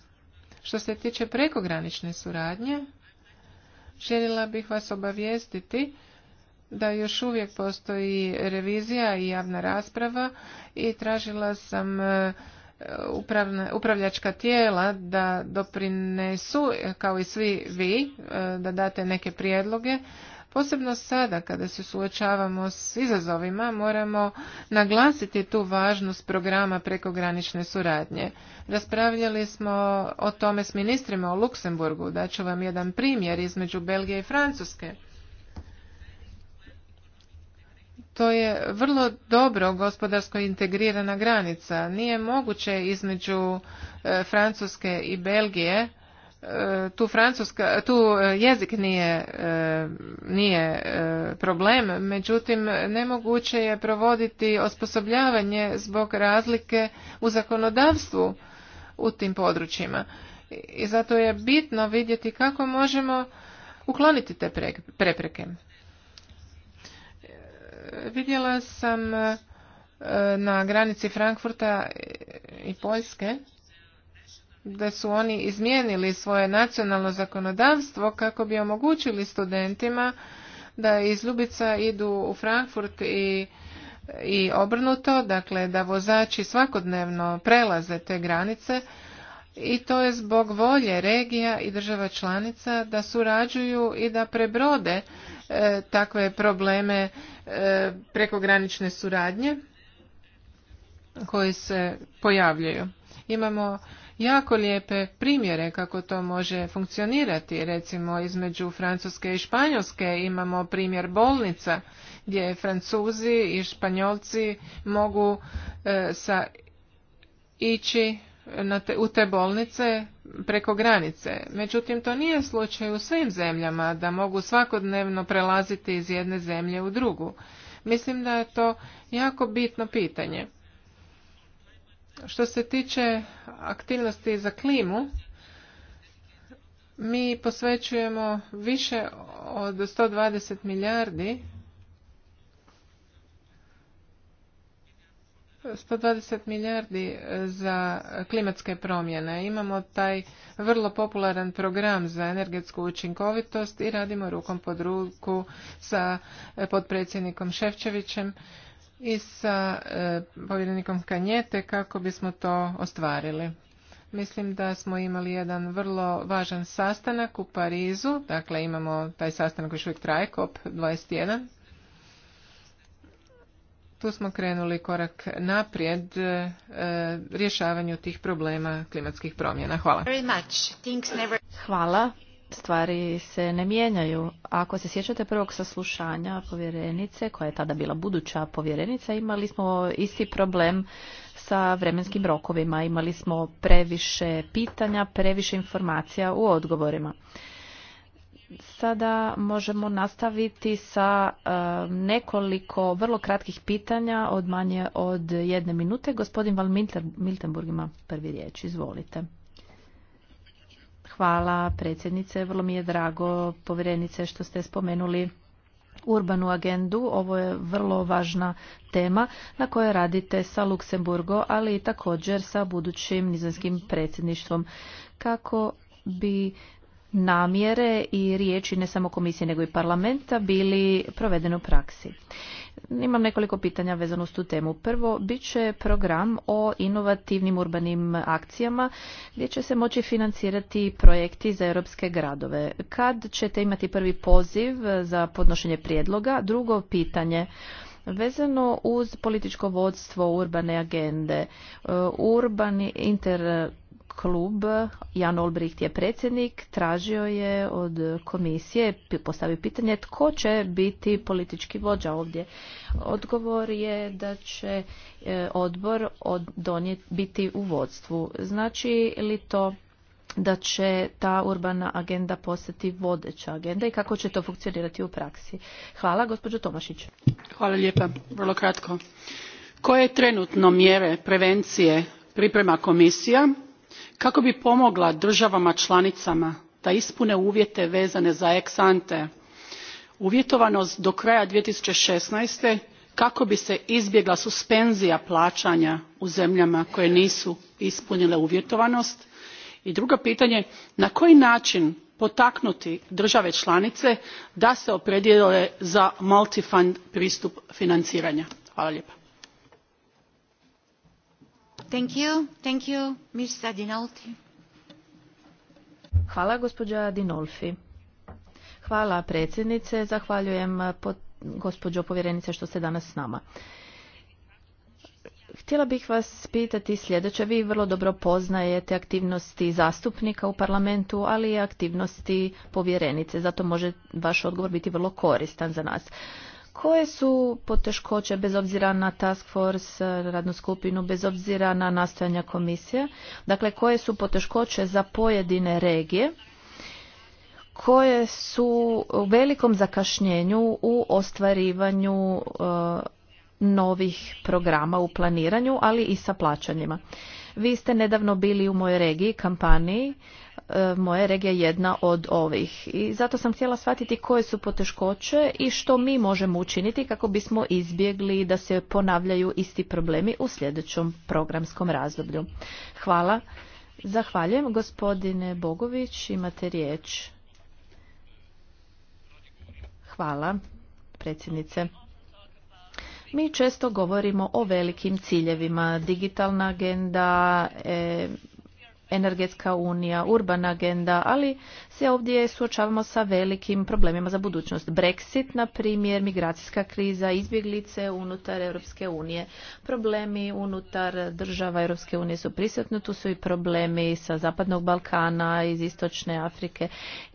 Što se tiče prekogranične suradnje, željela bih vas obavijestiti da još uvijek postoji revizija i javna rasprava i tražila sam e, upravljačka tijela da doprinesu, kao i svi vi, e, da date neke prijedloge. Posebno sada kada se suočavamo s izazovima moramo naglasiti tu važnost programa prekogranične suradnje. Raspravljali smo o tome s ministrima u Luksemburgu, daću vam jedan primjer između Belgije i Francuske to je vrlo dobro gospodarsko integrirana granica. Nije moguće između e, Francuske i Belgije e, tu francuska tu e, jezik nije nije problem međutim nemoguće je provoditi osposobljavanje zbog razlike u zakonodavstvu u tim područjima i zato je bitno vidjeti kako možemo ukloniti te prepreke vidjela sam e, na granici Frankfurta i Poljske da su oni izmijenili svoje nacionalno zakonodavstvo kako bi omogućili studentima da iz Ljubica idu u Frankfurt i, i obrnuto, dakle da vozači svakodnevno prelaze te granice i to je zbog volje regija i država članica da surađuju i da prebrode E, takve probleme e, prekogranične suradnje koji se pojavljaju. Imamo jako lijepe primjere kako to može funkcionirati. Recimo između Francuske i Španjolske imamo primjer bolnica gdje Francuzi i Španjolci mogu e, sa, ići na u te bolnice preko granice. Međutim, to nije slučaj u svim zemljama da mogu svakodnevno prelaziti iz jedne zemlje u drugu. Mislim da je to jako bitno pitanje. Što se tiče aktivnosti za klimu, mi posvećujemo više od 120 milijardi 120 milijardi e, za klimatske promjene. Imamo taj vrlo popularan program za energetsku učinkovitost i radimo rukom pod ruku sa e, podpredsjednikom Ševčevićem i sa e, povjerenikom Kanjete kako bismo to ostvarili. Mislim da smo imali jedan vrlo važan sastanak u Parizu, dakle imamo taj sastanak koji još uvijek traje, COP21, tu smo krenuli korak naprijed e, rješavanju tih problema klimatskih promjena. Hvala. Hvala. Stvari se ne mijenjaju. Ako se sjećate prvog saslušanja povjerenice, koja je tada bila buduća povjerenica, imali smo isti problem sa vremenskim rokovima. Imali smo previše pitanja, previše informacija u odgovorima. Sada možemo nastaviti sa e, nekoliko vrlo kratkih pitanja od manje od jedne minute. Gospodin Val Miltenburg ima prvi riječ. Izvolite. Hvala predsjednice. Vrlo mi je drago povjerenice što ste spomenuli urbanu agendu. Ovo je vrlo važna tema na kojoj radite sa Luksemburgo, ali i također sa budućim nizanskim predsjedništvom. Kako bi namjere i riječi ne samo komisije nego i parlamenta bili provedeni u praksi. Imam nekoliko pitanja vezano uz tu temu. Prvo, bit će program o inovativnim urbanim akcijama gdje će se moći financirati projekti za europske gradove. Kad ćete imati prvi poziv za podnošenje prijedloga? Drugo pitanje, vezano uz političko vodstvo urbane agende, e, urbani inter klub, Jan Olbricht je predsjednik, tražio je od komisije, postavio pitanje tko će biti politički vođa ovdje. Odgovor je da će e, odbor od biti u vodstvu. Znači li to da će ta urbana agenda postati vodeća agenda i kako će to funkcionirati u praksi? Hvala, gospođo Tomašić. Hvala lijepa, vrlo kratko. Koje trenutno mjere prevencije priprema komisija kako bi pomogla državama članicama da ispune uvjete vezane za ex ante uvjetovanost do kraja. two thousand and sixteen kako bi se izbjegla suspenzija plaćanja u zemljama koje nisu ispunile uvjetovanost i drugo pitanje na koji način potaknuti države članice da se opredijele za multifund pristup financiranja? hvala lijepa. Thank Hvala, gospođa Dinolfi. Hvala predsjednice, zahvaljujem gospođo povjerenice što ste danas s nama. Htjela bih vas pitati sljedeće. Vi vrlo dobro poznajete aktivnosti zastupnika u parlamentu, ali i aktivnosti povjerenice. Zato može vaš odgovor biti vrlo koristan za nas. Koje su poteškoće, bez obzira na task force, radnu skupinu, bez obzira na nastojanja komisije? Dakle, koje su poteškoće za pojedine regije? koje su u velikom zakašnjenju u ostvarivanju e, novih programa u planiranju, ali i sa plaćanjima. Vi ste nedavno bili u mojoj regiji, kampaniji, E, moje regija jedna od ovih. I zato sam htjela shvatiti koje su poteškoće i što mi možemo učiniti kako bismo izbjegli da se ponavljaju isti problemi u sljedećem programskom razdoblju. Hvala. Zahvaljujem. Gospodine Bogović, imate riječ. Hvala, predsjednice. Mi često govorimo o velikim ciljevima, digitalna agenda, e, energetska unija, urbana agenda, ali se ovdje suočavamo sa velikim problemima za budućnost. Brexit, na primjer, migracijska kriza, izbjeglice unutar Europske unije. Problemi unutar država Europske unije su prisutni, tu su i problemi sa Zapadnog Balkana, iz Istočne Afrike.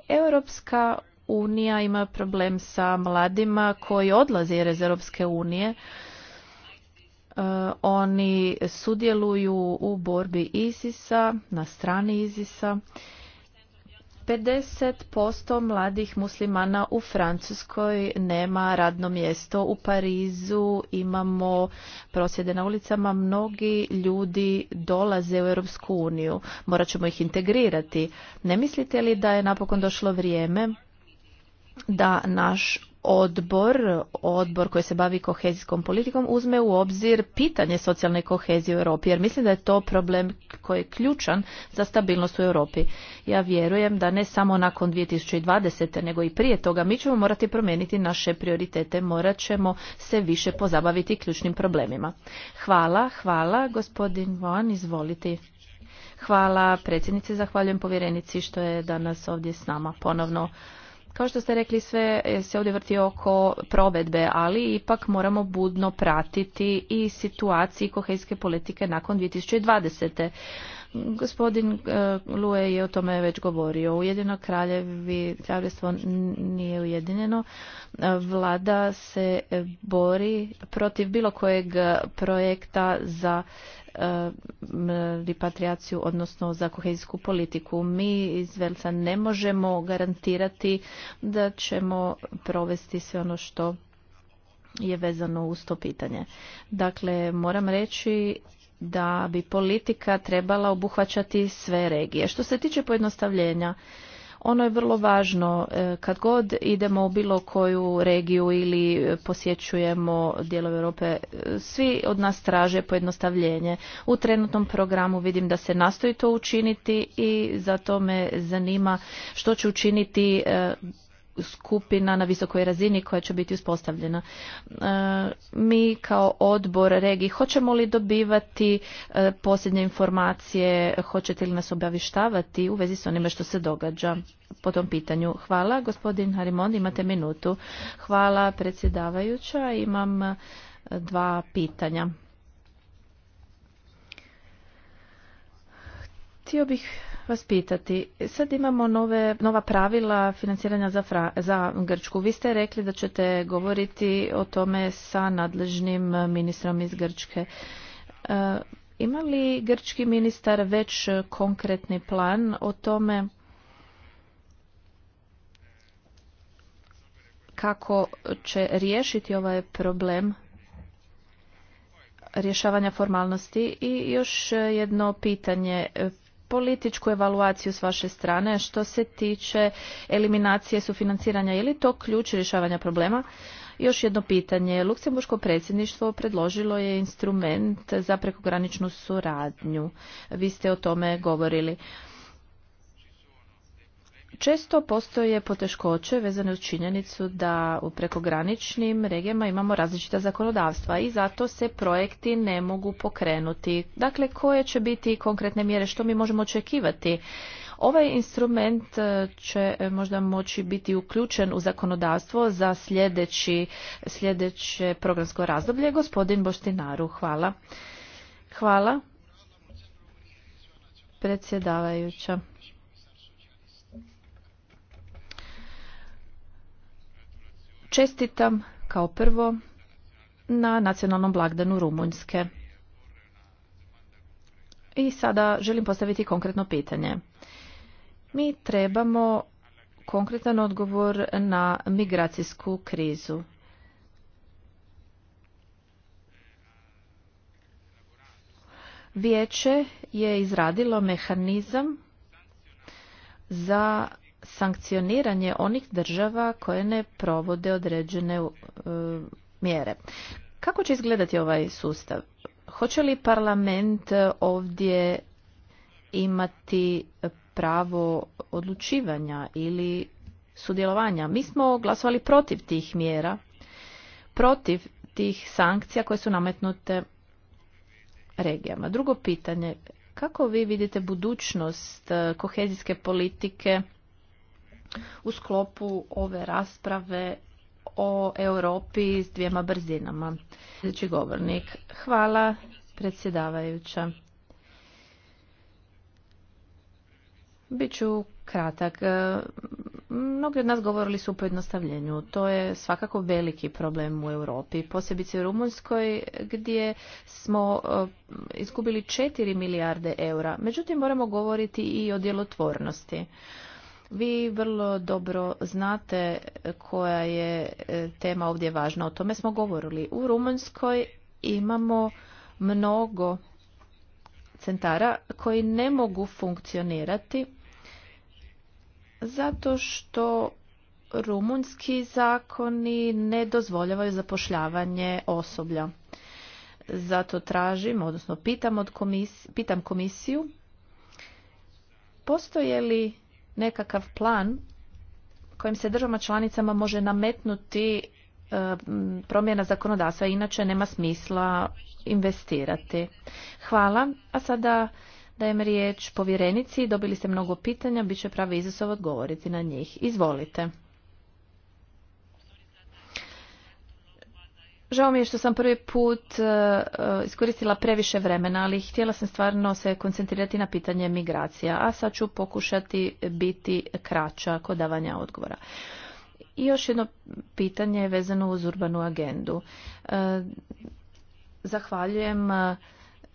Europska unija ima problem sa mladima koji odlaze iz Europske unije E, oni sudjeluju u borbi Isisa, na strani Isisa. 50% mladih muslimana u Francuskoj nema radno mjesto. U Parizu imamo prosjede na ulicama. Mnogi ljudi dolaze u Europsku uniju. Morat ćemo ih integrirati. Ne mislite li da je napokon došlo vrijeme da naš odbor, odbor koji se bavi kohezijskom politikom, uzme u obzir pitanje socijalne kohezije u Europi, jer mislim da je to problem koji je ključan za stabilnost u Europi. Ja vjerujem da ne samo nakon 2020. nego i prije toga mi ćemo morati promijeniti naše prioritete, morat ćemo se više pozabaviti ključnim problemima. Hvala, hvala, gospodin Van, izvolite. Hvala predsjednici, zahvaljujem povjerenici što je danas ovdje s nama ponovno. Kao što ste rekli, sve se ovdje vrti oko provedbe, ali ipak moramo budno pratiti i situaciji kohejske politike nakon 2020. Gospodin e, Lue je o tome već govorio. Ujedino kraljevi, kraljevstvo nije ujedinjeno. Vlada se bori protiv bilo kojeg projekta za Eh, repatriaciju, odnosno za kohezijsku politiku. Mi iz Velca ne možemo garantirati da ćemo provesti sve ono što je vezano uz to pitanje. Dakle, moram reći da bi politika trebala obuhvaćati sve regije. Što se tiče pojednostavljenja, ono je vrlo važno e, kad god idemo u bilo koju regiju ili e, posjećujemo dijelove Europe. E, svi od nas traže pojednostavljenje. U trenutnom programu vidim da se nastoji to učiniti i zato me zanima što će učiniti skupina na visokoj razini koja će biti uspostavljena. E, mi kao odbor regiji hoćemo li dobivati e, posljednje informacije, hoćete li nas obavještavati u vezi s onime što se događa po tom pitanju? Hvala, gospodin Harimond, imate minutu. Hvala, predsjedavajuća, imam e, dva pitanja. Htio bih vas pitati. Sad imamo nove, nova pravila financiranja za, za Grčku. Vi ste rekli da ćete govoriti o tome sa nadležnim ministrom iz Grčke. E, ima li grčki ministar već konkretni plan o tome kako će riješiti ovaj problem rješavanja formalnosti i još jedno pitanje političku evaluaciju s vaše strane što se tiče eliminacije sufinanciranja. Je li to ključ rješavanja problema? Još jedno pitanje. Luksemburško predsjedništvo predložilo je instrument za prekograničnu suradnju. Vi ste o tome govorili. Često postoje poteškoće vezane uz činjenicu da u prekograničnim regijama imamo različita zakonodavstva i zato se projekti ne mogu pokrenuti. Dakle, koje će biti konkretne mjere, što mi možemo očekivati? Ovaj instrument e, će e, možda moći biti uključen u zakonodavstvo za sljedeći, sljedeće programsko razdoblje. Gospodin Boštinaru, hvala. Hvala. Predsjedavajuća. Čestitam kao prvo na nacionalnom blagdanu Rumunjske. I sada želim postaviti konkretno pitanje. Mi trebamo konkretan odgovor na migracijsku krizu. Vijeće je izradilo mehanizam za sankcioniranje onih država koje ne provode određene e, mjere. Kako će izgledati ovaj sustav? Hoće li parlament ovdje imati pravo odlučivanja ili sudjelovanja? Mi smo glasovali protiv tih mjera, protiv tih sankcija koje su nametnute regijama. Drugo pitanje, kako vi vidite budućnost e, kohezijske politike u sklopu ove rasprave o Europi s dvijema brzinama. Sljedeći govornik. Hvala predsjedavajuća. Biću kratak. Mnogi od nas govorili su o pojednostavljenju. To je svakako veliki problem u Europi, posebice u Rumunjskoj gdje smo e, izgubili 4 milijarde eura. Međutim, moramo govoriti i o djelotvornosti. Vi vrlo dobro znate koja je e, tema ovdje važna. O tome smo govorili. U Rumunjskoj imamo mnogo centara koji ne mogu funkcionirati zato što rumunski zakoni ne dozvoljavaju zapošljavanje osoblja. Zato tražim, odnosno pitam, od pitam komisiju, postoje li nekakav plan kojim se državama članicama može nametnuti e, promjena zakonodavstva, inače nema smisla investirati. Hvala, a sada dajem riječ povjerenici, dobili ste mnogo pitanja, bit će pravi izazov odgovoriti na njih. Izvolite. Žao mi je što sam prvi put e, e, iskoristila previše vremena, ali htjela sam stvarno se koncentrirati na pitanje migracija, a sad ću pokušati biti kraća kod davanja odgovora. I još jedno pitanje je vezano uz urbanu agendu. E, zahvaljujem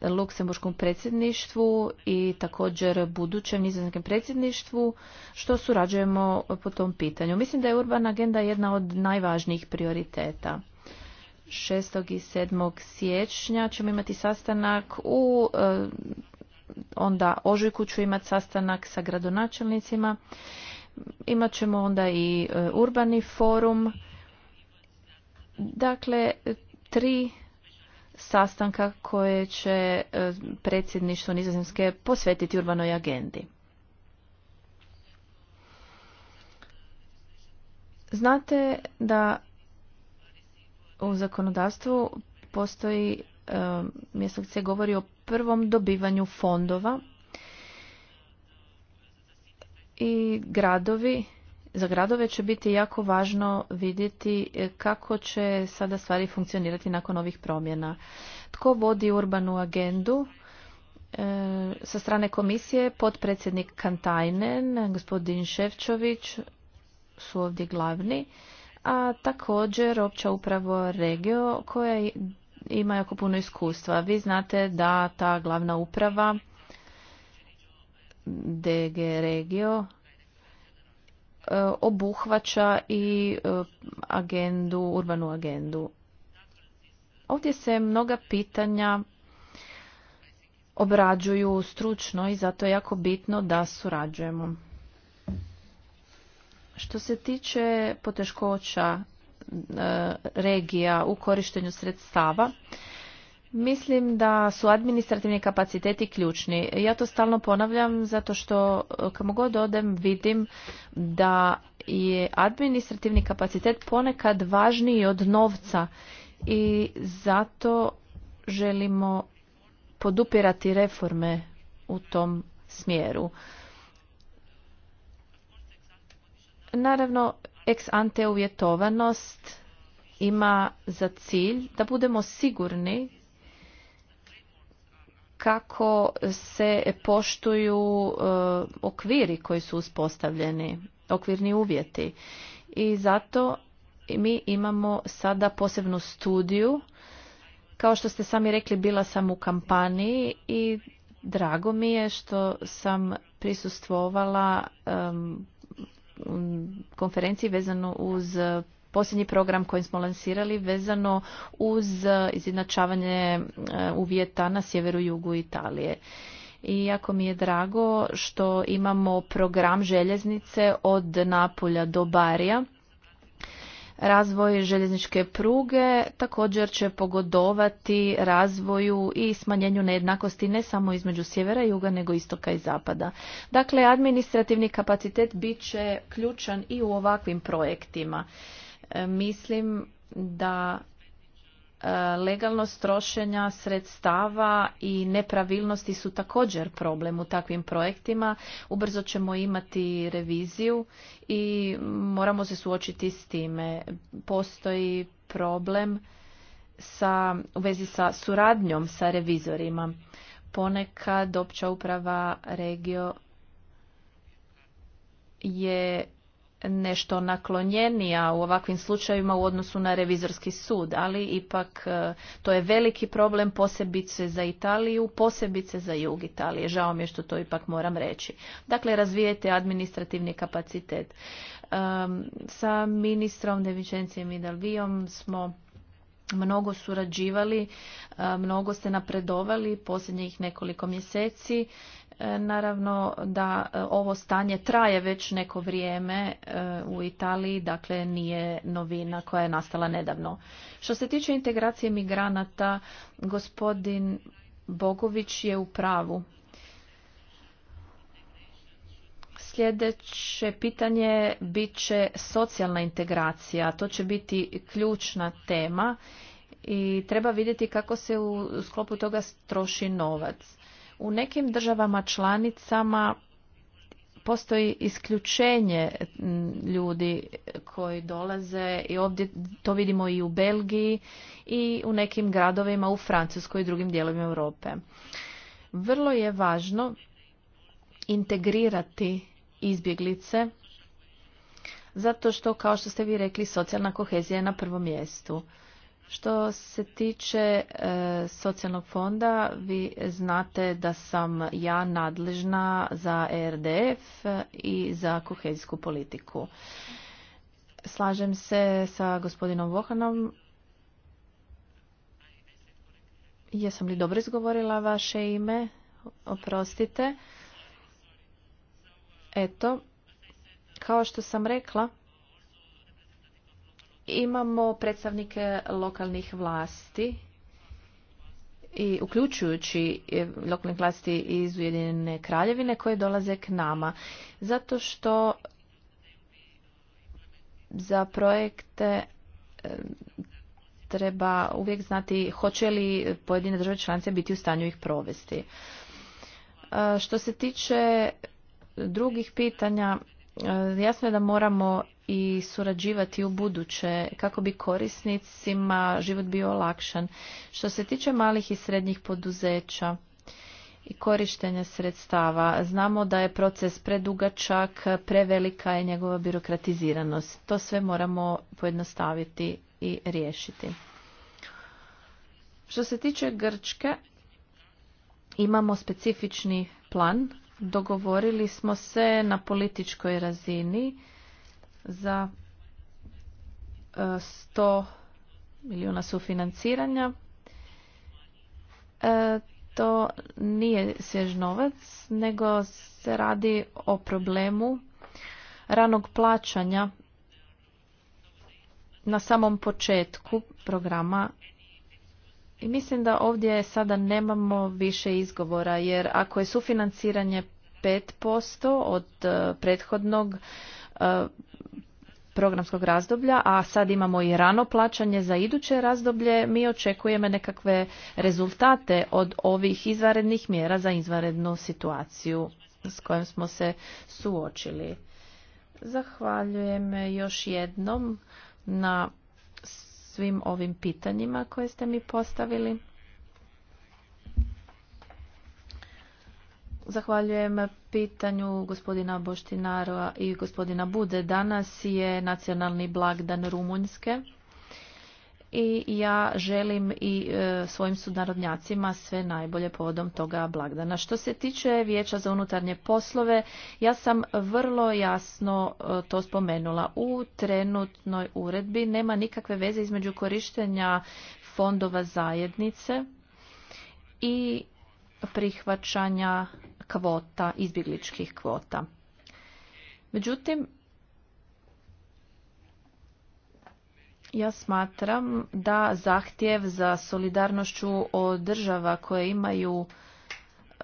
Luksemburškom predsjedništvu i također budućem nizozemskom predsjedništvu što surađujemo po tom pitanju. Mislim da je urbana agenda jedna od najvažnijih prioriteta. 6. i 7. siječnja ćemo imati sastanak u e, onda ožujku ću imati sastanak sa gradonačelnicima. Imat ćemo onda i e, urbani forum. Dakle, tri sastanka koje će e, predsjedništvo Nizozemske posvetiti urbanoj agendi. Znate da u zakonodavstvu postoji e, mjesto gdje se govori o prvom dobivanju fondova i gradovi za gradove će biti jako važno vidjeti e, kako će sada stvari funkcionirati nakon ovih promjena. Tko vodi urbanu agendu? E, sa strane komisije potpredsjednik Kantajnen, gospodin Ševčović su ovdje glavni a također opća upravo regio koja ima jako puno iskustva. Vi znate da ta glavna uprava DG regio e, obuhvaća i e, agendu, urbanu agendu. Ovdje se mnoga pitanja obrađuju stručno i zato je jako bitno da surađujemo. Što se tiče poteškoća e, regija u korištenju sredstava, Mislim da su administrativni kapaciteti ključni. Ja to stalno ponavljam zato što e, kamo god odem vidim da je administrativni kapacitet ponekad važniji od novca i zato želimo podupirati reforme u tom smjeru. Naravno, ex ante uvjetovanost ima za cilj da budemo sigurni kako se poštuju e, okviri koji su uspostavljeni, okvirni uvjeti. I zato mi imamo sada posebnu studiju. Kao što ste sami rekli, bila sam u kampaniji i drago mi je što sam prisustvovala Um, konferenciji vezano uz uh, posljednji program koji smo lansirali vezano uz uh, izjednačavanje uh, uvjeta na sjeveru i jugu Italije. I jako mi je drago što imamo program željeznice od Napolja do Barija Razvoj željezničke pruge također će pogodovati razvoju i smanjenju nejednakosti ne samo između sjevera i juga, nego istoka i zapada. Dakle, administrativni kapacitet bit će ključan i u ovakvim projektima. E, mislim da E, legalnost trošenja sredstava i nepravilnosti su također problem u takvim projektima. Ubrzo ćemo imati reviziju i moramo se suočiti s time. Postoji problem sa, u vezi sa suradnjom sa revizorima. Ponekad opća uprava regio je nešto naklonjenija u ovakvim slučajevima u odnosu na revizorski sud, ali ipak e, to je veliki problem posebice za Italiju, posebice za jug Italije. Žao mi je što to ipak moram reći. Dakle, razvijete administrativni kapacitet. sa ministrom Devičencijem i Dalvijom smo mnogo surađivali, e, mnogo ste napredovali posljednjih nekoliko mjeseci. E, naravno da e, ovo stanje traje već neko vrijeme u Italiji, dakle nije novina koja je nastala nedavno. Što se tiče integracije migranata, gospodin Bogović je u pravu. Sljedeće pitanje bit će socijalna integracija. To će biti ključna tema i treba vidjeti kako se u sklopu toga troši novac. U nekim državama članicama postoji isključenje ljudi koji dolaze i ovdje to vidimo i u Belgiji i u nekim gradovima u Francuskoj i drugim dijelovima Europe. Vrlo je važno integrirati izbjeglice, zato što, kao što ste vi rekli, socijalna kohezija je na prvom mjestu. Što se tiče e, socijalnog fonda, vi znate da sam ja nadležna za ERDF i za kohezijsku politiku. Slažem se sa gospodinom Vohanom. Jesam li dobro izgovorila vaše ime? Oprostite. Eto, kao što sam rekla, imamo predstavnike lokalnih vlasti i uključujući e, lokalne vlasti iz Ujedinjene kraljevine koje dolaze k nama. Zato što za projekte e, treba uvijek znati hoće li pojedine države članice biti u stanju ih provesti. E, što se tiče drugih pitanja, e, jasno je da moramo i surađivati u buduće kako bi korisnicima život bio olakšan. Što se tiče malih i srednjih poduzeća i korištenja sredstava, znamo da je proces predugačak, prevelika je njegova birokratiziranost. To sve moramo pojednostaviti i riješiti. Što se tiče Grčke, imamo specifični plan dogovorili smo se na političkoj razini za 100 e, milijuna sufinanciranja. E, to nije svjež novac, nego se radi o problemu ranog plaćanja na samom početku programa i mislim da ovdje sada nemamo više izgovora, jer ako je sufinanciranje 5% od e, prethodnog e, programskog razdoblja, a sad imamo i rano plaćanje za iduće razdoblje, mi očekujemo nekakve rezultate od ovih izvanrednih mjera za izvanrednu situaciju s kojom smo se suočili. Zahvaljujem još jednom na svim ovim pitanjima koje ste mi postavili. Zahvaljujem pitanju gospodina Boštinara i gospodina Bude. Danas je nacionalni blagdan Rumunjske i ja želim i e, svojim sudnarodnjacima sve najbolje povodom toga blagdana. Što se tiče vijeća za unutarnje poslove, ja sam vrlo jasno e, to spomenula. U trenutnoj uredbi nema nikakve veze između korištenja fondova zajednice i prihvaćanja kvota, izbjegličkih kvota. Međutim, Ja smatram da zahtjev za solidarnošću od država koje imaju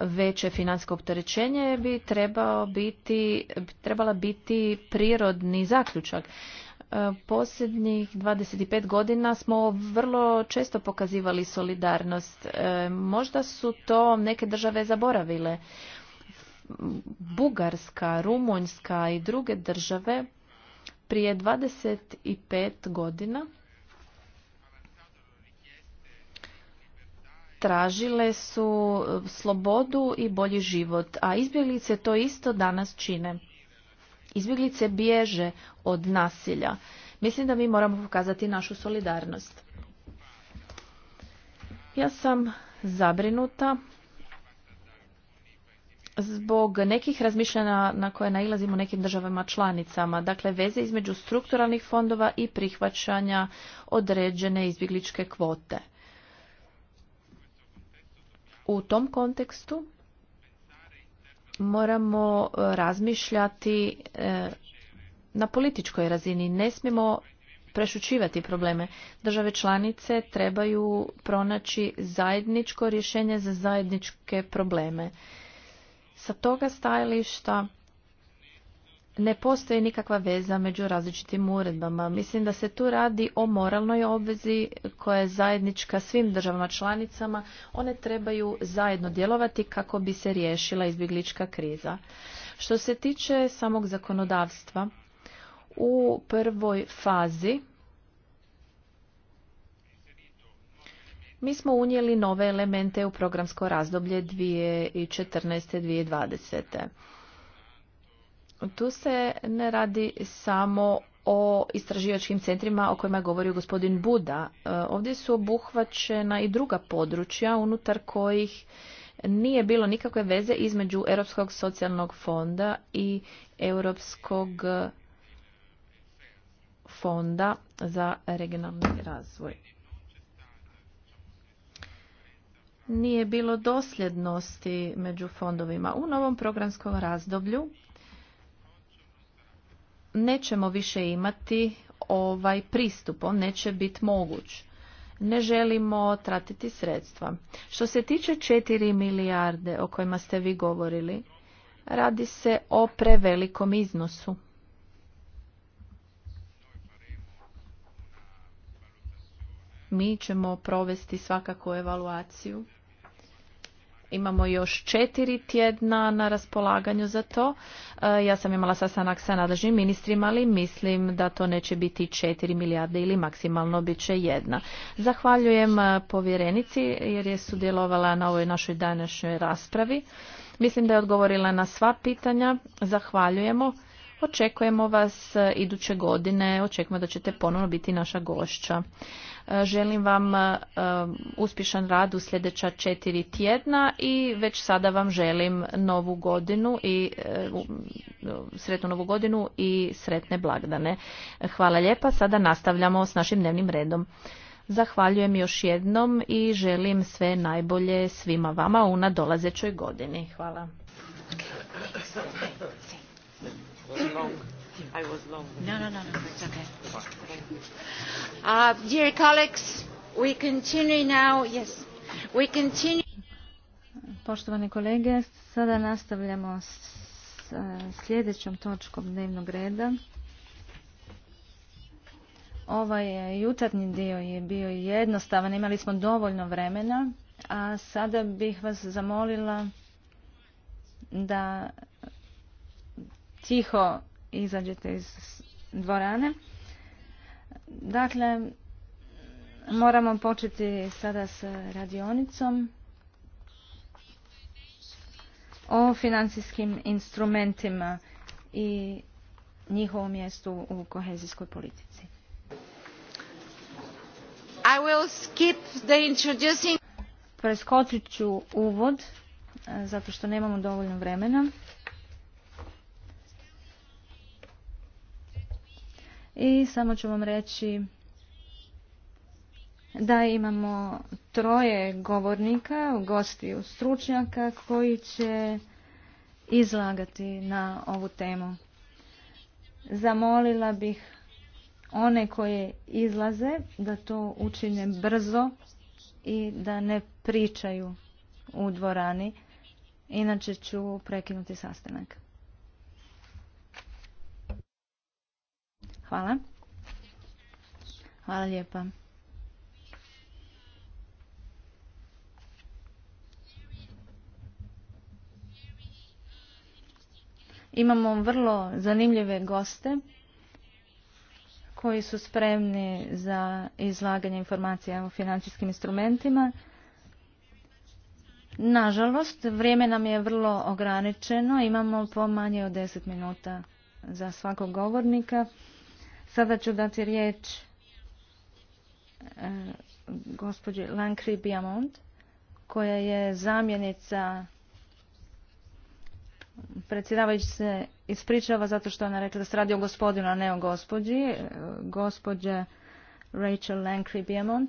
veće financijsko opterećenje bi trebao biti, trebala biti prirodni zaključak. E, posljednjih 25 godina smo vrlo često pokazivali solidarnost. E, možda su to neke države zaboravile. Bugarska, Rumunjska i druge države prije 25 godina tražile su eh, slobodu i bolji život, a izbjeglice to isto danas čine. Izbjeglice bježe od nasilja. Mislim da mi moramo pokazati našu solidarnost. Ja sam zabrinuta zbog nekih razmišljanja na koje nailazimo nekim državama članicama, dakle veze između strukturalnih fondova i prihvaćanja određene izbjegličke kvote. U tom kontekstu moramo e, razmišljati e, na političkoj razini. Ne smijemo prešućivati probleme. Države članice trebaju pronaći zajedničko rješenje za zajedničke probleme. Sa toga stajališta ne postoji nikakva veza među različitim uredbama. Mislim da se tu radi o moralnoj obvezi koja je zajednička svim državama članicama. One trebaju zajedno djelovati kako bi se riješila izbjeglička kriza. Što se tiče samog zakonodavstva, u prvoj fazi Mi smo unijeli nove elemente u programsko razdoblje 2014-2020. Tu se ne radi samo o istraživačkim centrima o kojima je govorio gospodin Buda. E, ovdje su obuhvaćena i druga područja unutar kojih nije bilo nikakve veze između Europskog socijalnog fonda i Europskog fonda za regionalni razvoj. nije bilo dosljednosti među fondovima. U novom programskom razdoblju nećemo više imati ovaj pristup, on neće biti moguć. Ne želimo tratiti sredstva. Što se tiče 4 milijarde o kojima ste vi govorili, radi se o prevelikom iznosu. Mi ćemo provesti svakako evaluaciju Imamo još četiri tjedna na raspolaganju za to. E, ja sam imala sastanak sa nadležnim ministrima, ali mislim da to neće biti četiri milijarde ili maksimalno bit će jedna. Zahvaljujem e, povjerenici jer je sudjelovala na ovoj našoj današnjoj raspravi. Mislim da je odgovorila na sva pitanja. Zahvaljujemo. Očekujemo vas e, iduće godine. Očekujemo da ćete ponovno biti naša gošća. Želim vam e, uspješan rad u sljedeća četiri tjedna i već sada vam želim novu godinu i e, sretnu novu godinu i sretne blagdane. Hvala lijepa, sada nastavljamo s našim dnevnim redom. Zahvaljujem još jednom i želim sve najbolje svima vama u nadolazećoj godini. Hvala. I was long. No, no, no, no, it's okay. Uh, dear colleagues, we continue now. Yes, we continue. Poštovani kolege, sada nastavljamo s uh, sljedećom točkom dnevnog reda. Ovaj jutarnji dio je bio jednostavan, imali smo dovoljno vremena, a sada bih vas zamolila da tiho izađete iz dvorane. Dakle, moramo početi sada s radionicom o financijskim instrumentima i njihovom mjestu u kohezijskoj politici. I Preskočit ću uvod, zato što nemamo dovoljno vremena. I samo ću vam reći da imamo troje govornika, gostiju stručnjaka koji će izlagati na ovu temu. Zamolila bih one koje izlaze da to učine brzo i da ne pričaju u dvorani, inače ću prekinuti sastanak. Hvala. Hvala lijepa. Imamo vrlo zanimljive goste koji su spremni za izlaganje informacija o financijskim instrumentima. Nažalost, vrijeme nam je vrlo ograničeno. Imamo po manje od 10 minuta za svakog govornika. Sada ću dati riječ e, gospođi Lankri Biamond, koja je zamjenica predsjedavajući se ispričava zato što ona rekla da se radi o gospodinu, a ne o gospođi. E, gospođa Rachel Lankri Biamond.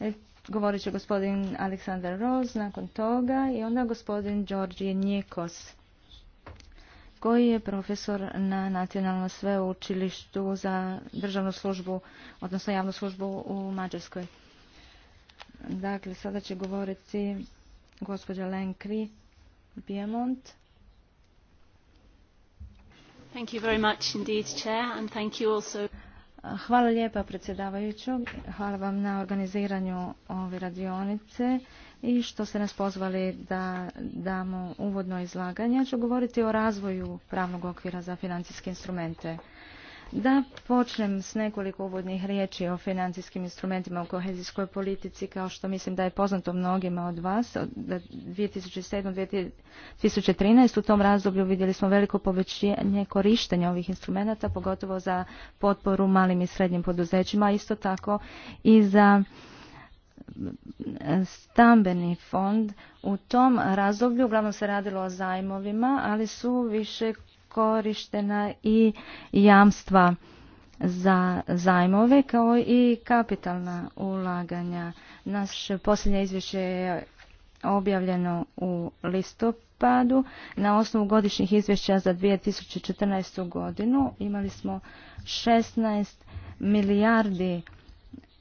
E, govorit će gospodin Aleksandar Rose nakon toga i onda gospodin đorđi Njekos koji je profesor na Nacionalnom sveučilištu za državnu službu, odnosno javnu službu u Mađarskoj. Dakle, sada će govoriti gospođa Lenkri Piemont. Thank you very much Hvala lijepa predsjedavajuću. Hvala vam na organiziranju ove radionice i što ste nas pozvali da damo uvodno izlaganje. Ja ću govoriti o razvoju pravnog okvira za financijske instrumente. Da počnem s nekoliko uvodnih riječi o financijskim instrumentima u kohezijskoj politici, kao što mislim da je poznato mnogima od vas. Od 2007-2013 u tom razdoblju vidjeli smo veliko povećanje korištenja ovih instrumenta, pogotovo za potporu malim i srednjim poduzećima, isto tako i za stambeni fond. U tom razdoblju uglavnom se radilo o zajmovima, ali su više korištena i jamstva za zajmove kao i kapitalna ulaganja. Naš posljednje izvješće je objavljeno u listopadu. Na osnovu godišnjih izvješća za 2014. godinu imali smo 16 milijardi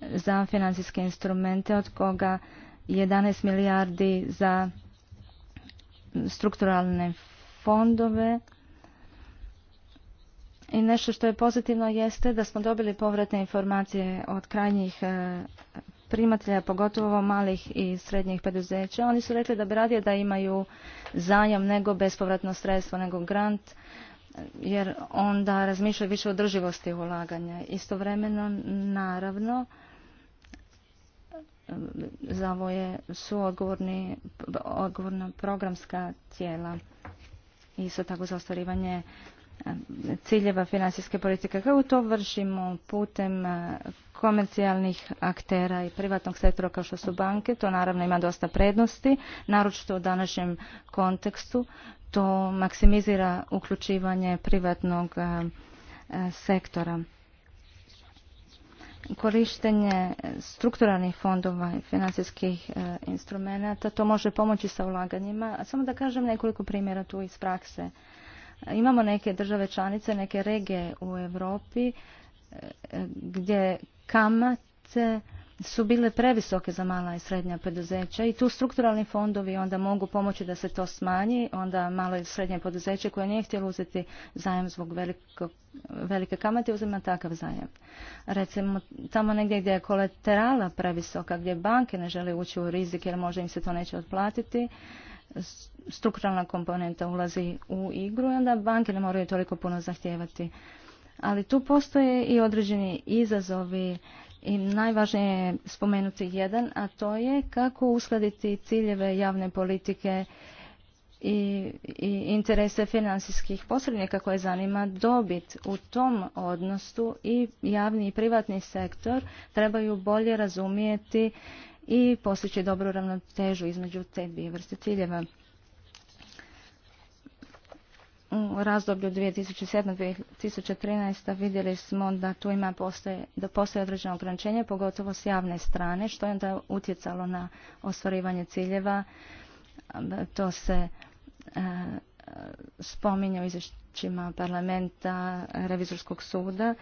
za financijske instrumente, od koga 11 milijardi za strukturalne fondove. I nešto što je pozitivno jeste da smo dobili povratne informacije od krajnjih e, primatelja, pogotovo malih i srednjih preduzeća. Oni su rekli da bi radije da imaju zajam nego bespovratno sredstvo, nego grant, e, jer onda razmišljaju više o drživosti ulaganja. Istovremeno, naravno, za ovo je, su odgovorni, odgovorna programska tijela i isto tako za ostvarivanje e, ciljeva financijske politike. Kako to vršimo putem e, komercijalnih aktera i privatnog sektora kao što su banke, to naravno ima dosta prednosti, naročito u današnjem kontekstu. To maksimizira uključivanje privatnog e, sektora korištenje strukturalnih fondova i financijskih e, instrumenata, to može pomoći sa ulaganjima. A samo da kažem nekoliko primjera tu iz prakse. Imamo neke države članice, neke regije u Europi e, gdje kamate su bile previsoke za mala i srednja poduzeća i tu strukturalni fondovi onda mogu pomoći da se to smanji, onda malo i srednje poduzeće koje nije htjelo uzeti zajem zbog velike kamate uzima takav zajem. Recimo tamo negdje gdje je kolaterala previsoka, gdje banke ne žele ući u rizik jer možda im se to neće otplatiti, strukturalna komponenta ulazi u igru i onda banke ne moraju toliko puno zahtijevati. Ali tu postoje i određeni izazovi i najvažnije je spomenuti jedan, a to je kako uskladiti ciljeve javne politike i, i interese financijskih posrednika koje zanima dobit. U tom odnosu i javni i privatni sektor trebaju bolje razumijeti i postići dobru ravnotežu između te dvije vrste ciljeva u razdoblju 2007-2013 vidjeli smo da tu ima postoje, da postoje određeno ograničenje, pogotovo s javne strane, što je onda utjecalo na ostvarivanje ciljeva. To se e, spominje u izvješćima parlamenta, revizorskog suda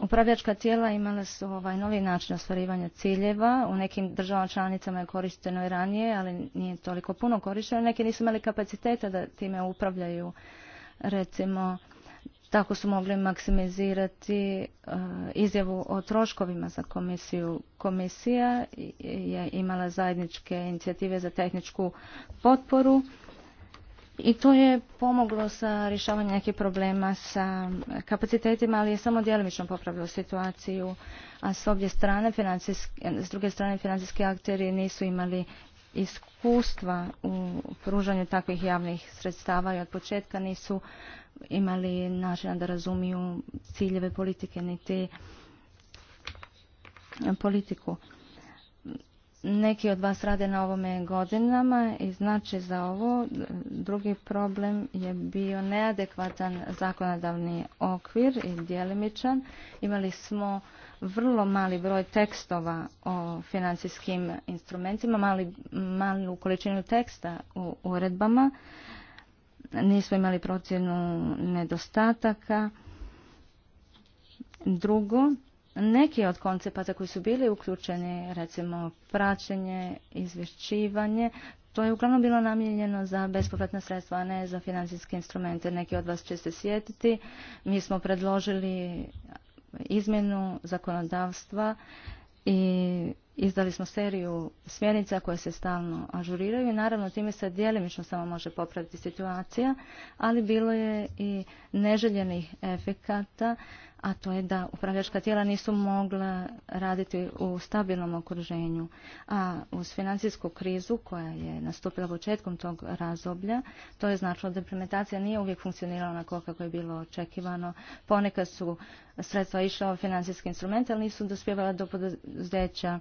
upravljačka tijela imala su ovaj novi način ostvarivanja ciljeva. U nekim državama članicama je korišteno i ranije, ali nije toliko puno korišteno. Neki nisu imali kapaciteta da time upravljaju. Recimo, tako su mogli maksimizirati e, izjavu o troškovima za komisiju. Komisija je imala zajedničke inicijative za tehničku potporu i to je pomoglo sa rješavanjem nekih problema sa kapacitetima, ali je samo djelomično popravilo situaciju, a s obje strane, s druge strane, financijski akteri nisu imali iskustva u pružanju takvih javnih sredstava i od početka nisu imali načina da razumiju ciljeve politike niti politiku neki od vas rade na ovome godinama i znači za ovo. Drugi problem je bio neadekvatan zakonodavni okvir i djelimičan. Imali smo vrlo mali broj tekstova o financijskim instrumentima, mali, malu količinu teksta u uredbama. Nismo imali procjenu nedostataka. Drugo, neki od koncepata koji su bili uključeni, recimo praćenje, izvješćivanje, to je uglavnom bilo namijenjeno za bespovratna sredstva, a ne za financijske instrumente. Neki od vas će se sjetiti. Mi smo predložili izmjenu zakonodavstva i Izdali smo seriju smjernica koje se stalno ažuriraju i naravno time se djelimično samo može popraviti situacija, ali bilo je i neželjenih efekata, a to je da upravljačka tijela nisu mogla raditi u stabilnom okruženju. A uz financijsku krizu koja je nastupila početkom tog razoblja, to je značilo da implementacija nije uvijek funkcionirala onako kako je bilo očekivano. Ponekad su sredstva išla u financijske instrumente, ali nisu dospjevala do poduzeća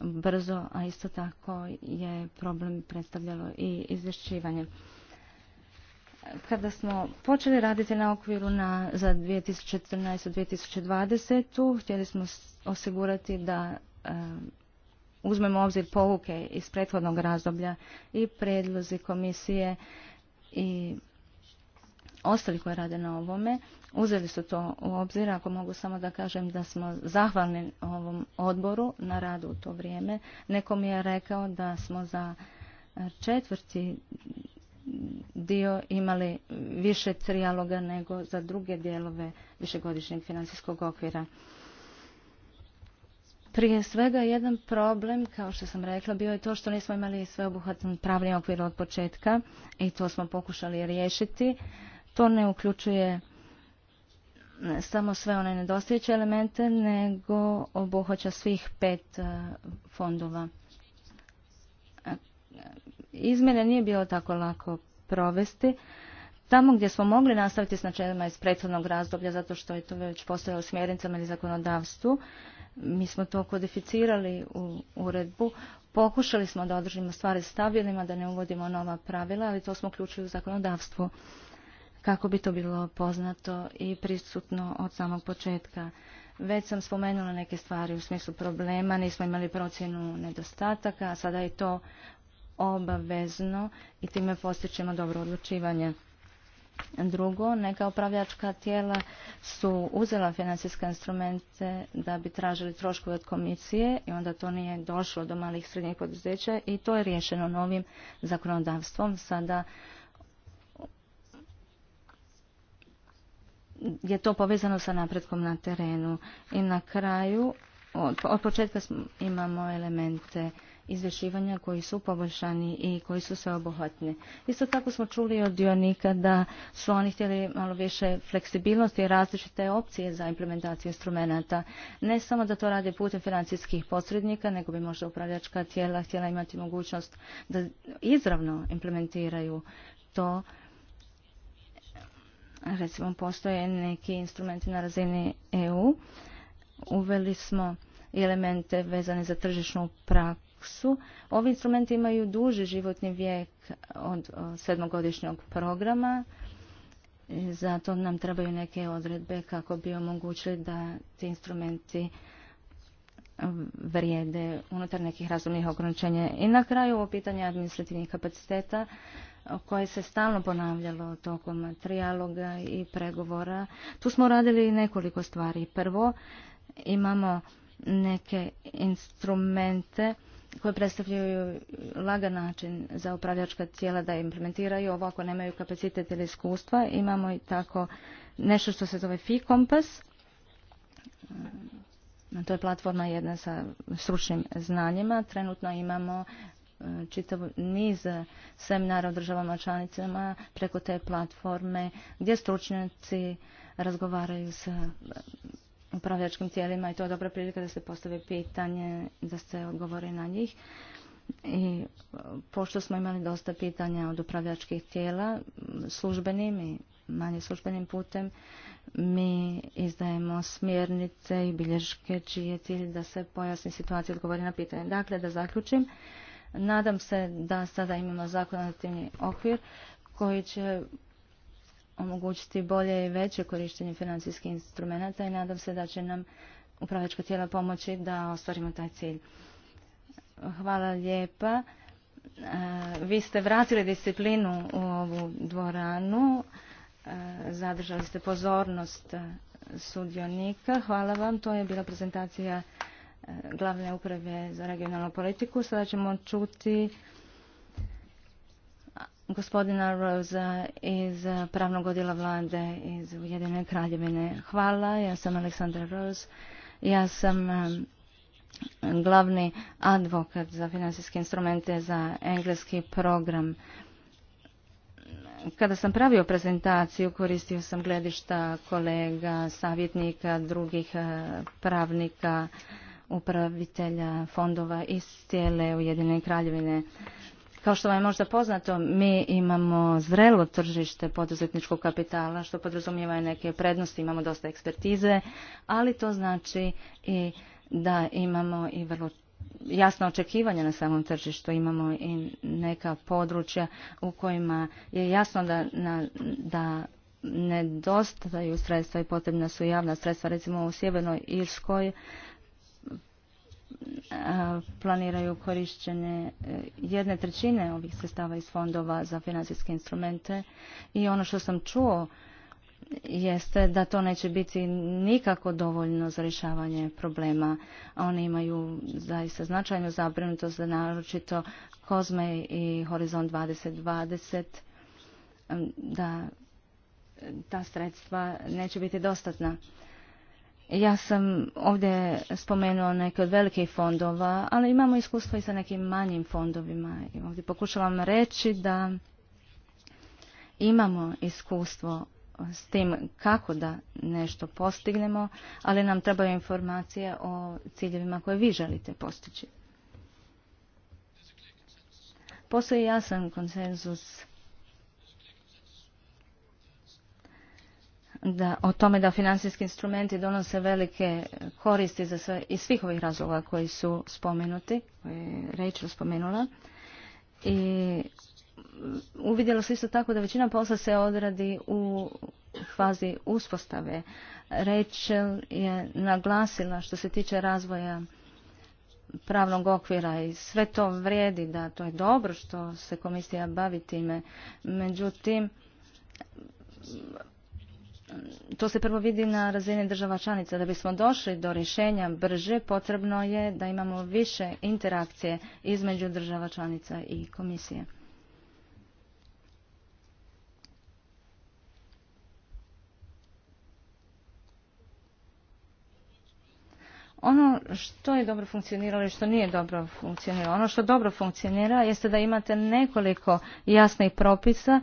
brzo, a isto tako je problem predstavljalo i izvješćivanje. Kada smo počeli raditi na okviru na, za 2014-2020, htjeli smo osigurati da e, uzmemo obzir pouke iz prethodnog razdoblja i predlozi komisije i ostali koji rade na ovome uzeli su to u obzir ako mogu samo da kažem da smo zahvalni ovom odboru na radu u to vrijeme neko mi je rekao da smo za četvrti dio imali više trijaloga nego za druge dijelove višegodišnjeg financijskog okvira prije svega jedan problem, kao što sam rekla, bio je to što nismo imali sveobuhvatan pravni okvir od početka i to smo pokušali riješiti. To ne uključuje samo sve one nedostajeće elemente, nego obuhvaća svih pet e, fondova. E, izmjene nije bilo tako lako provesti. Tamo gdje smo mogli nastaviti s načelima iz prethodnog razdoblja, zato što je to već postojalo smjernicama ili zakonodavstvu, mi smo to kodificirali u uredbu, pokušali smo da održimo stvari stabilnima, da ne uvodimo nova pravila, ali to smo uključili u zakonodavstvu kako bi to bilo poznato i prisutno od samog početka. Već sam spomenula neke stvari u smislu problema, nismo imali procjenu nedostataka, a sada je to obavezno i time postičemo dobro odlučivanje. Drugo, neka upravljačka tijela su uzela financijske instrumente da bi tražili troškove od komisije i onda to nije došlo do malih srednjih poduzeća i to je riješeno novim zakonodavstvom. Sada je to povezano sa napretkom na terenu. I na kraju, od, početka imamo elemente izvješivanja koji su poboljšani i koji su sveobuhvatni. Isto tako smo čuli od dionika da su oni htjeli malo više fleksibilnosti i različite opcije za implementaciju instrumenata. Ne samo da to rade putem financijskih posrednika, nego bi možda upravljačka tijela htjela imati mogućnost da izravno implementiraju to recimo postoje neki instrumenti na razini EU. Uveli smo elemente vezane za tržišnu praksu. Ovi instrumenti imaju duži životni vijek od sedmogodišnjog programa. Zato nam trebaju neke odredbe kako bi omogućili da ti instrumenti e, vrijede unutar nekih razumnih ograničenja. I na kraju ovo pitanje administrativnih kapaciteta koje se stalno ponavljalo tokom trijaloga i pregovora. Tu smo radili nekoliko stvari. Prvo, imamo neke instrumente koje predstavljaju lagan način za upravljačka tijela da implementiraju ovo ako nemaju kapacitet ili iskustva. Imamo i tako nešto što se zove FI kompas. To je platforma jedna sa stručnim znanjima. Trenutno imamo čitav niz seminara u državama članicama preko te platforme gdje stručnjaci razgovaraju s upravljačkim tijelima i to je dobra prilika da se postave pitanje, da se odgovori na njih. I e, pošto smo imali dosta pitanja od upravljačkih tijela, službenim i manje službenim putem, mi izdajemo smjernice i bilješke čiji je da se pojasni situacija odgovori na pitanje. Dakle, da zaključim, Nadam se da sada imamo zakonodavni okvir koji će omogućiti bolje i veće korištenje financijskih instrumenata i nadam se da će nam upravljačka tijela pomoći da ostvarimo taj cilj. Hvala lijepa. E, vi ste vratili disciplinu u ovu dvoranu. E, zadržali ste pozornost sudionika. Hvala vam. To je bila prezentacija glavne uprave za regionalnu politiku. Sada ćemo čuti gospodina Rosa iz pravnog odjela vlade iz Ujedine kraljevine. Hvala, ja sam Aleksandra Rose. Ja sam um, glavni advokat za financijske instrumente za engleski program. Kada sam pravio prezentaciju, koristio sam gledišta kolega, savjetnika, drugih uh, pravnika, upravitelja fondova iz cijele Ujedinjene kraljevine. Kao što vam je možda poznato, mi imamo zrelo tržište poduzetničkog kapitala, što podrazumijeva i neke prednosti, imamo dosta ekspertize, ali to znači i da imamo i vrlo jasna očekivanja na samom tržištu. Imamo i neka područja u kojima je jasno da, da nedostaju sredstva i potrebna su javna sredstva. Recimo u Sjevernoj Irskoj E, planiraju korišćenje e, jedne trećine ovih sestava iz fondova za financijske instrumente i ono što sam čuo jeste da to neće biti nikako dovoljno za rješavanje problema. Oni imaju zaista značajnu zabrinutost za naročito Kozme i Horizont 2020 da ta sredstva neće biti dostatna. Ja sam ovdje spomenuo neke od velikih fondova, ali imamo iskustvo i sa nekim manjim fondovima. I ovdje pokušavam reći da imamo iskustvo s tim kako da nešto postignemo, ali nam trebaju informacije o ciljevima koje vi želite postići. Postoji jasan konsenzus da, o tome da financijski instrumenti donose velike koristi za sve, iz svih ovih razloga koji su spomenuti, koje je Rachel spomenula. I uvidjelo se isto tako da većina posla se odradi u fazi uspostave. Rachel je naglasila što se tiče razvoja pravnog okvira i sve to vrijedi da to je dobro što se komisija bavi time. Međutim, to se prvo vidi na razini država članica. Da bismo došli do rješenja brže, potrebno je da imamo više interakcije između država članica i komisije. Ono što je dobro funkcioniralo i što nije dobro funkcioniralo, ono što dobro funkcionira jeste da imate nekoliko jasnih propisa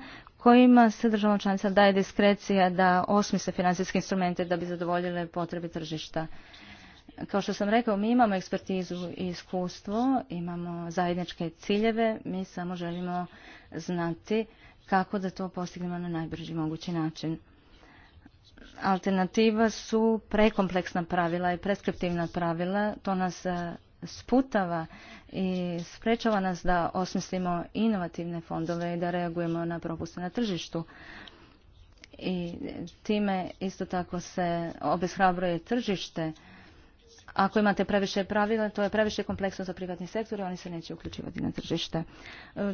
kojima se državama članica daje diskrecija da osmisle financijske instrumente da bi zadovoljile potrebe tržišta. Kao što sam rekao, mi imamo ekspertizu i iskustvo, imamo zajedničke ciljeve, mi samo želimo znati kako da to postignemo na najbrži mogući način. Alternativa su prekompleksna pravila i preskriptivna pravila, to nas sputava i sprečava nas da osmislimo inovativne fondove i da reagujemo na propuste na tržištu. I time isto tako se obeshrabruje tržište. Ako imate previše pravila, to je previše kompleksno za privatni sektor i oni se neće uključivati na tržište.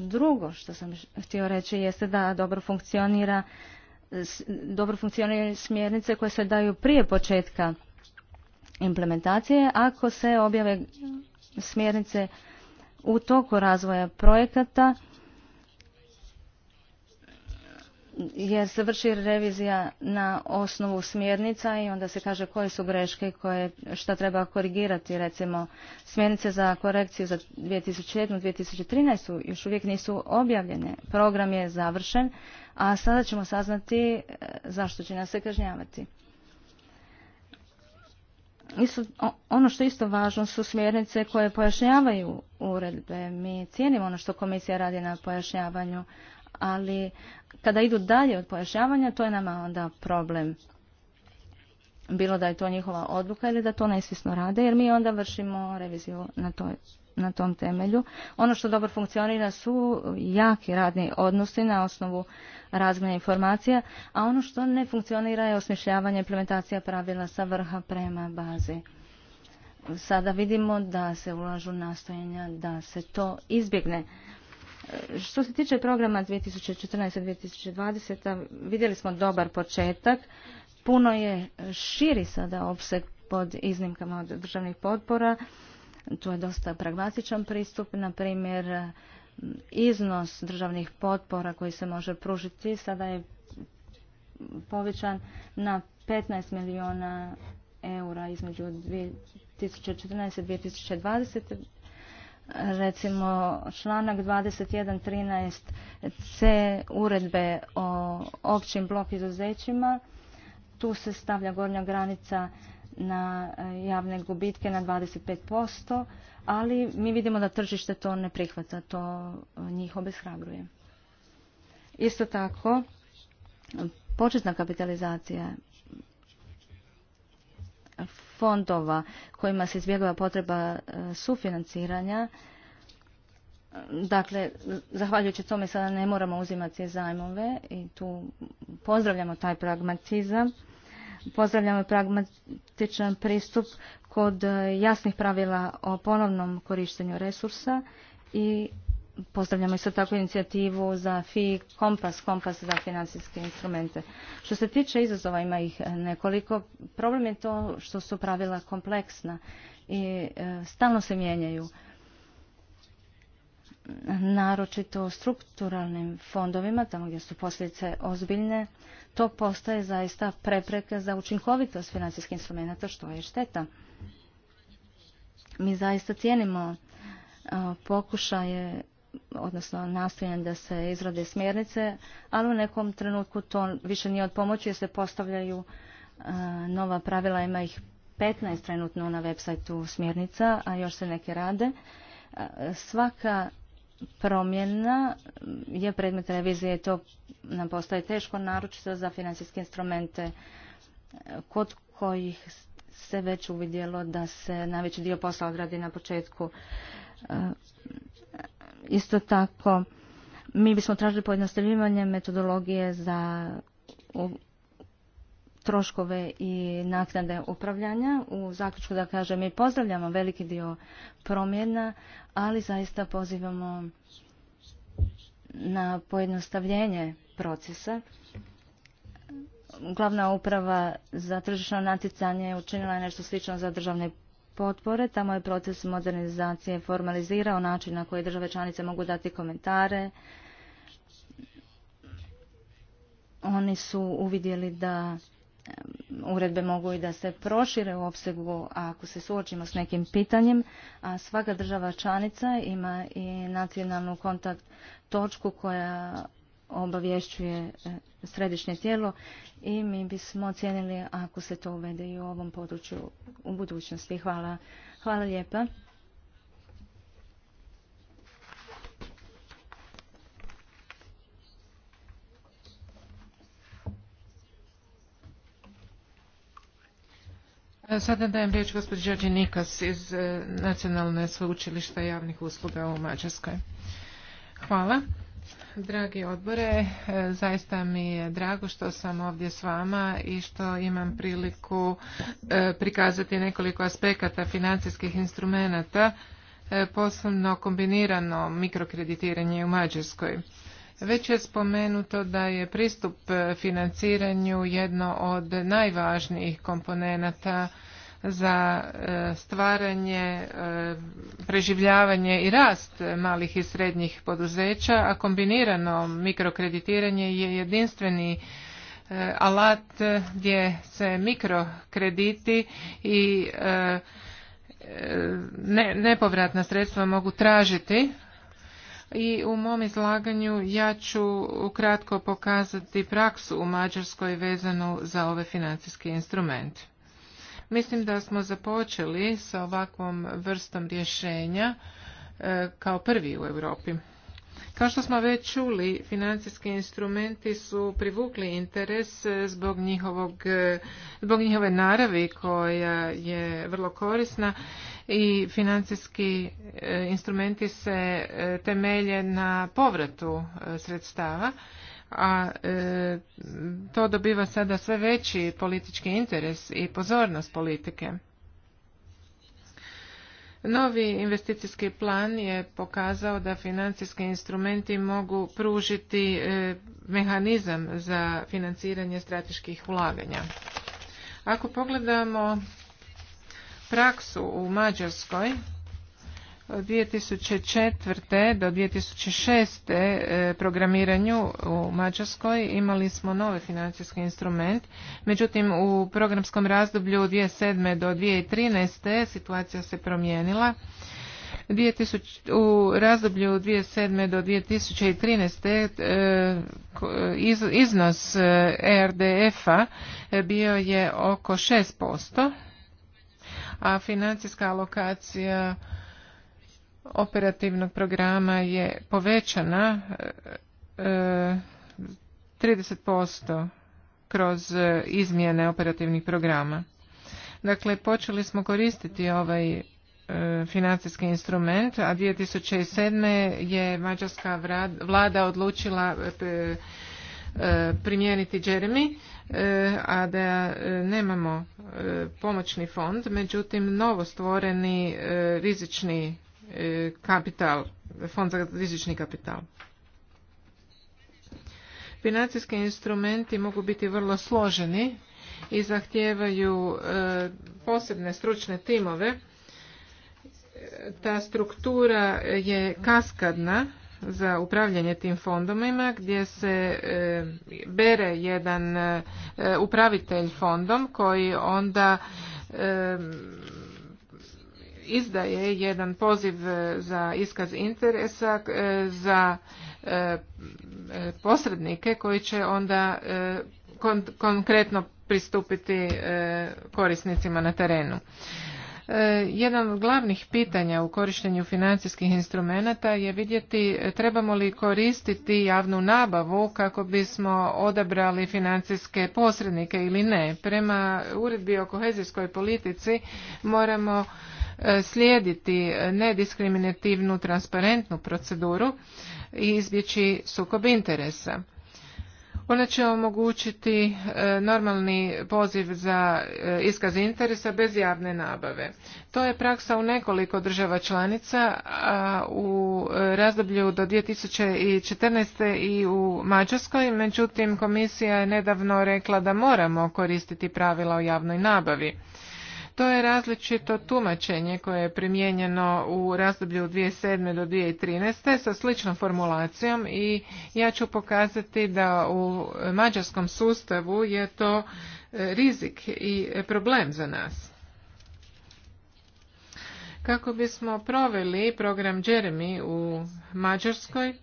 Drugo što sam htio reći jeste da dobro funkcionira dobro funkcioniraju smjernice koje se daju prije početka implementacije ako se objave smjernice u toku razvoja projekata jer se vrši revizija na osnovu smjernica i onda se kaže koje su greške, koje, šta treba korigirati, recimo smjernice za korekciju za 2007. 2013. još uvijek nisu objavljene. Program je završen, a sada ćemo saznati e, zašto će nas se kažnjavati. Isto, ono što je isto važno su smjernice koje pojašnjavaju uredbe. Mi cijenimo ono što komisija radi na pojašnjavanju, ali kada idu dalje od pojašnjavanja, to je nama onda problem. Bilo da je to njihova odluka ili da to nesvisno rade, jer mi onda vršimo reviziju na toj na tom temelju. Ono što dobro funkcionira su jaki radni odnosi na osnovu razmjene informacija, a ono što ne funkcionira je osmišljavanje implementacija pravila sa vrha prema bazi. Sada vidimo da se ulažu nastojenja da se to izbjegne. Što se tiče programa 2014-2020, vidjeli smo dobar početak. Puno je širi sada opseg pod iznimkama od državnih potpora tu je dosta pragmatičan pristup, na primjer iznos državnih potpora koji se može pružiti sada je povećan na 15 milijuna eura između 2014. i 2020. Recimo članak 21.13c uredbe o općim blok izuzećima. Tu se stavlja gornja granica na e, javne gubitke na 25%, ali mi vidimo da tržište to ne prihvata, to e, njih obeshrabruje. Isto tako, početna kapitalizacija fondova kojima se izbjegava potreba e, sufinanciranja, Dakle, zahvaljujući tome sada ne moramo uzimati zajmove i tu pozdravljamo taj pragmatizam. Pozdravljamo pragmatičan pristup kod e, jasnih pravila o ponovnom korištenju resursa i pozdravljamo isto tako inicijativu za FI Kompas, Kompas za financijske instrumente. Što se tiče izazova, ima ih e, nekoliko. Problem je to što su pravila kompleksna i e, stalno se mijenjaju. Naročito strukturalnim fondovima, tamo gdje su posljedice ozbiljne, to postaje zaista prepreka za učinkovitost financijskih instrumenta, što je šteta. Mi zaista cijenimo pokušaje odnosno nastojanje da se izrade smjernice, ali u nekom trenutku to više nije od pomoći jer se postavljaju nova pravila, ima ih 15 trenutno na web smjernica, a još se neke rade. Svaka promjena je predmet revizije to nam postaje teško, naročito za financijske instrumente kod kojih se već uvidjelo da se najveći dio posla odradi na početku. E, isto tako, mi bismo tražili pojednostavljivanje metodologije za troškove i naknade upravljanja. U zaključku da kažem mi pozdravljamo veliki dio promjena, ali zaista pozivamo na pojednostavljenje procesa. Glavna uprava za tržišno natjecanje je nešto slično za državne potpore. Tamo je proces modernizacije formalizirao način na koji države članice mogu dati komentare. Oni su uvidjeli da uredbe mogu i da se prošire u opsegu ako se suočimo s nekim pitanjem, a svaka država članica ima i nacionalnu kontakt točku koja obavješćuje e, središnje tijelo i mi bismo ocijenili ako se to uvede i u ovom području u budućnosti. Hvala. Hvala lijepa. E, sada dajem riječ gospođi Đorđe Nikas iz e, Nacionalne sveučilišta javnih usluga u Mađarskoj. Hvala. Dragi odbore, e, zaista mi je drago što sam ovdje s vama i što imam priliku prikazati nekoliko aspekata financijskih instrumenata, posebno kombinirano mikrokreditiranje u Mađarskoj. Već je spomenuto da je pristup financiranju jedno od najvažnijih komponenata za e, stvaranje, e, preživljavanje i rast malih i srednjih poduzeća, a kombinirano mikrokreditiranje je jedinstveni e, alat gdje se mikrokrediti i nepovratna sredstva mogu tražiti i u mom izlaganju ja ću ukratko pokazati praksu u Mađarskoj vezanu za ove financijske instrument. Mislim da smo započeli sa ovakvom vrstom rješenja e, kao prvi u Europi. Kao što smo već čuli, financijski instrumenti su privukli interes zbog, njihovog, zbog njihove naravi koja je vrlo korisna i financijski eh, instrumenti se eh, temelje na povratu eh, sredstava a to dobiva sada sve veći politički interes i pozornost politike Novi investicijski plan je pokazao da financijski instrumenti mogu pružiti e, mehanizam za financiranje strateških ulaganja. Ako pogledamo praksu u Mađarskoj, od 2004. do 2006. E, programiranju u Mađarskoj imali smo novi financijski instrument. Međutim, u programskom razdoblju 2007. do 2013. situacija se promijenila. u razdoblju 2007. do 2013. E, iznos ERDF-a e bio je oko 6%, a financijska alokacija operativnog programa je povećana 30% e, e, kroz izmjene operativnih programa. Dakle, počeli smo koristiti ovaj e, financijski instrument, a 2007. je mađarska vlada odlučila primijeniti Jeremy, a da nemamo pomoćni fond, međutim novo stvoreni rizični E, kapital, fond za rizični kapital. Financijski instrumenti mogu biti vrlo složeni i zahtijevaju e, posebne stručne timove. E, ta struktura je kaskadna za upravljanje tim fondovima gdje se bere jedan upravitelj fondom koji onda izdaje jedan poziv e, za iskaz interesa e, za e, posrednike koji će onda konkretno pristupiti korisnicima na terenu. Jedan od glavnih pitanja u korištenju financijskih instrumenata je vidjeti trebamo li koristiti javnu nabavu kako bismo odabrali financijske posrednike ili ne. Prema uredbi o kohezijskoj politici moramo slijediti nediskriminativnu transparentnu proceduru i izbjeći sukob interesa. Ona će omogućiti e, normalni poziv za e, iskaz interesa bez javne nabave. To je praksa u nekoliko država članica, a u e, razdoblju do 2014. i u Mađarskoj, međutim komisija je nedavno rekla da moramo koristiti pravila o javnoj nabavi. To je različito tumačenje koje je primijenjeno u razdoblju 2007. do 2013. sa sličnom formulacijom i ja ću pokazati da u mađarskom sustavu je to e, rizik i problem za nas. Kako bismo proveli program Jeremy u Mađarskoj,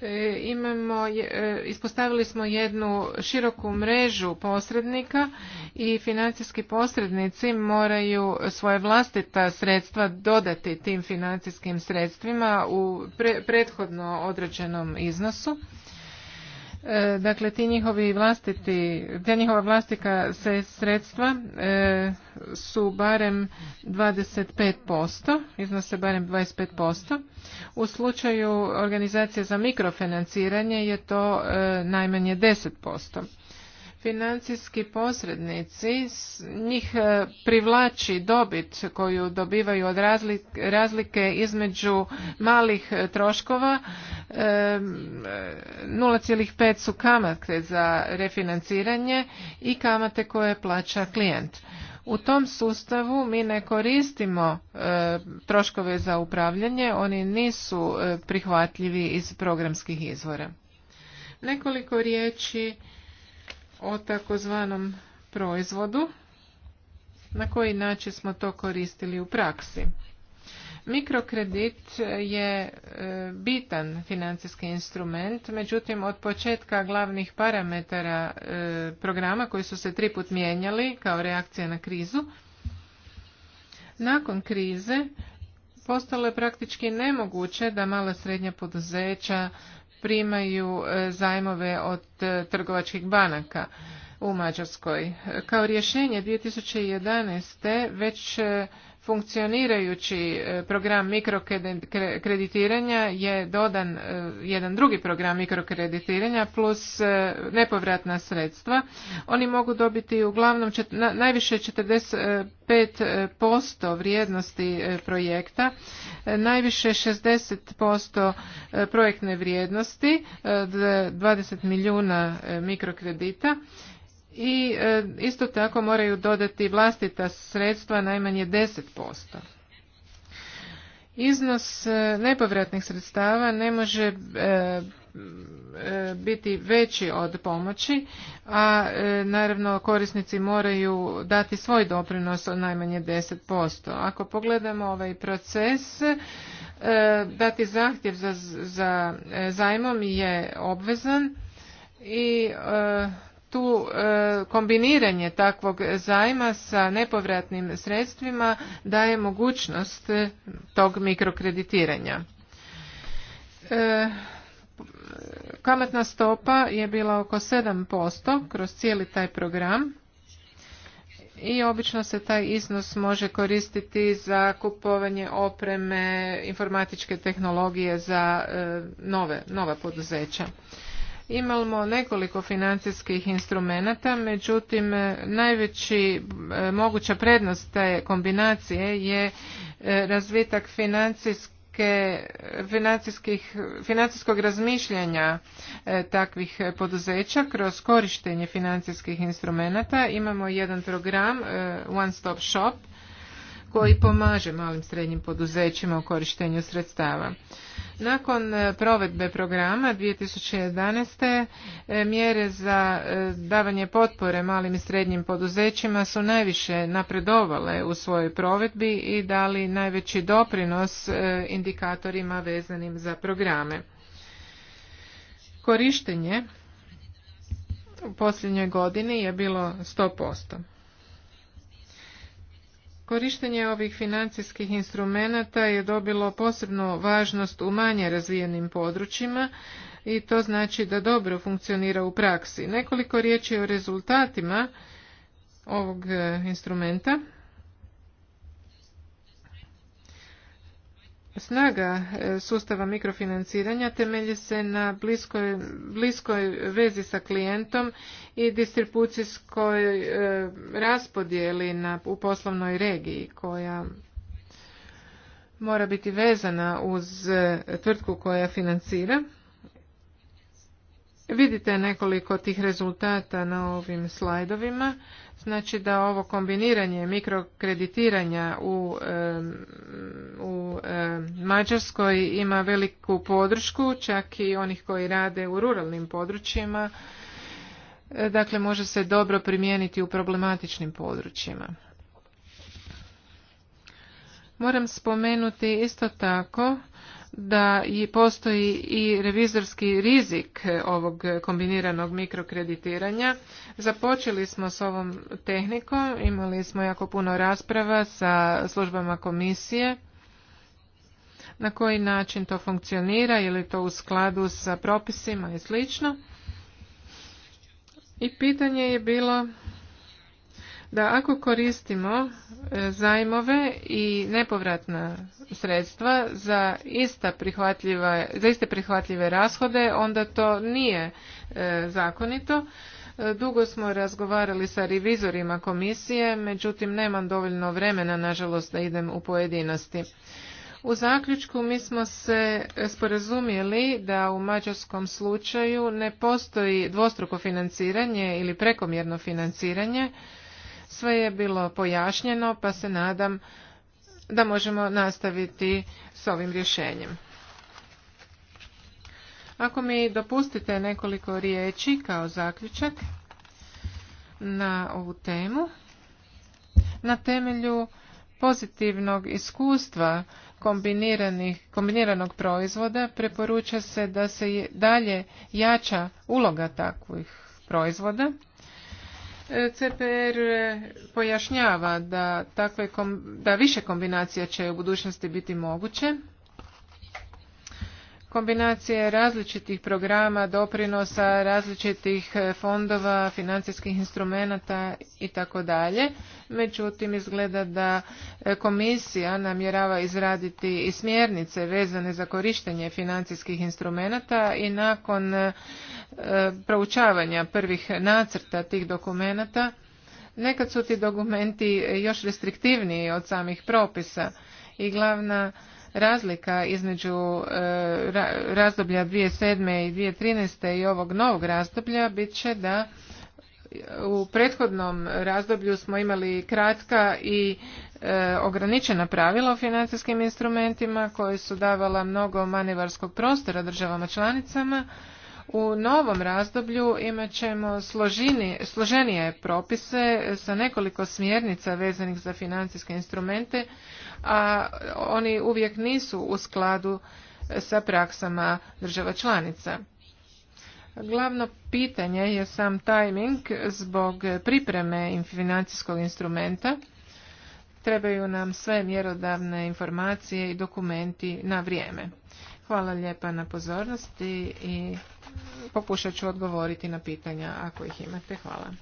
E, imamo, e, ispostavili smo jednu široku mrežu posrednika i financijski posrednici moraju svoje vlastita sredstva dodati tim financijskim sredstvima u prethodno određenom iznosu E, dakle, ti njihovi vlastiti, te njihova vlastika se sredstva e, su barem 25%, iznose barem 25%. U slučaju organizacije za mikrofinanciranje je to e, najmanje 10% financijski posrednici, njih e, privlači dobit koju dobivaju od razlike između malih e, troškova, 0,5 e, su kamate za refinanciranje i kamate koje plaća klijent. U tom sustavu mi ne koristimo troškove za upravljanje, oni nisu prihvatljivi iz programskih izvora. Nekoliko riječi o takozvanom proizvodu, na koji način smo to koristili u praksi. Mikrokredit je e, bitan financijski instrument, međutim od početka glavnih parametara e, programa koji su se tri put mijenjali kao reakcija na krizu, nakon krize postalo je praktički nemoguće da mala srednja poduzeća primaju e, zajmove od e, trgovačkih banaka u Mađarskoj. Kao rješenje 2011. već e, funkcionirajući e, program mikrokreditiranja je dodan e, jedan drugi program mikrokreditiranja plus e, nepovratna sredstva. Oni mogu dobiti uglavnom najviše 45% vrijednosti projekta, najviše 60% projektne vrijednosti, 20 milijuna mikrokredita i e, isto tako moraju dodati vlastita sredstva najmanje 10%. Iznos e, nepovratnih sredstava ne može e, biti veći od pomoći, a naravno korisnici moraju dati svoj doprinos od najmanje 10%. Ako pogledamo ovaj proces, dati zahtjev za, za zajmom je obvezan i tu e, kombiniranje takvog zajma sa nepovratnim sredstvima daje mogućnost tog mikrokreditiranja. E, kamatna stopa je bila oko 7% kroz cijeli taj program i obično se taj iznos može koristiti za kupovanje opreme, informatičke tehnologije za e, nove, nova poduzeća. Imamo nekoliko financijskih instrumenata, međutim e, najveći e, moguća prednost te kombinacije je e, razvitak financijskog razmišljanja takvih poduzeća kroz korištenje financijskih instrumenata. Imamo jedan program One Stop Shop koji pomaže malim srednjim poduzećima u korištenju sredstava. Nakon e, provedbe programa 2011. E, mjere za e, davanje potpore malim i srednjim poduzećima su najviše napredovale u svojoj provedbi i dali najveći doprinos indikatorima vezanim za programe. Korištenje u posljednjoj godini je bilo 100%. Korištenje ovih financijskih instrumenata je dobilo posebnu važnost u manje razvijenim područjima i to znači da dobro funkcionira u praksi. Nekoliko riječi o rezultatima ovog e, instrumenta. Snaga e, sustava mikrofinanciranja temelji se na bliskoj, vezi sa klijentom i distribucijskoj e, raspodjeli na, u poslovnoj regiji koja mora biti vezana uz e, tvrtku koja financira. Vidite nekoliko tih rezultata na ovim slajdovima. Znači da ovo kombiniranje mikrokreditiranja u, u Mađarskoj ima veliku podršku, čak i onih koji rade u ruralnim područjima. E, dakle, može se dobro primijeniti u problematičnim područjima. Moram spomenuti isto tako da i postoji i revizorski rizik ovog kombiniranog mikrokreditiranja. Započeli smo s ovom tehnikom, imali smo jako puno rasprava sa službama komisije na koji način to funkcionira, ili to u skladu sa propisima i slično. I pitanje je bilo da ako koristimo e, zajmove i nepovratna sredstva za ista za iste prihvatljive rashode onda to nije e, zakonito e, dugo smo razgovarali sa revizorima komisije međutim nemam dovoljno vremena nažalost da idem u pojedinosti u zaključku mi smo se sporazumjeli da u mađarskom slučaju ne postoji dvostruko financiranje ili prekomjerno financiranje sve je bilo pojašnjeno pa se nadam da možemo nastaviti s ovim rješenjem. Ako mi dopustite nekoliko riječi kao zaključak na ovu temu, na temelju pozitivnog iskustva kombiniranog proizvoda preporuča se da se dalje jača uloga takvih proizvoda E, CPR e, pojašnjava da, takve, da više kombinacija će u budućnosti biti moguće kombinacije različitih programa, doprinosa, različitih e, fondova, financijskih instrumenata i tako dalje. Međutim, izgleda da e, komisija namjerava izraditi i smjernice vezane za korištenje financijskih instrumenata i nakon e, proučavanja prvih nacrta tih dokumenata, nekad su ti dokumenti još restriktivniji od samih propisa i glavna razlika između e, razdoblja 2007. i 2013. i ovog novog razdoblja bit će da u prethodnom razdoblju smo imali kratka i e, ograničena pravila o financijskim instrumentima koje su davala mnogo manevarskog prostora državama članicama. U novom razdoblju imat ćemo složini, složenije propise sa nekoliko smjernica vezanih za financijske instrumente a oni uvijek nisu u skladu sa praksama država članica. Glavno pitanje je sam tajming zbog pripreme financijskog instrumenta. Trebaju nam sve mjerodavne informacije i dokumenti na vrijeme. Hvala lijepa na pozornosti i pokušat ću odgovoriti na pitanja ako ih imate. Hvala.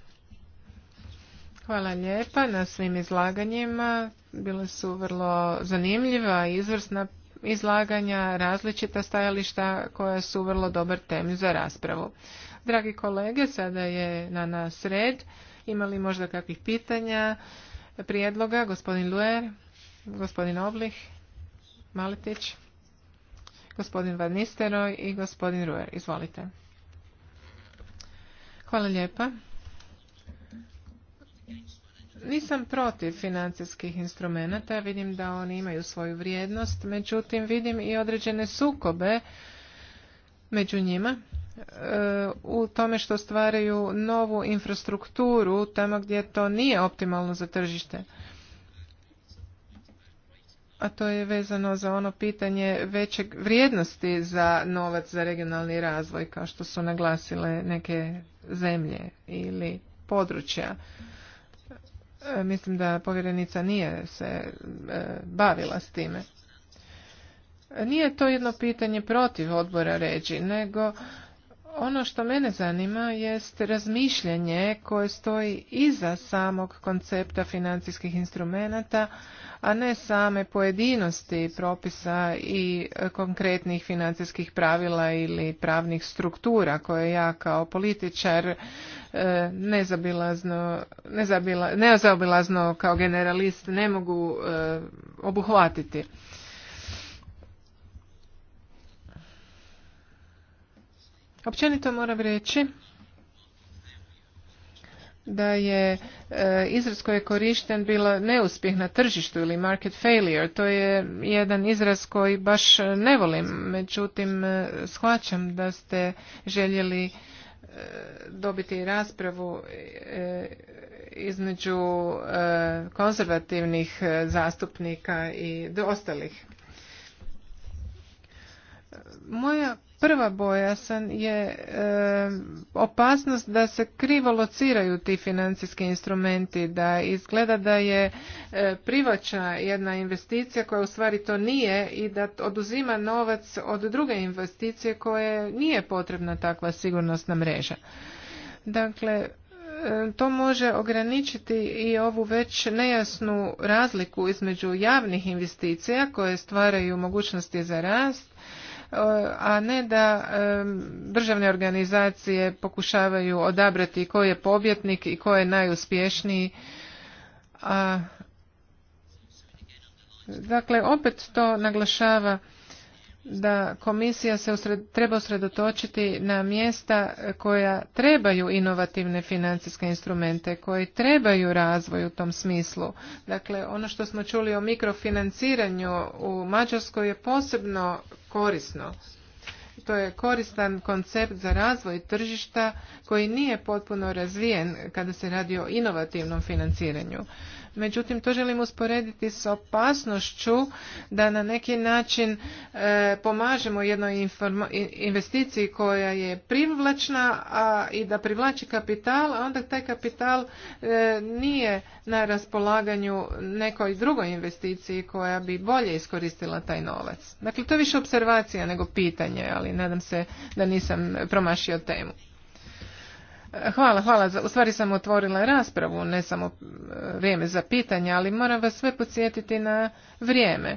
Hvala lijepa na svim izlaganjima. Bile su vrlo zanimljiva izvrsna izlaganja, različita stajališta koja su vrlo dobar tem za raspravu. Dragi kolege, sada je na nas red. Imali možda kakvih pitanja, prijedloga? Gospodin Luer, gospodin Oblih, Maletić, gospodin Van i gospodin Ruer. Izvolite. Hvala lijepa. Nisam protiv financijskih instrumenata, vidim da oni imaju svoju vrijednost, međutim vidim i određene sukobe među njima e, u tome što stvaraju novu infrastrukturu tamo gdje to nije optimalno za tržište. A to je vezano za ono pitanje većeg vrijednosti za novac za regionalni razvoj, kao što su naglasile neke zemlje ili područja. E, mislim da povjerenica nije se e, bavila s time. E, nije to jedno pitanje protiv odbora ređi, nego ono što mene zanima jest razmišljanje koje stoji iza samog koncepta financijskih instrumenata, a ne same pojedinosti propisa i e, konkretnih financijskih pravila ili pravnih struktura koje ja kao političar e, nezabilazno, kao generalist ne mogu e, obuhvatiti. Općenito moram reći da je e, izraz koji je korišten bilo neuspjeh na tržištu ili market failure. To je jedan izraz koji baš ne volim, međutim e, shvaćam da ste željeli e, dobiti raspravu između konzervativnih zastupnika i ostalih. Moja prva bojasan je opasnost da se krivo lociraju ti financijski instrumenti da izgleda da je e, privlačna jedna investicija koja u stvari to nije i da oduzima novac od druge investicije koje nije potrebna takva sigurnosna mreža dakle to može ograničiti i ovu već nejasnu razliku između javnih investicija koje stvaraju mogućnosti za rast a ne da državne organizacije pokušavaju odabrati ko je pobjetnik i ko je najuspješniji. dakle, opet to naglašava da komisija se treba usredotočiti na mjesta koja trebaju inovativne financijske instrumente, koji trebaju razvoj u tom smislu. Dakle, ono što smo čuli o mikrofinanciranju u Mađarskoj je posebno korisno. To je koristan koncept za razvoj tržišta koji nije potpuno razvijen kada se radi o inovativnom financiranju. Međutim, to želim usporediti s opasnošću da na neki način e, pomažemo jednoj investiciji koja je privlačna a i da privlači kapital, a onda taj kapital e, nije na raspolaganju nekoj drugoj investiciji koja bi bolje iskoristila taj novac. Dakle, to je više observacija nego pitanje, ali nadam se da nisam promašio temu. Hvala, hvala. U stvari sam otvorila raspravu, ne samo e, vrijeme za pitanje, ali moram vas sve podsjetiti na vrijeme.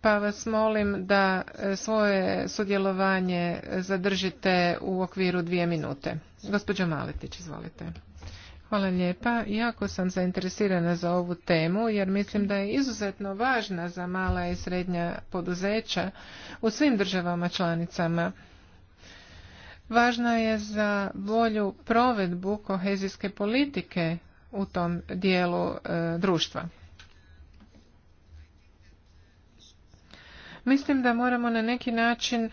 Pa vas molim da e, svoje sudjelovanje zadržite u okviru dvije minute. Gospođo Maletić, izvolite. Hvala lijepa. Jako sam zainteresirana za ovu temu jer mislim da je izuzetno važna za mala i srednja poduzeća u svim državama članicama važna je za bolju provedbu kohezijske politike u tom dijelu e, društva. Mislim da moramo na neki način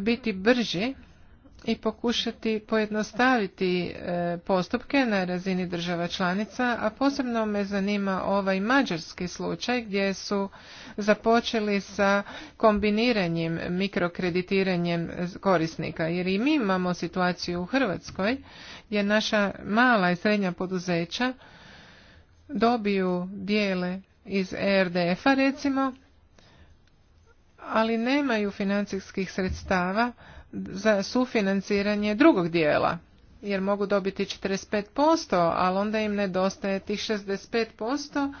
biti brži i pokušati pojednostaviti e, postupke na razini država članica, a posebno me zanima ovaj mađarski slučaj gdje su započeli sa kombiniranjem mikrokreditiranjem korisnika. Jer i mi imamo situaciju u Hrvatskoj gdje naša mala i srednja poduzeća dobiju dijele iz ERDF-a recimo, ali nemaju financijskih sredstava za sufinanciranje drugog dijela jer mogu dobiti 45%, ali onda im nedostaje tih 65%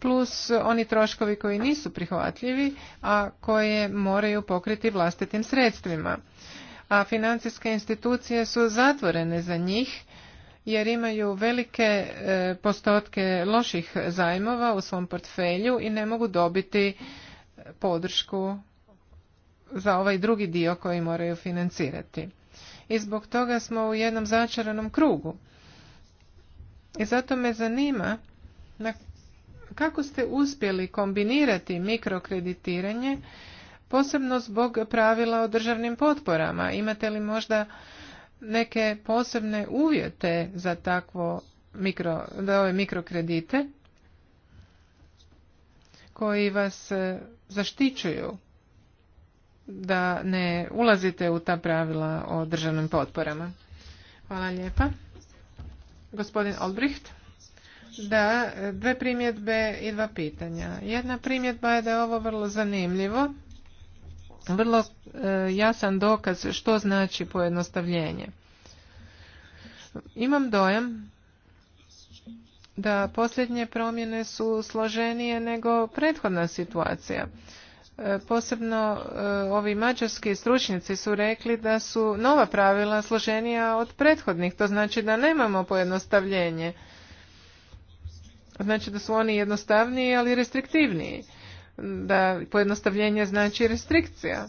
plus oni troškovi koji nisu prihvatljivi, a koje moraju pokriti vlastitim sredstvima. A financijske institucije su zatvorene za njih jer imaju velike e, postotke loših zajmova u svom portfelju i ne mogu dobiti podršku za ovaj drugi dio koji moraju financirati. I zbog toga smo u jednom začaranom krugu. I zato me zanima kako ste uspjeli kombinirati mikrokreditiranje, posebno zbog pravila o državnim potporama. Imate li možda neke posebne uvjete za takvo mikro, da ove mikrokredite koji vas eh, zaštićuju da ne ulazite u ta pravila o državnim potporama. Hvala lijepa. Gospodin Olbricht. Da, dve primjedbe i dva pitanja. Jedna primjedba je da je ovo vrlo zanimljivo, vrlo e, jasan dokaz što znači pojednostavljenje. Imam dojam da posljednje promjene su složenije nego prethodna situacija. Posebno e, ovi mađarski stručnjaci su rekli da su nova pravila složenija od prethodnih, to znači da nemamo pojednostavljenje. Znači da su oni jednostavniji, ali restriktivniji. Da pojednostavljenje znači restrikcija.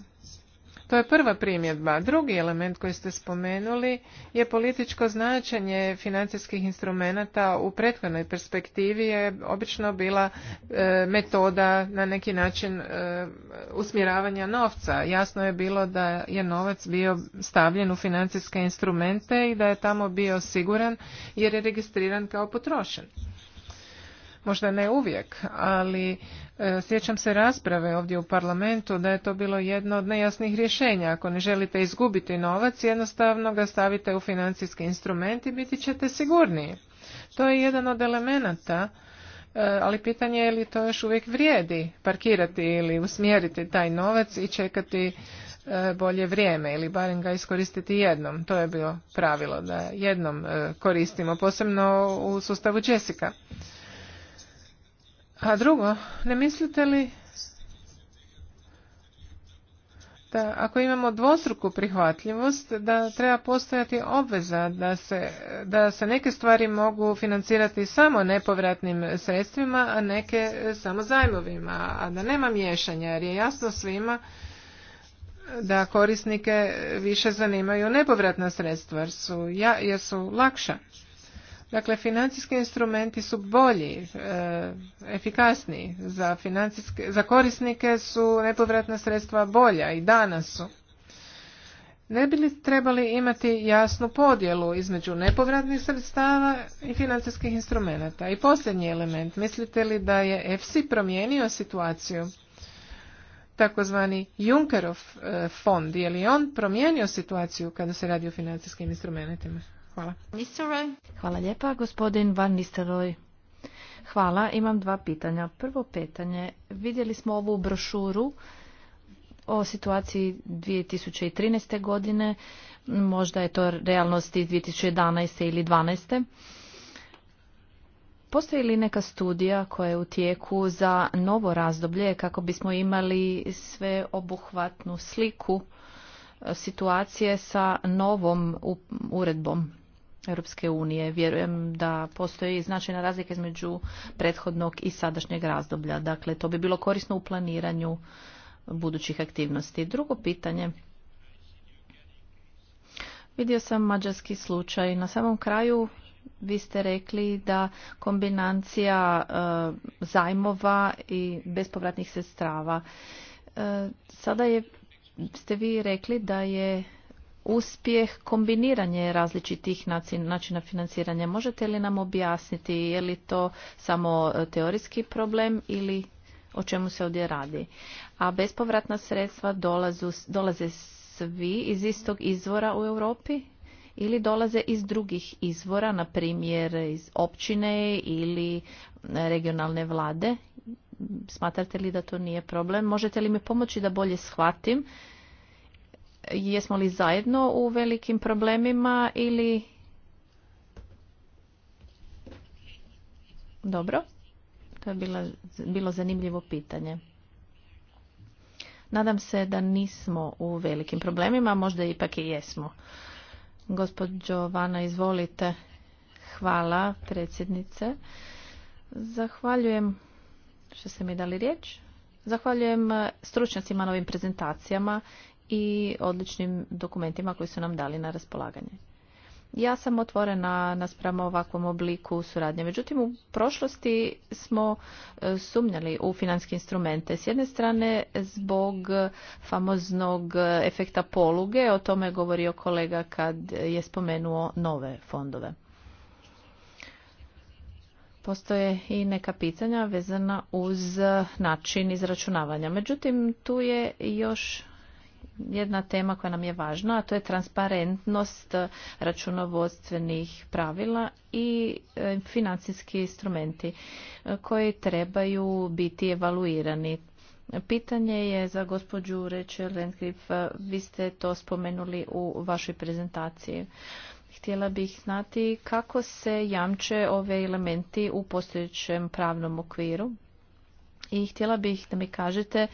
To je prva primjedba. Drugi element koji ste spomenuli je političko značenje financijskih instrumenata u prethodnoj perspektivi je obično bila e, metoda na neki način e, usmjeravanja novca. Jasno je bilo da je novac bio stavljen u financijske instrumente i da je tamo bio siguran jer je registriran kao potrošen možda ne uvijek, ali e, sjećam se rasprave ovdje u parlamentu da je to bilo jedno od nejasnih rješenja. Ako ne želite izgubiti novac, jednostavno ga stavite u financijski instrument i biti ćete sigurniji. To je jedan od elemenata e, ali pitanje je li to još uvijek vrijedi parkirati ili usmjeriti taj novac i čekati e, bolje vrijeme ili barem ga iskoristiti jednom. To je bilo pravilo da jednom koristimo, posebno u sustavu Jessica. A drugo, ne mislite li da ako imamo dvostruku prihvatljivost da treba postojati obveza da se, da se neke stvari mogu financirati samo nepovratnim sredstvima, a neke samo zajmovima, a da nema miješanja jer je jasno svima da korisnike više zanimaju nepovratna sredstva jer su, jer su lakša. Dakle, financijski instrumenti su bolji, efikasni, efikasniji. Za, financijske, za korisnike su nepovratna sredstva bolja i danas su. Ne bi li trebali imati jasnu podjelu između nepovratnih sredstava i financijskih instrumenata? I posljednji element, mislite li da je EFSI promijenio situaciju? Takozvani Junkerov e, fond, je li on promijenio situaciju kada se radi o financijskim instrumentima? Hvala. lijepa, gospodin Van Nistelrooy. Hvala, imam dva pitanja. Prvo pitanje, vidjeli smo ovu brošuru o situaciji 2013. godine, možda je to realnosti 2011. ili 2012. Postoji li neka studija koja je u tijeku za novo razdoblje kako bismo imali sve obuhvatnu sliku e, situacije sa novom uredbom? Europske unije. Vjerujem da postoji značajna razlika između prethodnog i sadašnjeg razdoblja. Dakle, to bi bilo korisno u planiranju budućih aktivnosti. Drugo pitanje. Vidio sam mađarski slučaj. Na samom kraju vi ste rekli da kombinacija e, zajmova i bespovratnih sestrava. E, sada je, ste vi rekli da je uspjeh kombiniranje različitih načina financiranja. Možete li nam objasniti je li to samo e, teorijski problem ili o čemu se ovdje radi? A bespovratna sredstva dolaze svi iz istog izvora u Europi ili dolaze iz drugih izvora, na primjer iz općine ili e, regionalne vlade. Smatrate li da to nije problem? Možete li mi pomoći da bolje shvatim jesmo li zajedno u velikim problemima ili... Dobro, to je bilo, bilo zanimljivo pitanje. Nadam se da nismo u velikim problemima, možda ipak i jesmo. Gospođo Vana, izvolite. Hvala, predsjednice. Zahvaljujem što ste mi dali riječ. Zahvaljujem stručnjacima na ovim prezentacijama i odličnim dokumentima koji su nam dali na raspolaganje. Ja sam otvorena naspram ovakvom obliku suradnje. Međutim, u prošlosti smo e, sumnjali u financijske instrumente. S jedne strane, zbog famoznog efekta poluge, o tome je govorio kolega kad je spomenuo nove fondove. Postoje i neka pitanja vezana uz način izračunavanja. Međutim, tu je još jedna tema koja nam je važna, a to je transparentnost računovodstvenih pravila i e, financijski instrumenti e, koji trebaju biti evaluirani. Pitanje je za gospođu Rachel Rentgrif, e, vi ste to spomenuli u vašoj prezentaciji. Htjela bih znati kako se jamče ove elementi u postojećem pravnom okviru i htjela bih da mi kažete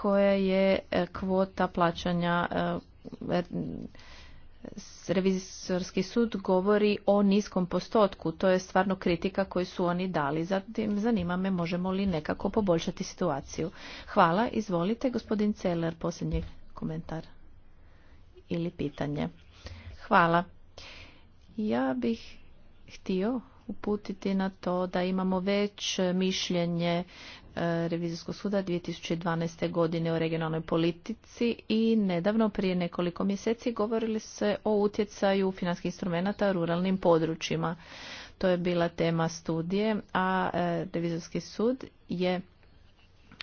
koja je e, kvota plaćanja e, er, revizorski sud govori o niskom postotku. To je stvarno kritika koju su oni dali. Zatim zanima me možemo li nekako poboljšati situaciju. Hvala. Izvolite gospodin Celer, posljednji komentar ili pitanje. Hvala. Ja bih htio uputiti na to da imamo već mišljenje E, revizijskog suda 2012. godine o regionalnoj politici i nedavno prije nekoliko mjeseci govorili se o utjecaju finanskih instrumenata ruralnim područjima. To je bila tema studije, a e, Revizorski sud je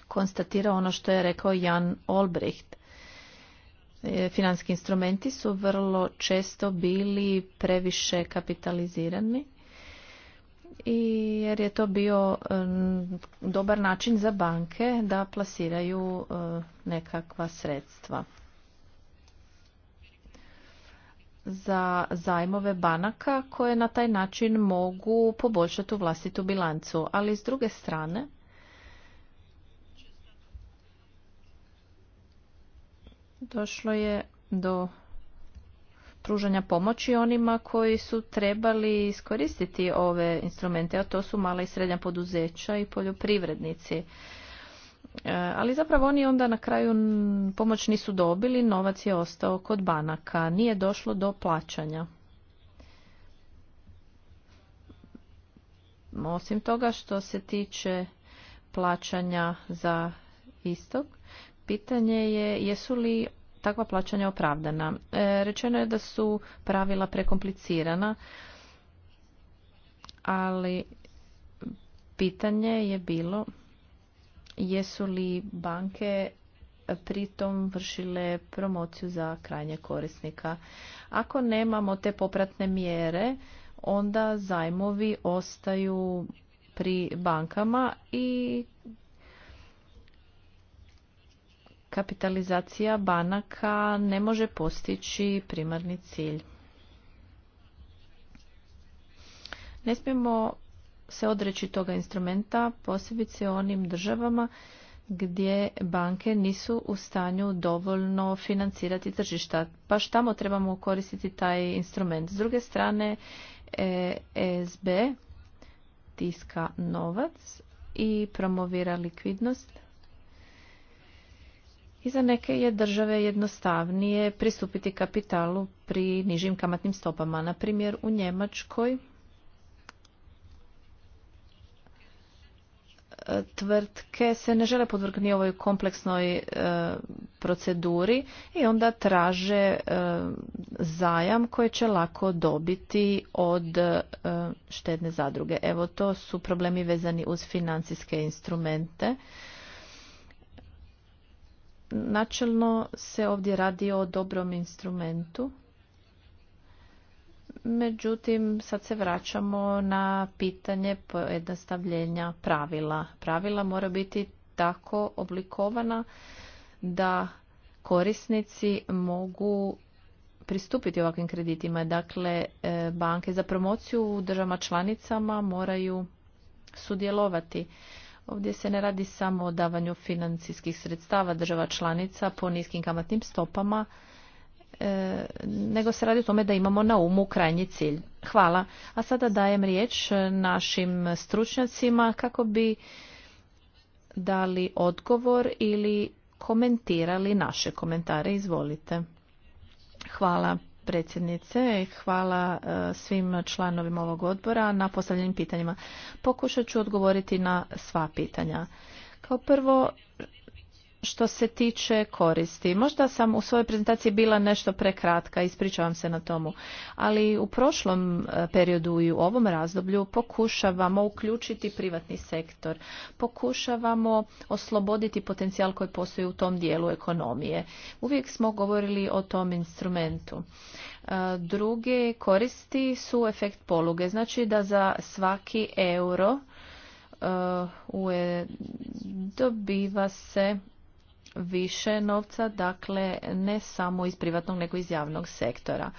konstatirao ono što je rekao Jan Olbricht. E, Finanski instrumenti su vrlo često bili previše kapitalizirani i jer je to bio dobar način za banke da plasiraju nekakva sredstva. za zajmove banaka koje na taj način mogu poboljšati u vlastitu bilancu. Ali s druge strane, došlo je do pružanja pomoći onima koji su trebali iskoristiti ove instrumente, a to su mala i srednja poduzeća i poljoprivrednici. E, ali zapravo oni onda na kraju pomoć nisu dobili, novac je ostao kod banaka, nije došlo do plaćanja. Osim toga što se tiče plaćanja za istog, pitanje je jesu li takva plaćanja opravdana. E, rečeno je da su pravila prekomplicirana, ali pitanje je bilo jesu li banke pritom vršile promociju za krajnje korisnika. Ako nemamo te popratne mjere, onda zajmovi ostaju pri bankama i kapitalizacija banaka ne može postići primarni cilj. Ne smijemo se odreći toga instrumenta, posebice onim državama gdje banke nisu u stanju dovoljno financirati tržišta. Baš tamo trebamo koristiti taj instrument. S druge strane, ESB e tiska novac i promovira likvidnost i za neke je države jednostavnije pristupiti kapitalu pri nižim kamatnim stopama. Na primjer u Njemačkoj e, tvrtke se ne žele podvrgni ovoj kompleksnoj e, proceduri i onda traže e, zajam koji će lako dobiti od štedne zadruge. Evo to su problemi vezani uz financijske instrumente Načelno se ovdje radi o dobrom instrumentu. Međutim, sad se vraćamo na pitanje pojednostavljenja pravila. Pravila mora biti tako oblikovana da korisnici mogu pristupiti ovakvim kreditima. Dakle, e, banke za promociju u državama članicama moraju sudjelovati. Ovdje se ne radi samo o davanju financijskih sredstava država članica po niskim kamatnim stopama, e, nego se radi o tome da imamo na umu krajnji cilj. Hvala. A sada dajem riječ našim stručnjacima kako bi dali odgovor ili komentirali naše komentare. Izvolite. Hvala predsjednice. Hvala e, svim članovima ovog odbora na postavljenim pitanjima. Pokušat ću odgovoriti na sva pitanja. Kao prvo, što se tiče koristi. Možda sam u svojoj prezentaciji bila nešto prekratka, ispričavam se na tomu, ali u prošlom e, periodu i u ovom razdoblju pokušavamo uključiti privatni sektor, pokušavamo osloboditi potencijal koji postoji u tom dijelu ekonomije. Uvijek smo govorili o tom instrumentu. E, druge koristi su efekt poluge, znači da za svaki euro e, dobiva se više novca, dakle ne samo iz privatnog nego iz javnog sektora.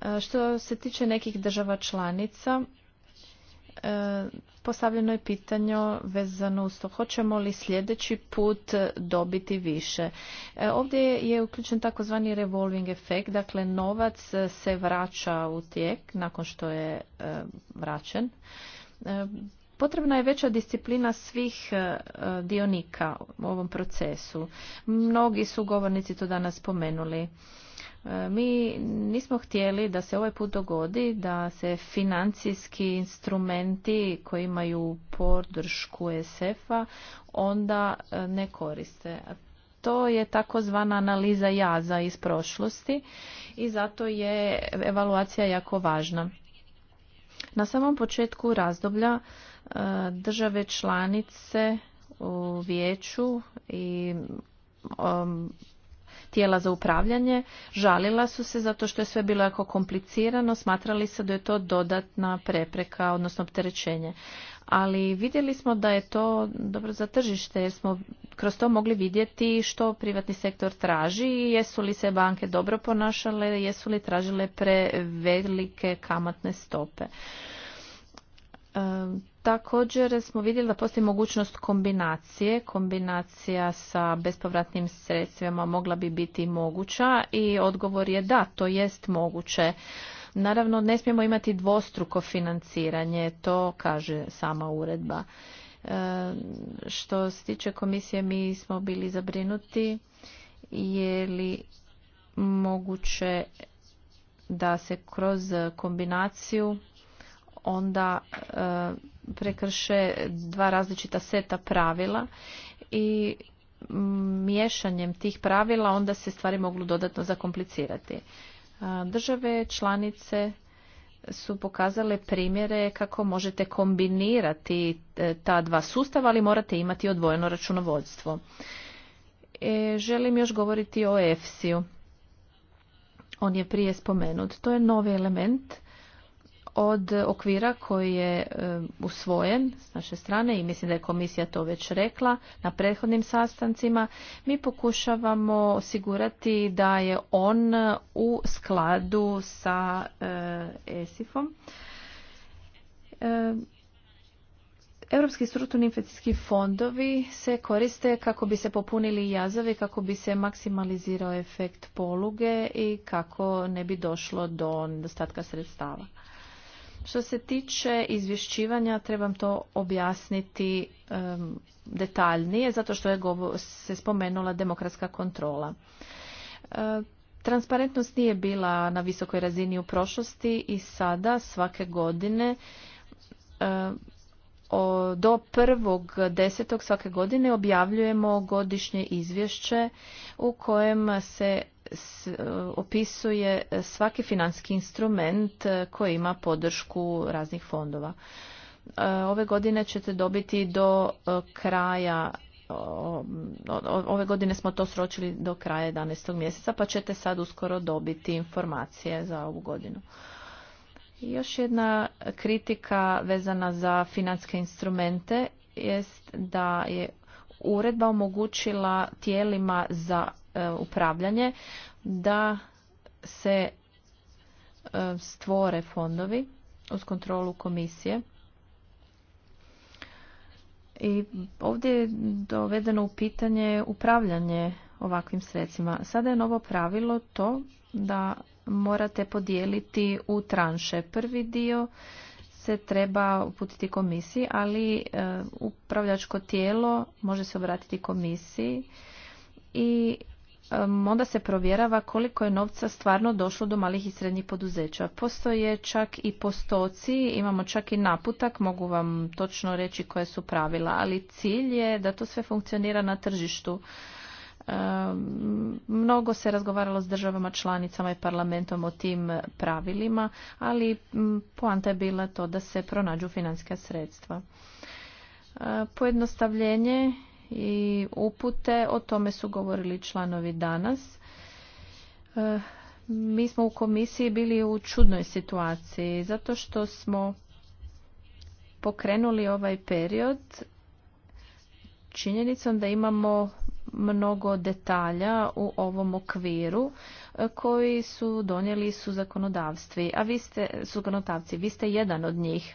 E, što se tiče nekih država članica, e, postavljeno je pitanje vezano uz to hoćemo li sljedeći put dobiti više. E, ovdje je uključen takozvani revolving efekt, dakle novac se vraća u tijek nakon što je vraćen. Potrebna je veća disciplina svih e, e, dionika u ovom procesu. Mnogi su govornici to danas spomenuli. E, mi nismo htjeli da se ovaj put dogodi da se financijski instrumenti koji imaju podršku SF-a onda ne koriste. To je takozvana analiza jaza iz prošlosti i zato je evaluacija jako važna. Na samom početku razdoblja E, države članice u vijeću i um, tijela za upravljanje žalila su se zato što je sve bilo jako komplicirano, smatrali se da je to dodatna prepreka, odnosno opterećenje. Ali vidjeli smo da je to dobro za tržište jer smo kroz to mogli vidjeti što privatni sektor traži, i jesu li se banke dobro ponašale, jesu li tražile prevelike kamatne stope. Također smo vidjeli da postoji mogućnost kombinacije. Kombinacija sa bespovratnim sredstvima mogla bi biti moguća i odgovor je da, to jest moguće. Naravno, ne smijemo imati dvostruko financiranje, to kaže sama uredba. E, što se tiče komisije, mi smo bili zabrinuti je li moguće da se kroz kombinaciju onda e, prekrše dva različita seta pravila i miješanjem tih pravila onda se stvari mogu dodatno zakomplicirati. E, države članice su pokazale primjere kako možete kombinirati e, ta dva sustava, ali morate imati odvojeno računovodstvo. želim još govoriti o EFSI-u. On je prije spomenut. To je novi element od okvira koji je eh, usvojen s naše strane i mislim da je komisija to već rekla na prethodnim sastancima, mi pokušavamo osigurati da je on u skladu sa eh, ESIF-om. Eh, Europski strukturni infekcijski fondovi se koriste kako bi se popunili jazovi, kako bi se maksimalizirao efekt poluge i kako ne bi došlo do nedostatka sredstava. Što se tiče izvješćivanja, trebam to objasniti detaljnije, zato što je se spomenula demokratska kontrola. E, transparentnost nije bila na visokoj razini u prošlosti i sada svake godine e, do prvog desetog svake godine objavljujemo godišnje izvješće u kojem se opisuje svaki finanski instrument e, koji ima podršku raznih fondova. E, ove godine ćete dobiti do e, kraja ove godine smo to sročili do kraja 11. mjeseca, pa ćete sad uskoro dobiti informacije za ovu godinu. Još jedna kritika vezana za finanske instrumente jest da je uredba omogućila tijelima za E, upravljanje da se e, stvore fondovi uz kontrolu komisije. I ovdje je dovedeno u pitanje upravljanje ovakvim sredstvima. Sada je novo pravilo to da morate podijeliti u tranše. Prvi dio se treba uputiti komisiji, ali e, upravljačko tijelo može se obratiti komisiji i onda se provjerava koliko je novca stvarno došlo do malih i srednjih poduzeća. Postoje čak i postoci, imamo čak i naputak, mogu vam točno reći koje su pravila, ali cilj je da to sve funkcionira na tržištu. Mnogo se razgovaralo s državama, članicama i parlamentom o tim pravilima, ali poanta je bila to da se pronađu financijska sredstva. Pojednostavljenje i upute. O tome su govorili članovi danas. E, mi smo u komisiji bili u čudnoj situaciji zato što smo pokrenuli ovaj period činjenicom da imamo mnogo detalja u ovom okviru e, koji su donijeli su zakonodavstvi, a vi ste, zakonodavci, vi ste jedan od njih.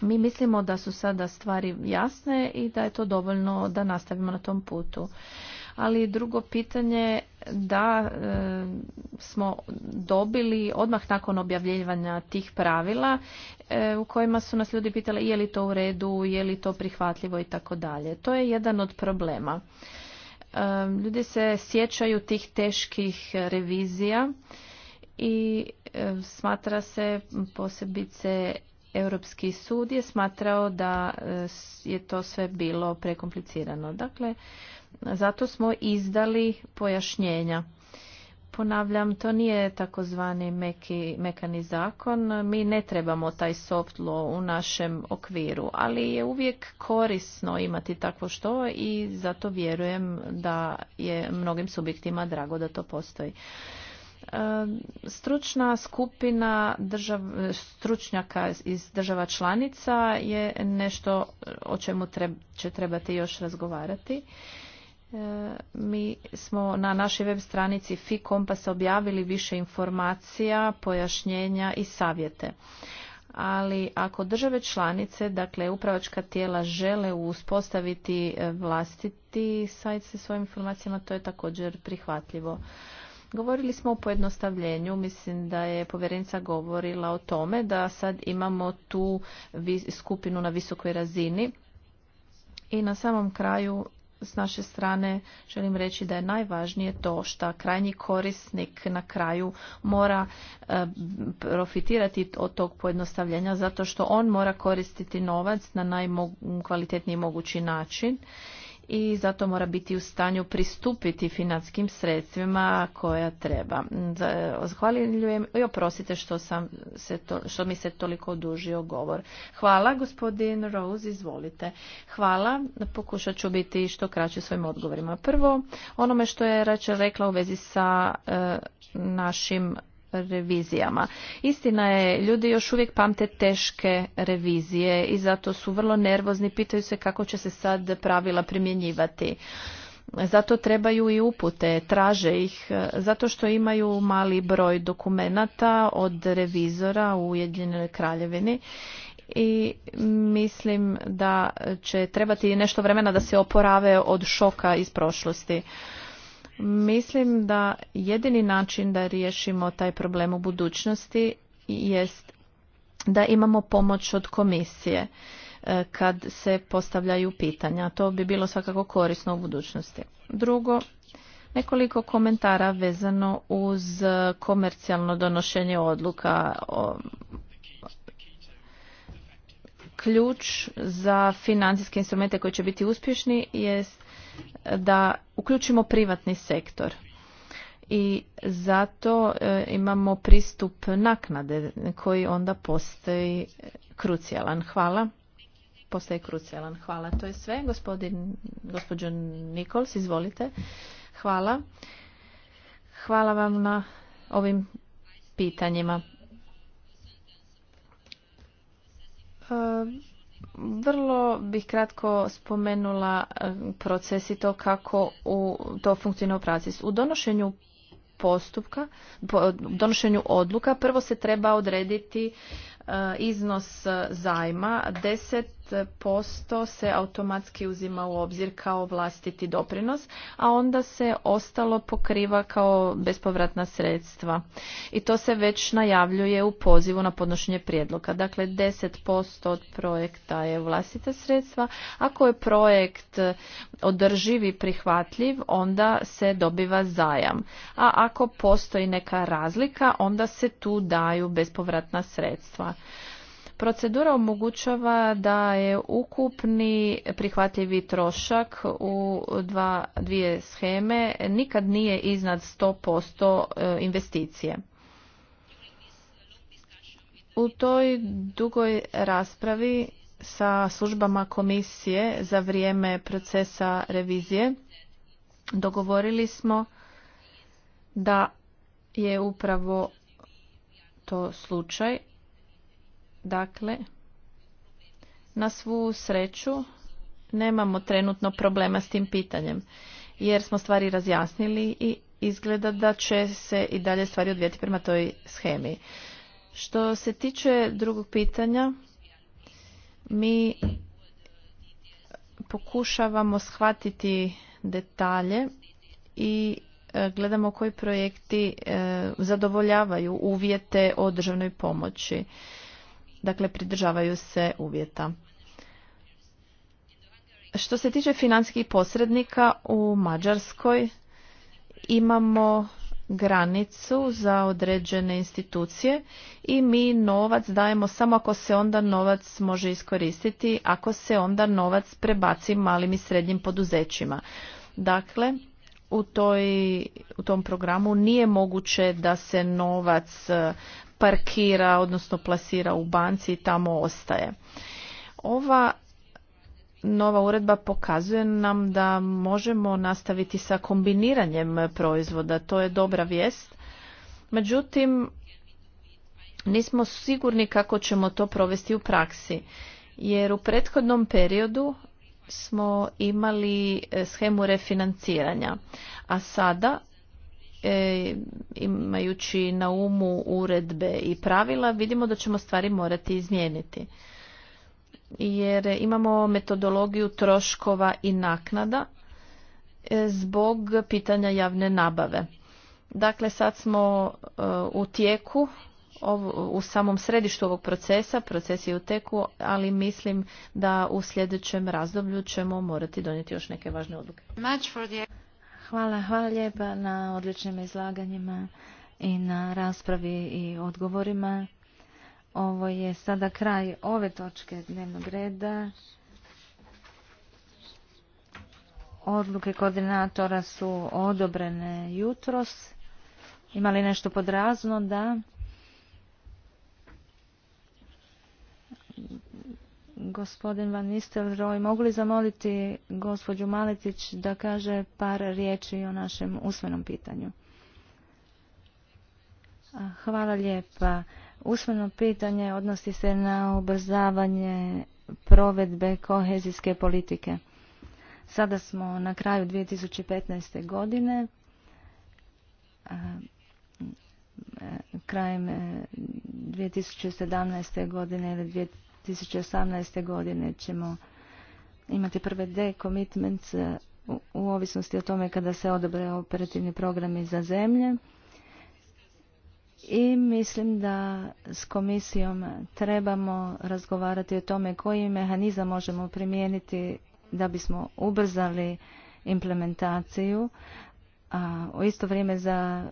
Mi mislimo da su sada stvari jasne i da je to dovoljno da nastavimo na tom putu. Ali drugo pitanje da e, smo dobili odmah nakon objavljivanja tih pravila e, u kojima su nas ljudi pitali je li to u redu, je li to prihvatljivo i tako dalje. To je jedan od problema. E, ljudi se sjećaju tih teških revizija i smatra se posebice Europski sud je smatrao da e, je to sve bilo prekomplicirano. Dakle, zato smo izdali pojašnjenja. Ponavljam, to nije takozvani meki, mekani zakon, mi ne trebamo taj soft law u našem okviru, ali je uvijek korisno imati takvo što i zato vjerujem da je mnogim subjektima drago da to postoji. Stručna skupina držav, stručnjaka iz država članica je nešto o čemu će trebati još razgovarati. Mi smo na našoj web stranici FI Kompasa objavili više informacija, pojašnjenja i savjete. Ali ako države članice, dakle upravačka tijela žele uspostaviti e, vlastiti sajt sa svojim informacijama, to je također prihvatljivo. Govorili smo o pojednostavljenju, mislim da je povjerenica govorila o tome da sad imamo tu skupinu na visokoj razini i na samom kraju s naše strane želim reći da je najvažnije to što krajnji korisnik na kraju mora e, profitirati od tog pojednostavljenja zato što on mora koristiti novac na najkvalitetniji mogući način i zato mora biti u stanju pristupiti financijskim sredstvima koja treba. Zahvaljujem i oprostite što, sam se to, što mi se toliko odužio govor. Hvala, gospodin Rose, izvolite. Hvala, pokušat ću biti što kraće svojim odgovorima. Prvo, onome što je Rachel rekla u vezi sa e, našim revizijama. Istina je, ljudi još uvijek pamte teške revizije i zato su vrlo nervozni, pitaju se kako će se sad pravila primjenjivati. Zato trebaju i upute, traže ih, zato što imaju mali broj dokumenata od revizora u Ujedinjenoj kraljevini i mislim da će trebati nešto vremena da se oporave od šoka iz prošlosti. Mislim da jedini način da riješimo taj problem u budućnosti jest da imamo pomoć od komisije e, kad se postavljaju pitanja. To bi bilo svakako korisno u budućnosti. Drugo, nekoliko komentara vezano uz komercijalno donošenje odluka o ključ za financijske instrumente koji će biti uspješni jest da uključimo privatni sektor i zato e, imamo pristup naknade koji onda postoji krucijalan. Hvala. Postaje krucijalan. Hvala. To je sve. Gospodin, gospođo Nikols, izvolite. Hvala. Hvala vam na ovim pitanjima. E, vrlo bih kratko spomenula eh, proces i to kako u, to funkcionira u U donošenju postupka, donošenju odluka prvo se treba odrediti E, iznos zajma 10% se automatski uzima u obzir kao vlastiti doprinos, a onda se ostalo pokriva kao bespovratna sredstva. I to se već najavljuje u pozivu na podnošenje prijedloga. Dakle, 10% od projekta je vlastita sredstva. Ako je projekt održiv i prihvatljiv, onda se dobiva zajam. A ako postoji neka razlika, onda se tu daju bespovratna sredstva. Procedura omogućava da je ukupni prihvatljivi trošak u dva, dvije scheme nikad nije iznad 100% e, investicije. U toj dugoj raspravi sa službama komisije za vrijeme procesa revizije dogovorili smo da je upravo to slučaj Dakle, na svu sreću nemamo trenutno problema s tim pitanjem, jer smo stvari razjasnili i izgleda da će se i dalje stvari odvijeti prema toj schemi. Što se tiče drugog pitanja, mi pokušavamo shvatiti detalje i e, gledamo koji projekti e, zadovoljavaju uvjete o državnoj pomoći. Dakle, pridržavaju se uvjeta. Što se tiče financijskih posrednika u Mađarskoj, imamo granicu za određene institucije i mi novac dajemo samo ako se onda novac može iskoristiti, ako se onda novac prebaci malim i srednjim poduzećima. Dakle, u, toj, u tom programu nije moguće da se novac parkira, odnosno plasira u banci i tamo ostaje. Ova nova uredba pokazuje nam da možemo nastaviti sa kombiniranjem proizvoda. To je dobra vijest. Međutim, nismo sigurni kako ćemo to provesti u praksi. Jer u prethodnom periodu smo imali eh, schemu refinanciranja, a sada e, imajući na umu uredbe i pravila, vidimo da ćemo stvari morati izmijeniti. Jer imamo metodologiju troškova i naknada e, zbog pitanja javne nabave. Dakle, sad smo e, u tijeku, u samom središtu ovog procesa, proces je u teku, ali mislim da u sljedećem razdoblju ćemo morati donijeti još neke važne odluke. Hvala, hvala lijepa na odličnim izlaganjima i na raspravi i odgovorima. Ovo je sada kraj ove točke dnevnog reda. Odluke koordinatora su odobrene jutros. Imali nešto podrazno? Da. Gospodin Van Nistelrooy, mogu li zamoliti gospođu Maletić da kaže par riječi o našem usmenom pitanju? Hvala lijepa. Usmeno pitanje odnosi se na ubrzavanje provedbe kohezijske politike. Sada smo na kraju 2015. godine. E, krajem 2017. E, godine ili 2018. godine ćemo imati prve D commitments e, u ovisnosti o tome kada se odobre operativni programi za zemlje. I mislim da s komisijom trebamo razgovarati o tome koji mehanizam možemo primijeniti da bismo ubrzali implementaciju, a u isto vrijeme za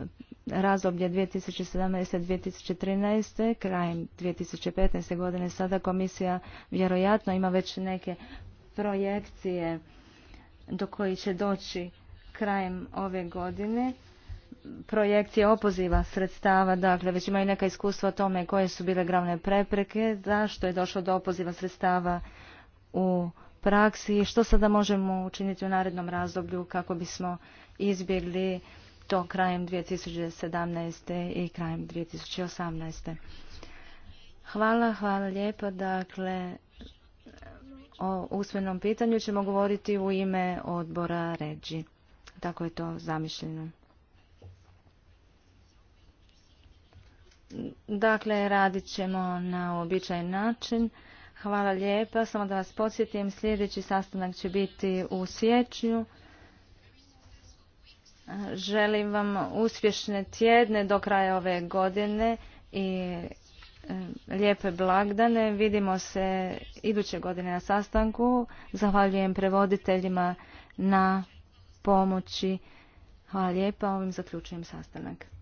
razdoblje 2017-2013, krajem 2015. godine sada komisija vjerojatno ima već neke projekcije do koji će doći krajem ove godine projekcije opoziva sredstava, dakle već imaju neka iskustva o tome koje su bile glavne prepreke, zašto je došlo do opoziva sredstava u praksi i što sada možemo učiniti u narednom razdoblju kako bismo izbjegli to krajem 2017. i krajem 2018. Hvala, hvala lijepo. Dakle, o usmenom pitanju ćemo govoriti u ime odbora Ređi. Tako je to zamišljeno. Dakle, radit ćemo na običajen način. Hvala lijepa. Samo da vas podsjetim, sljedeći sastanak će biti u siječnju. Želim vam uspješne tjedne do kraja ove godine i e, lijepe blagdane. Vidimo se iduće godine na sastanku. Zahvaljujem prevoditeljima na pomoći. Hvala lijepa. Ovim zaključujem sastanak.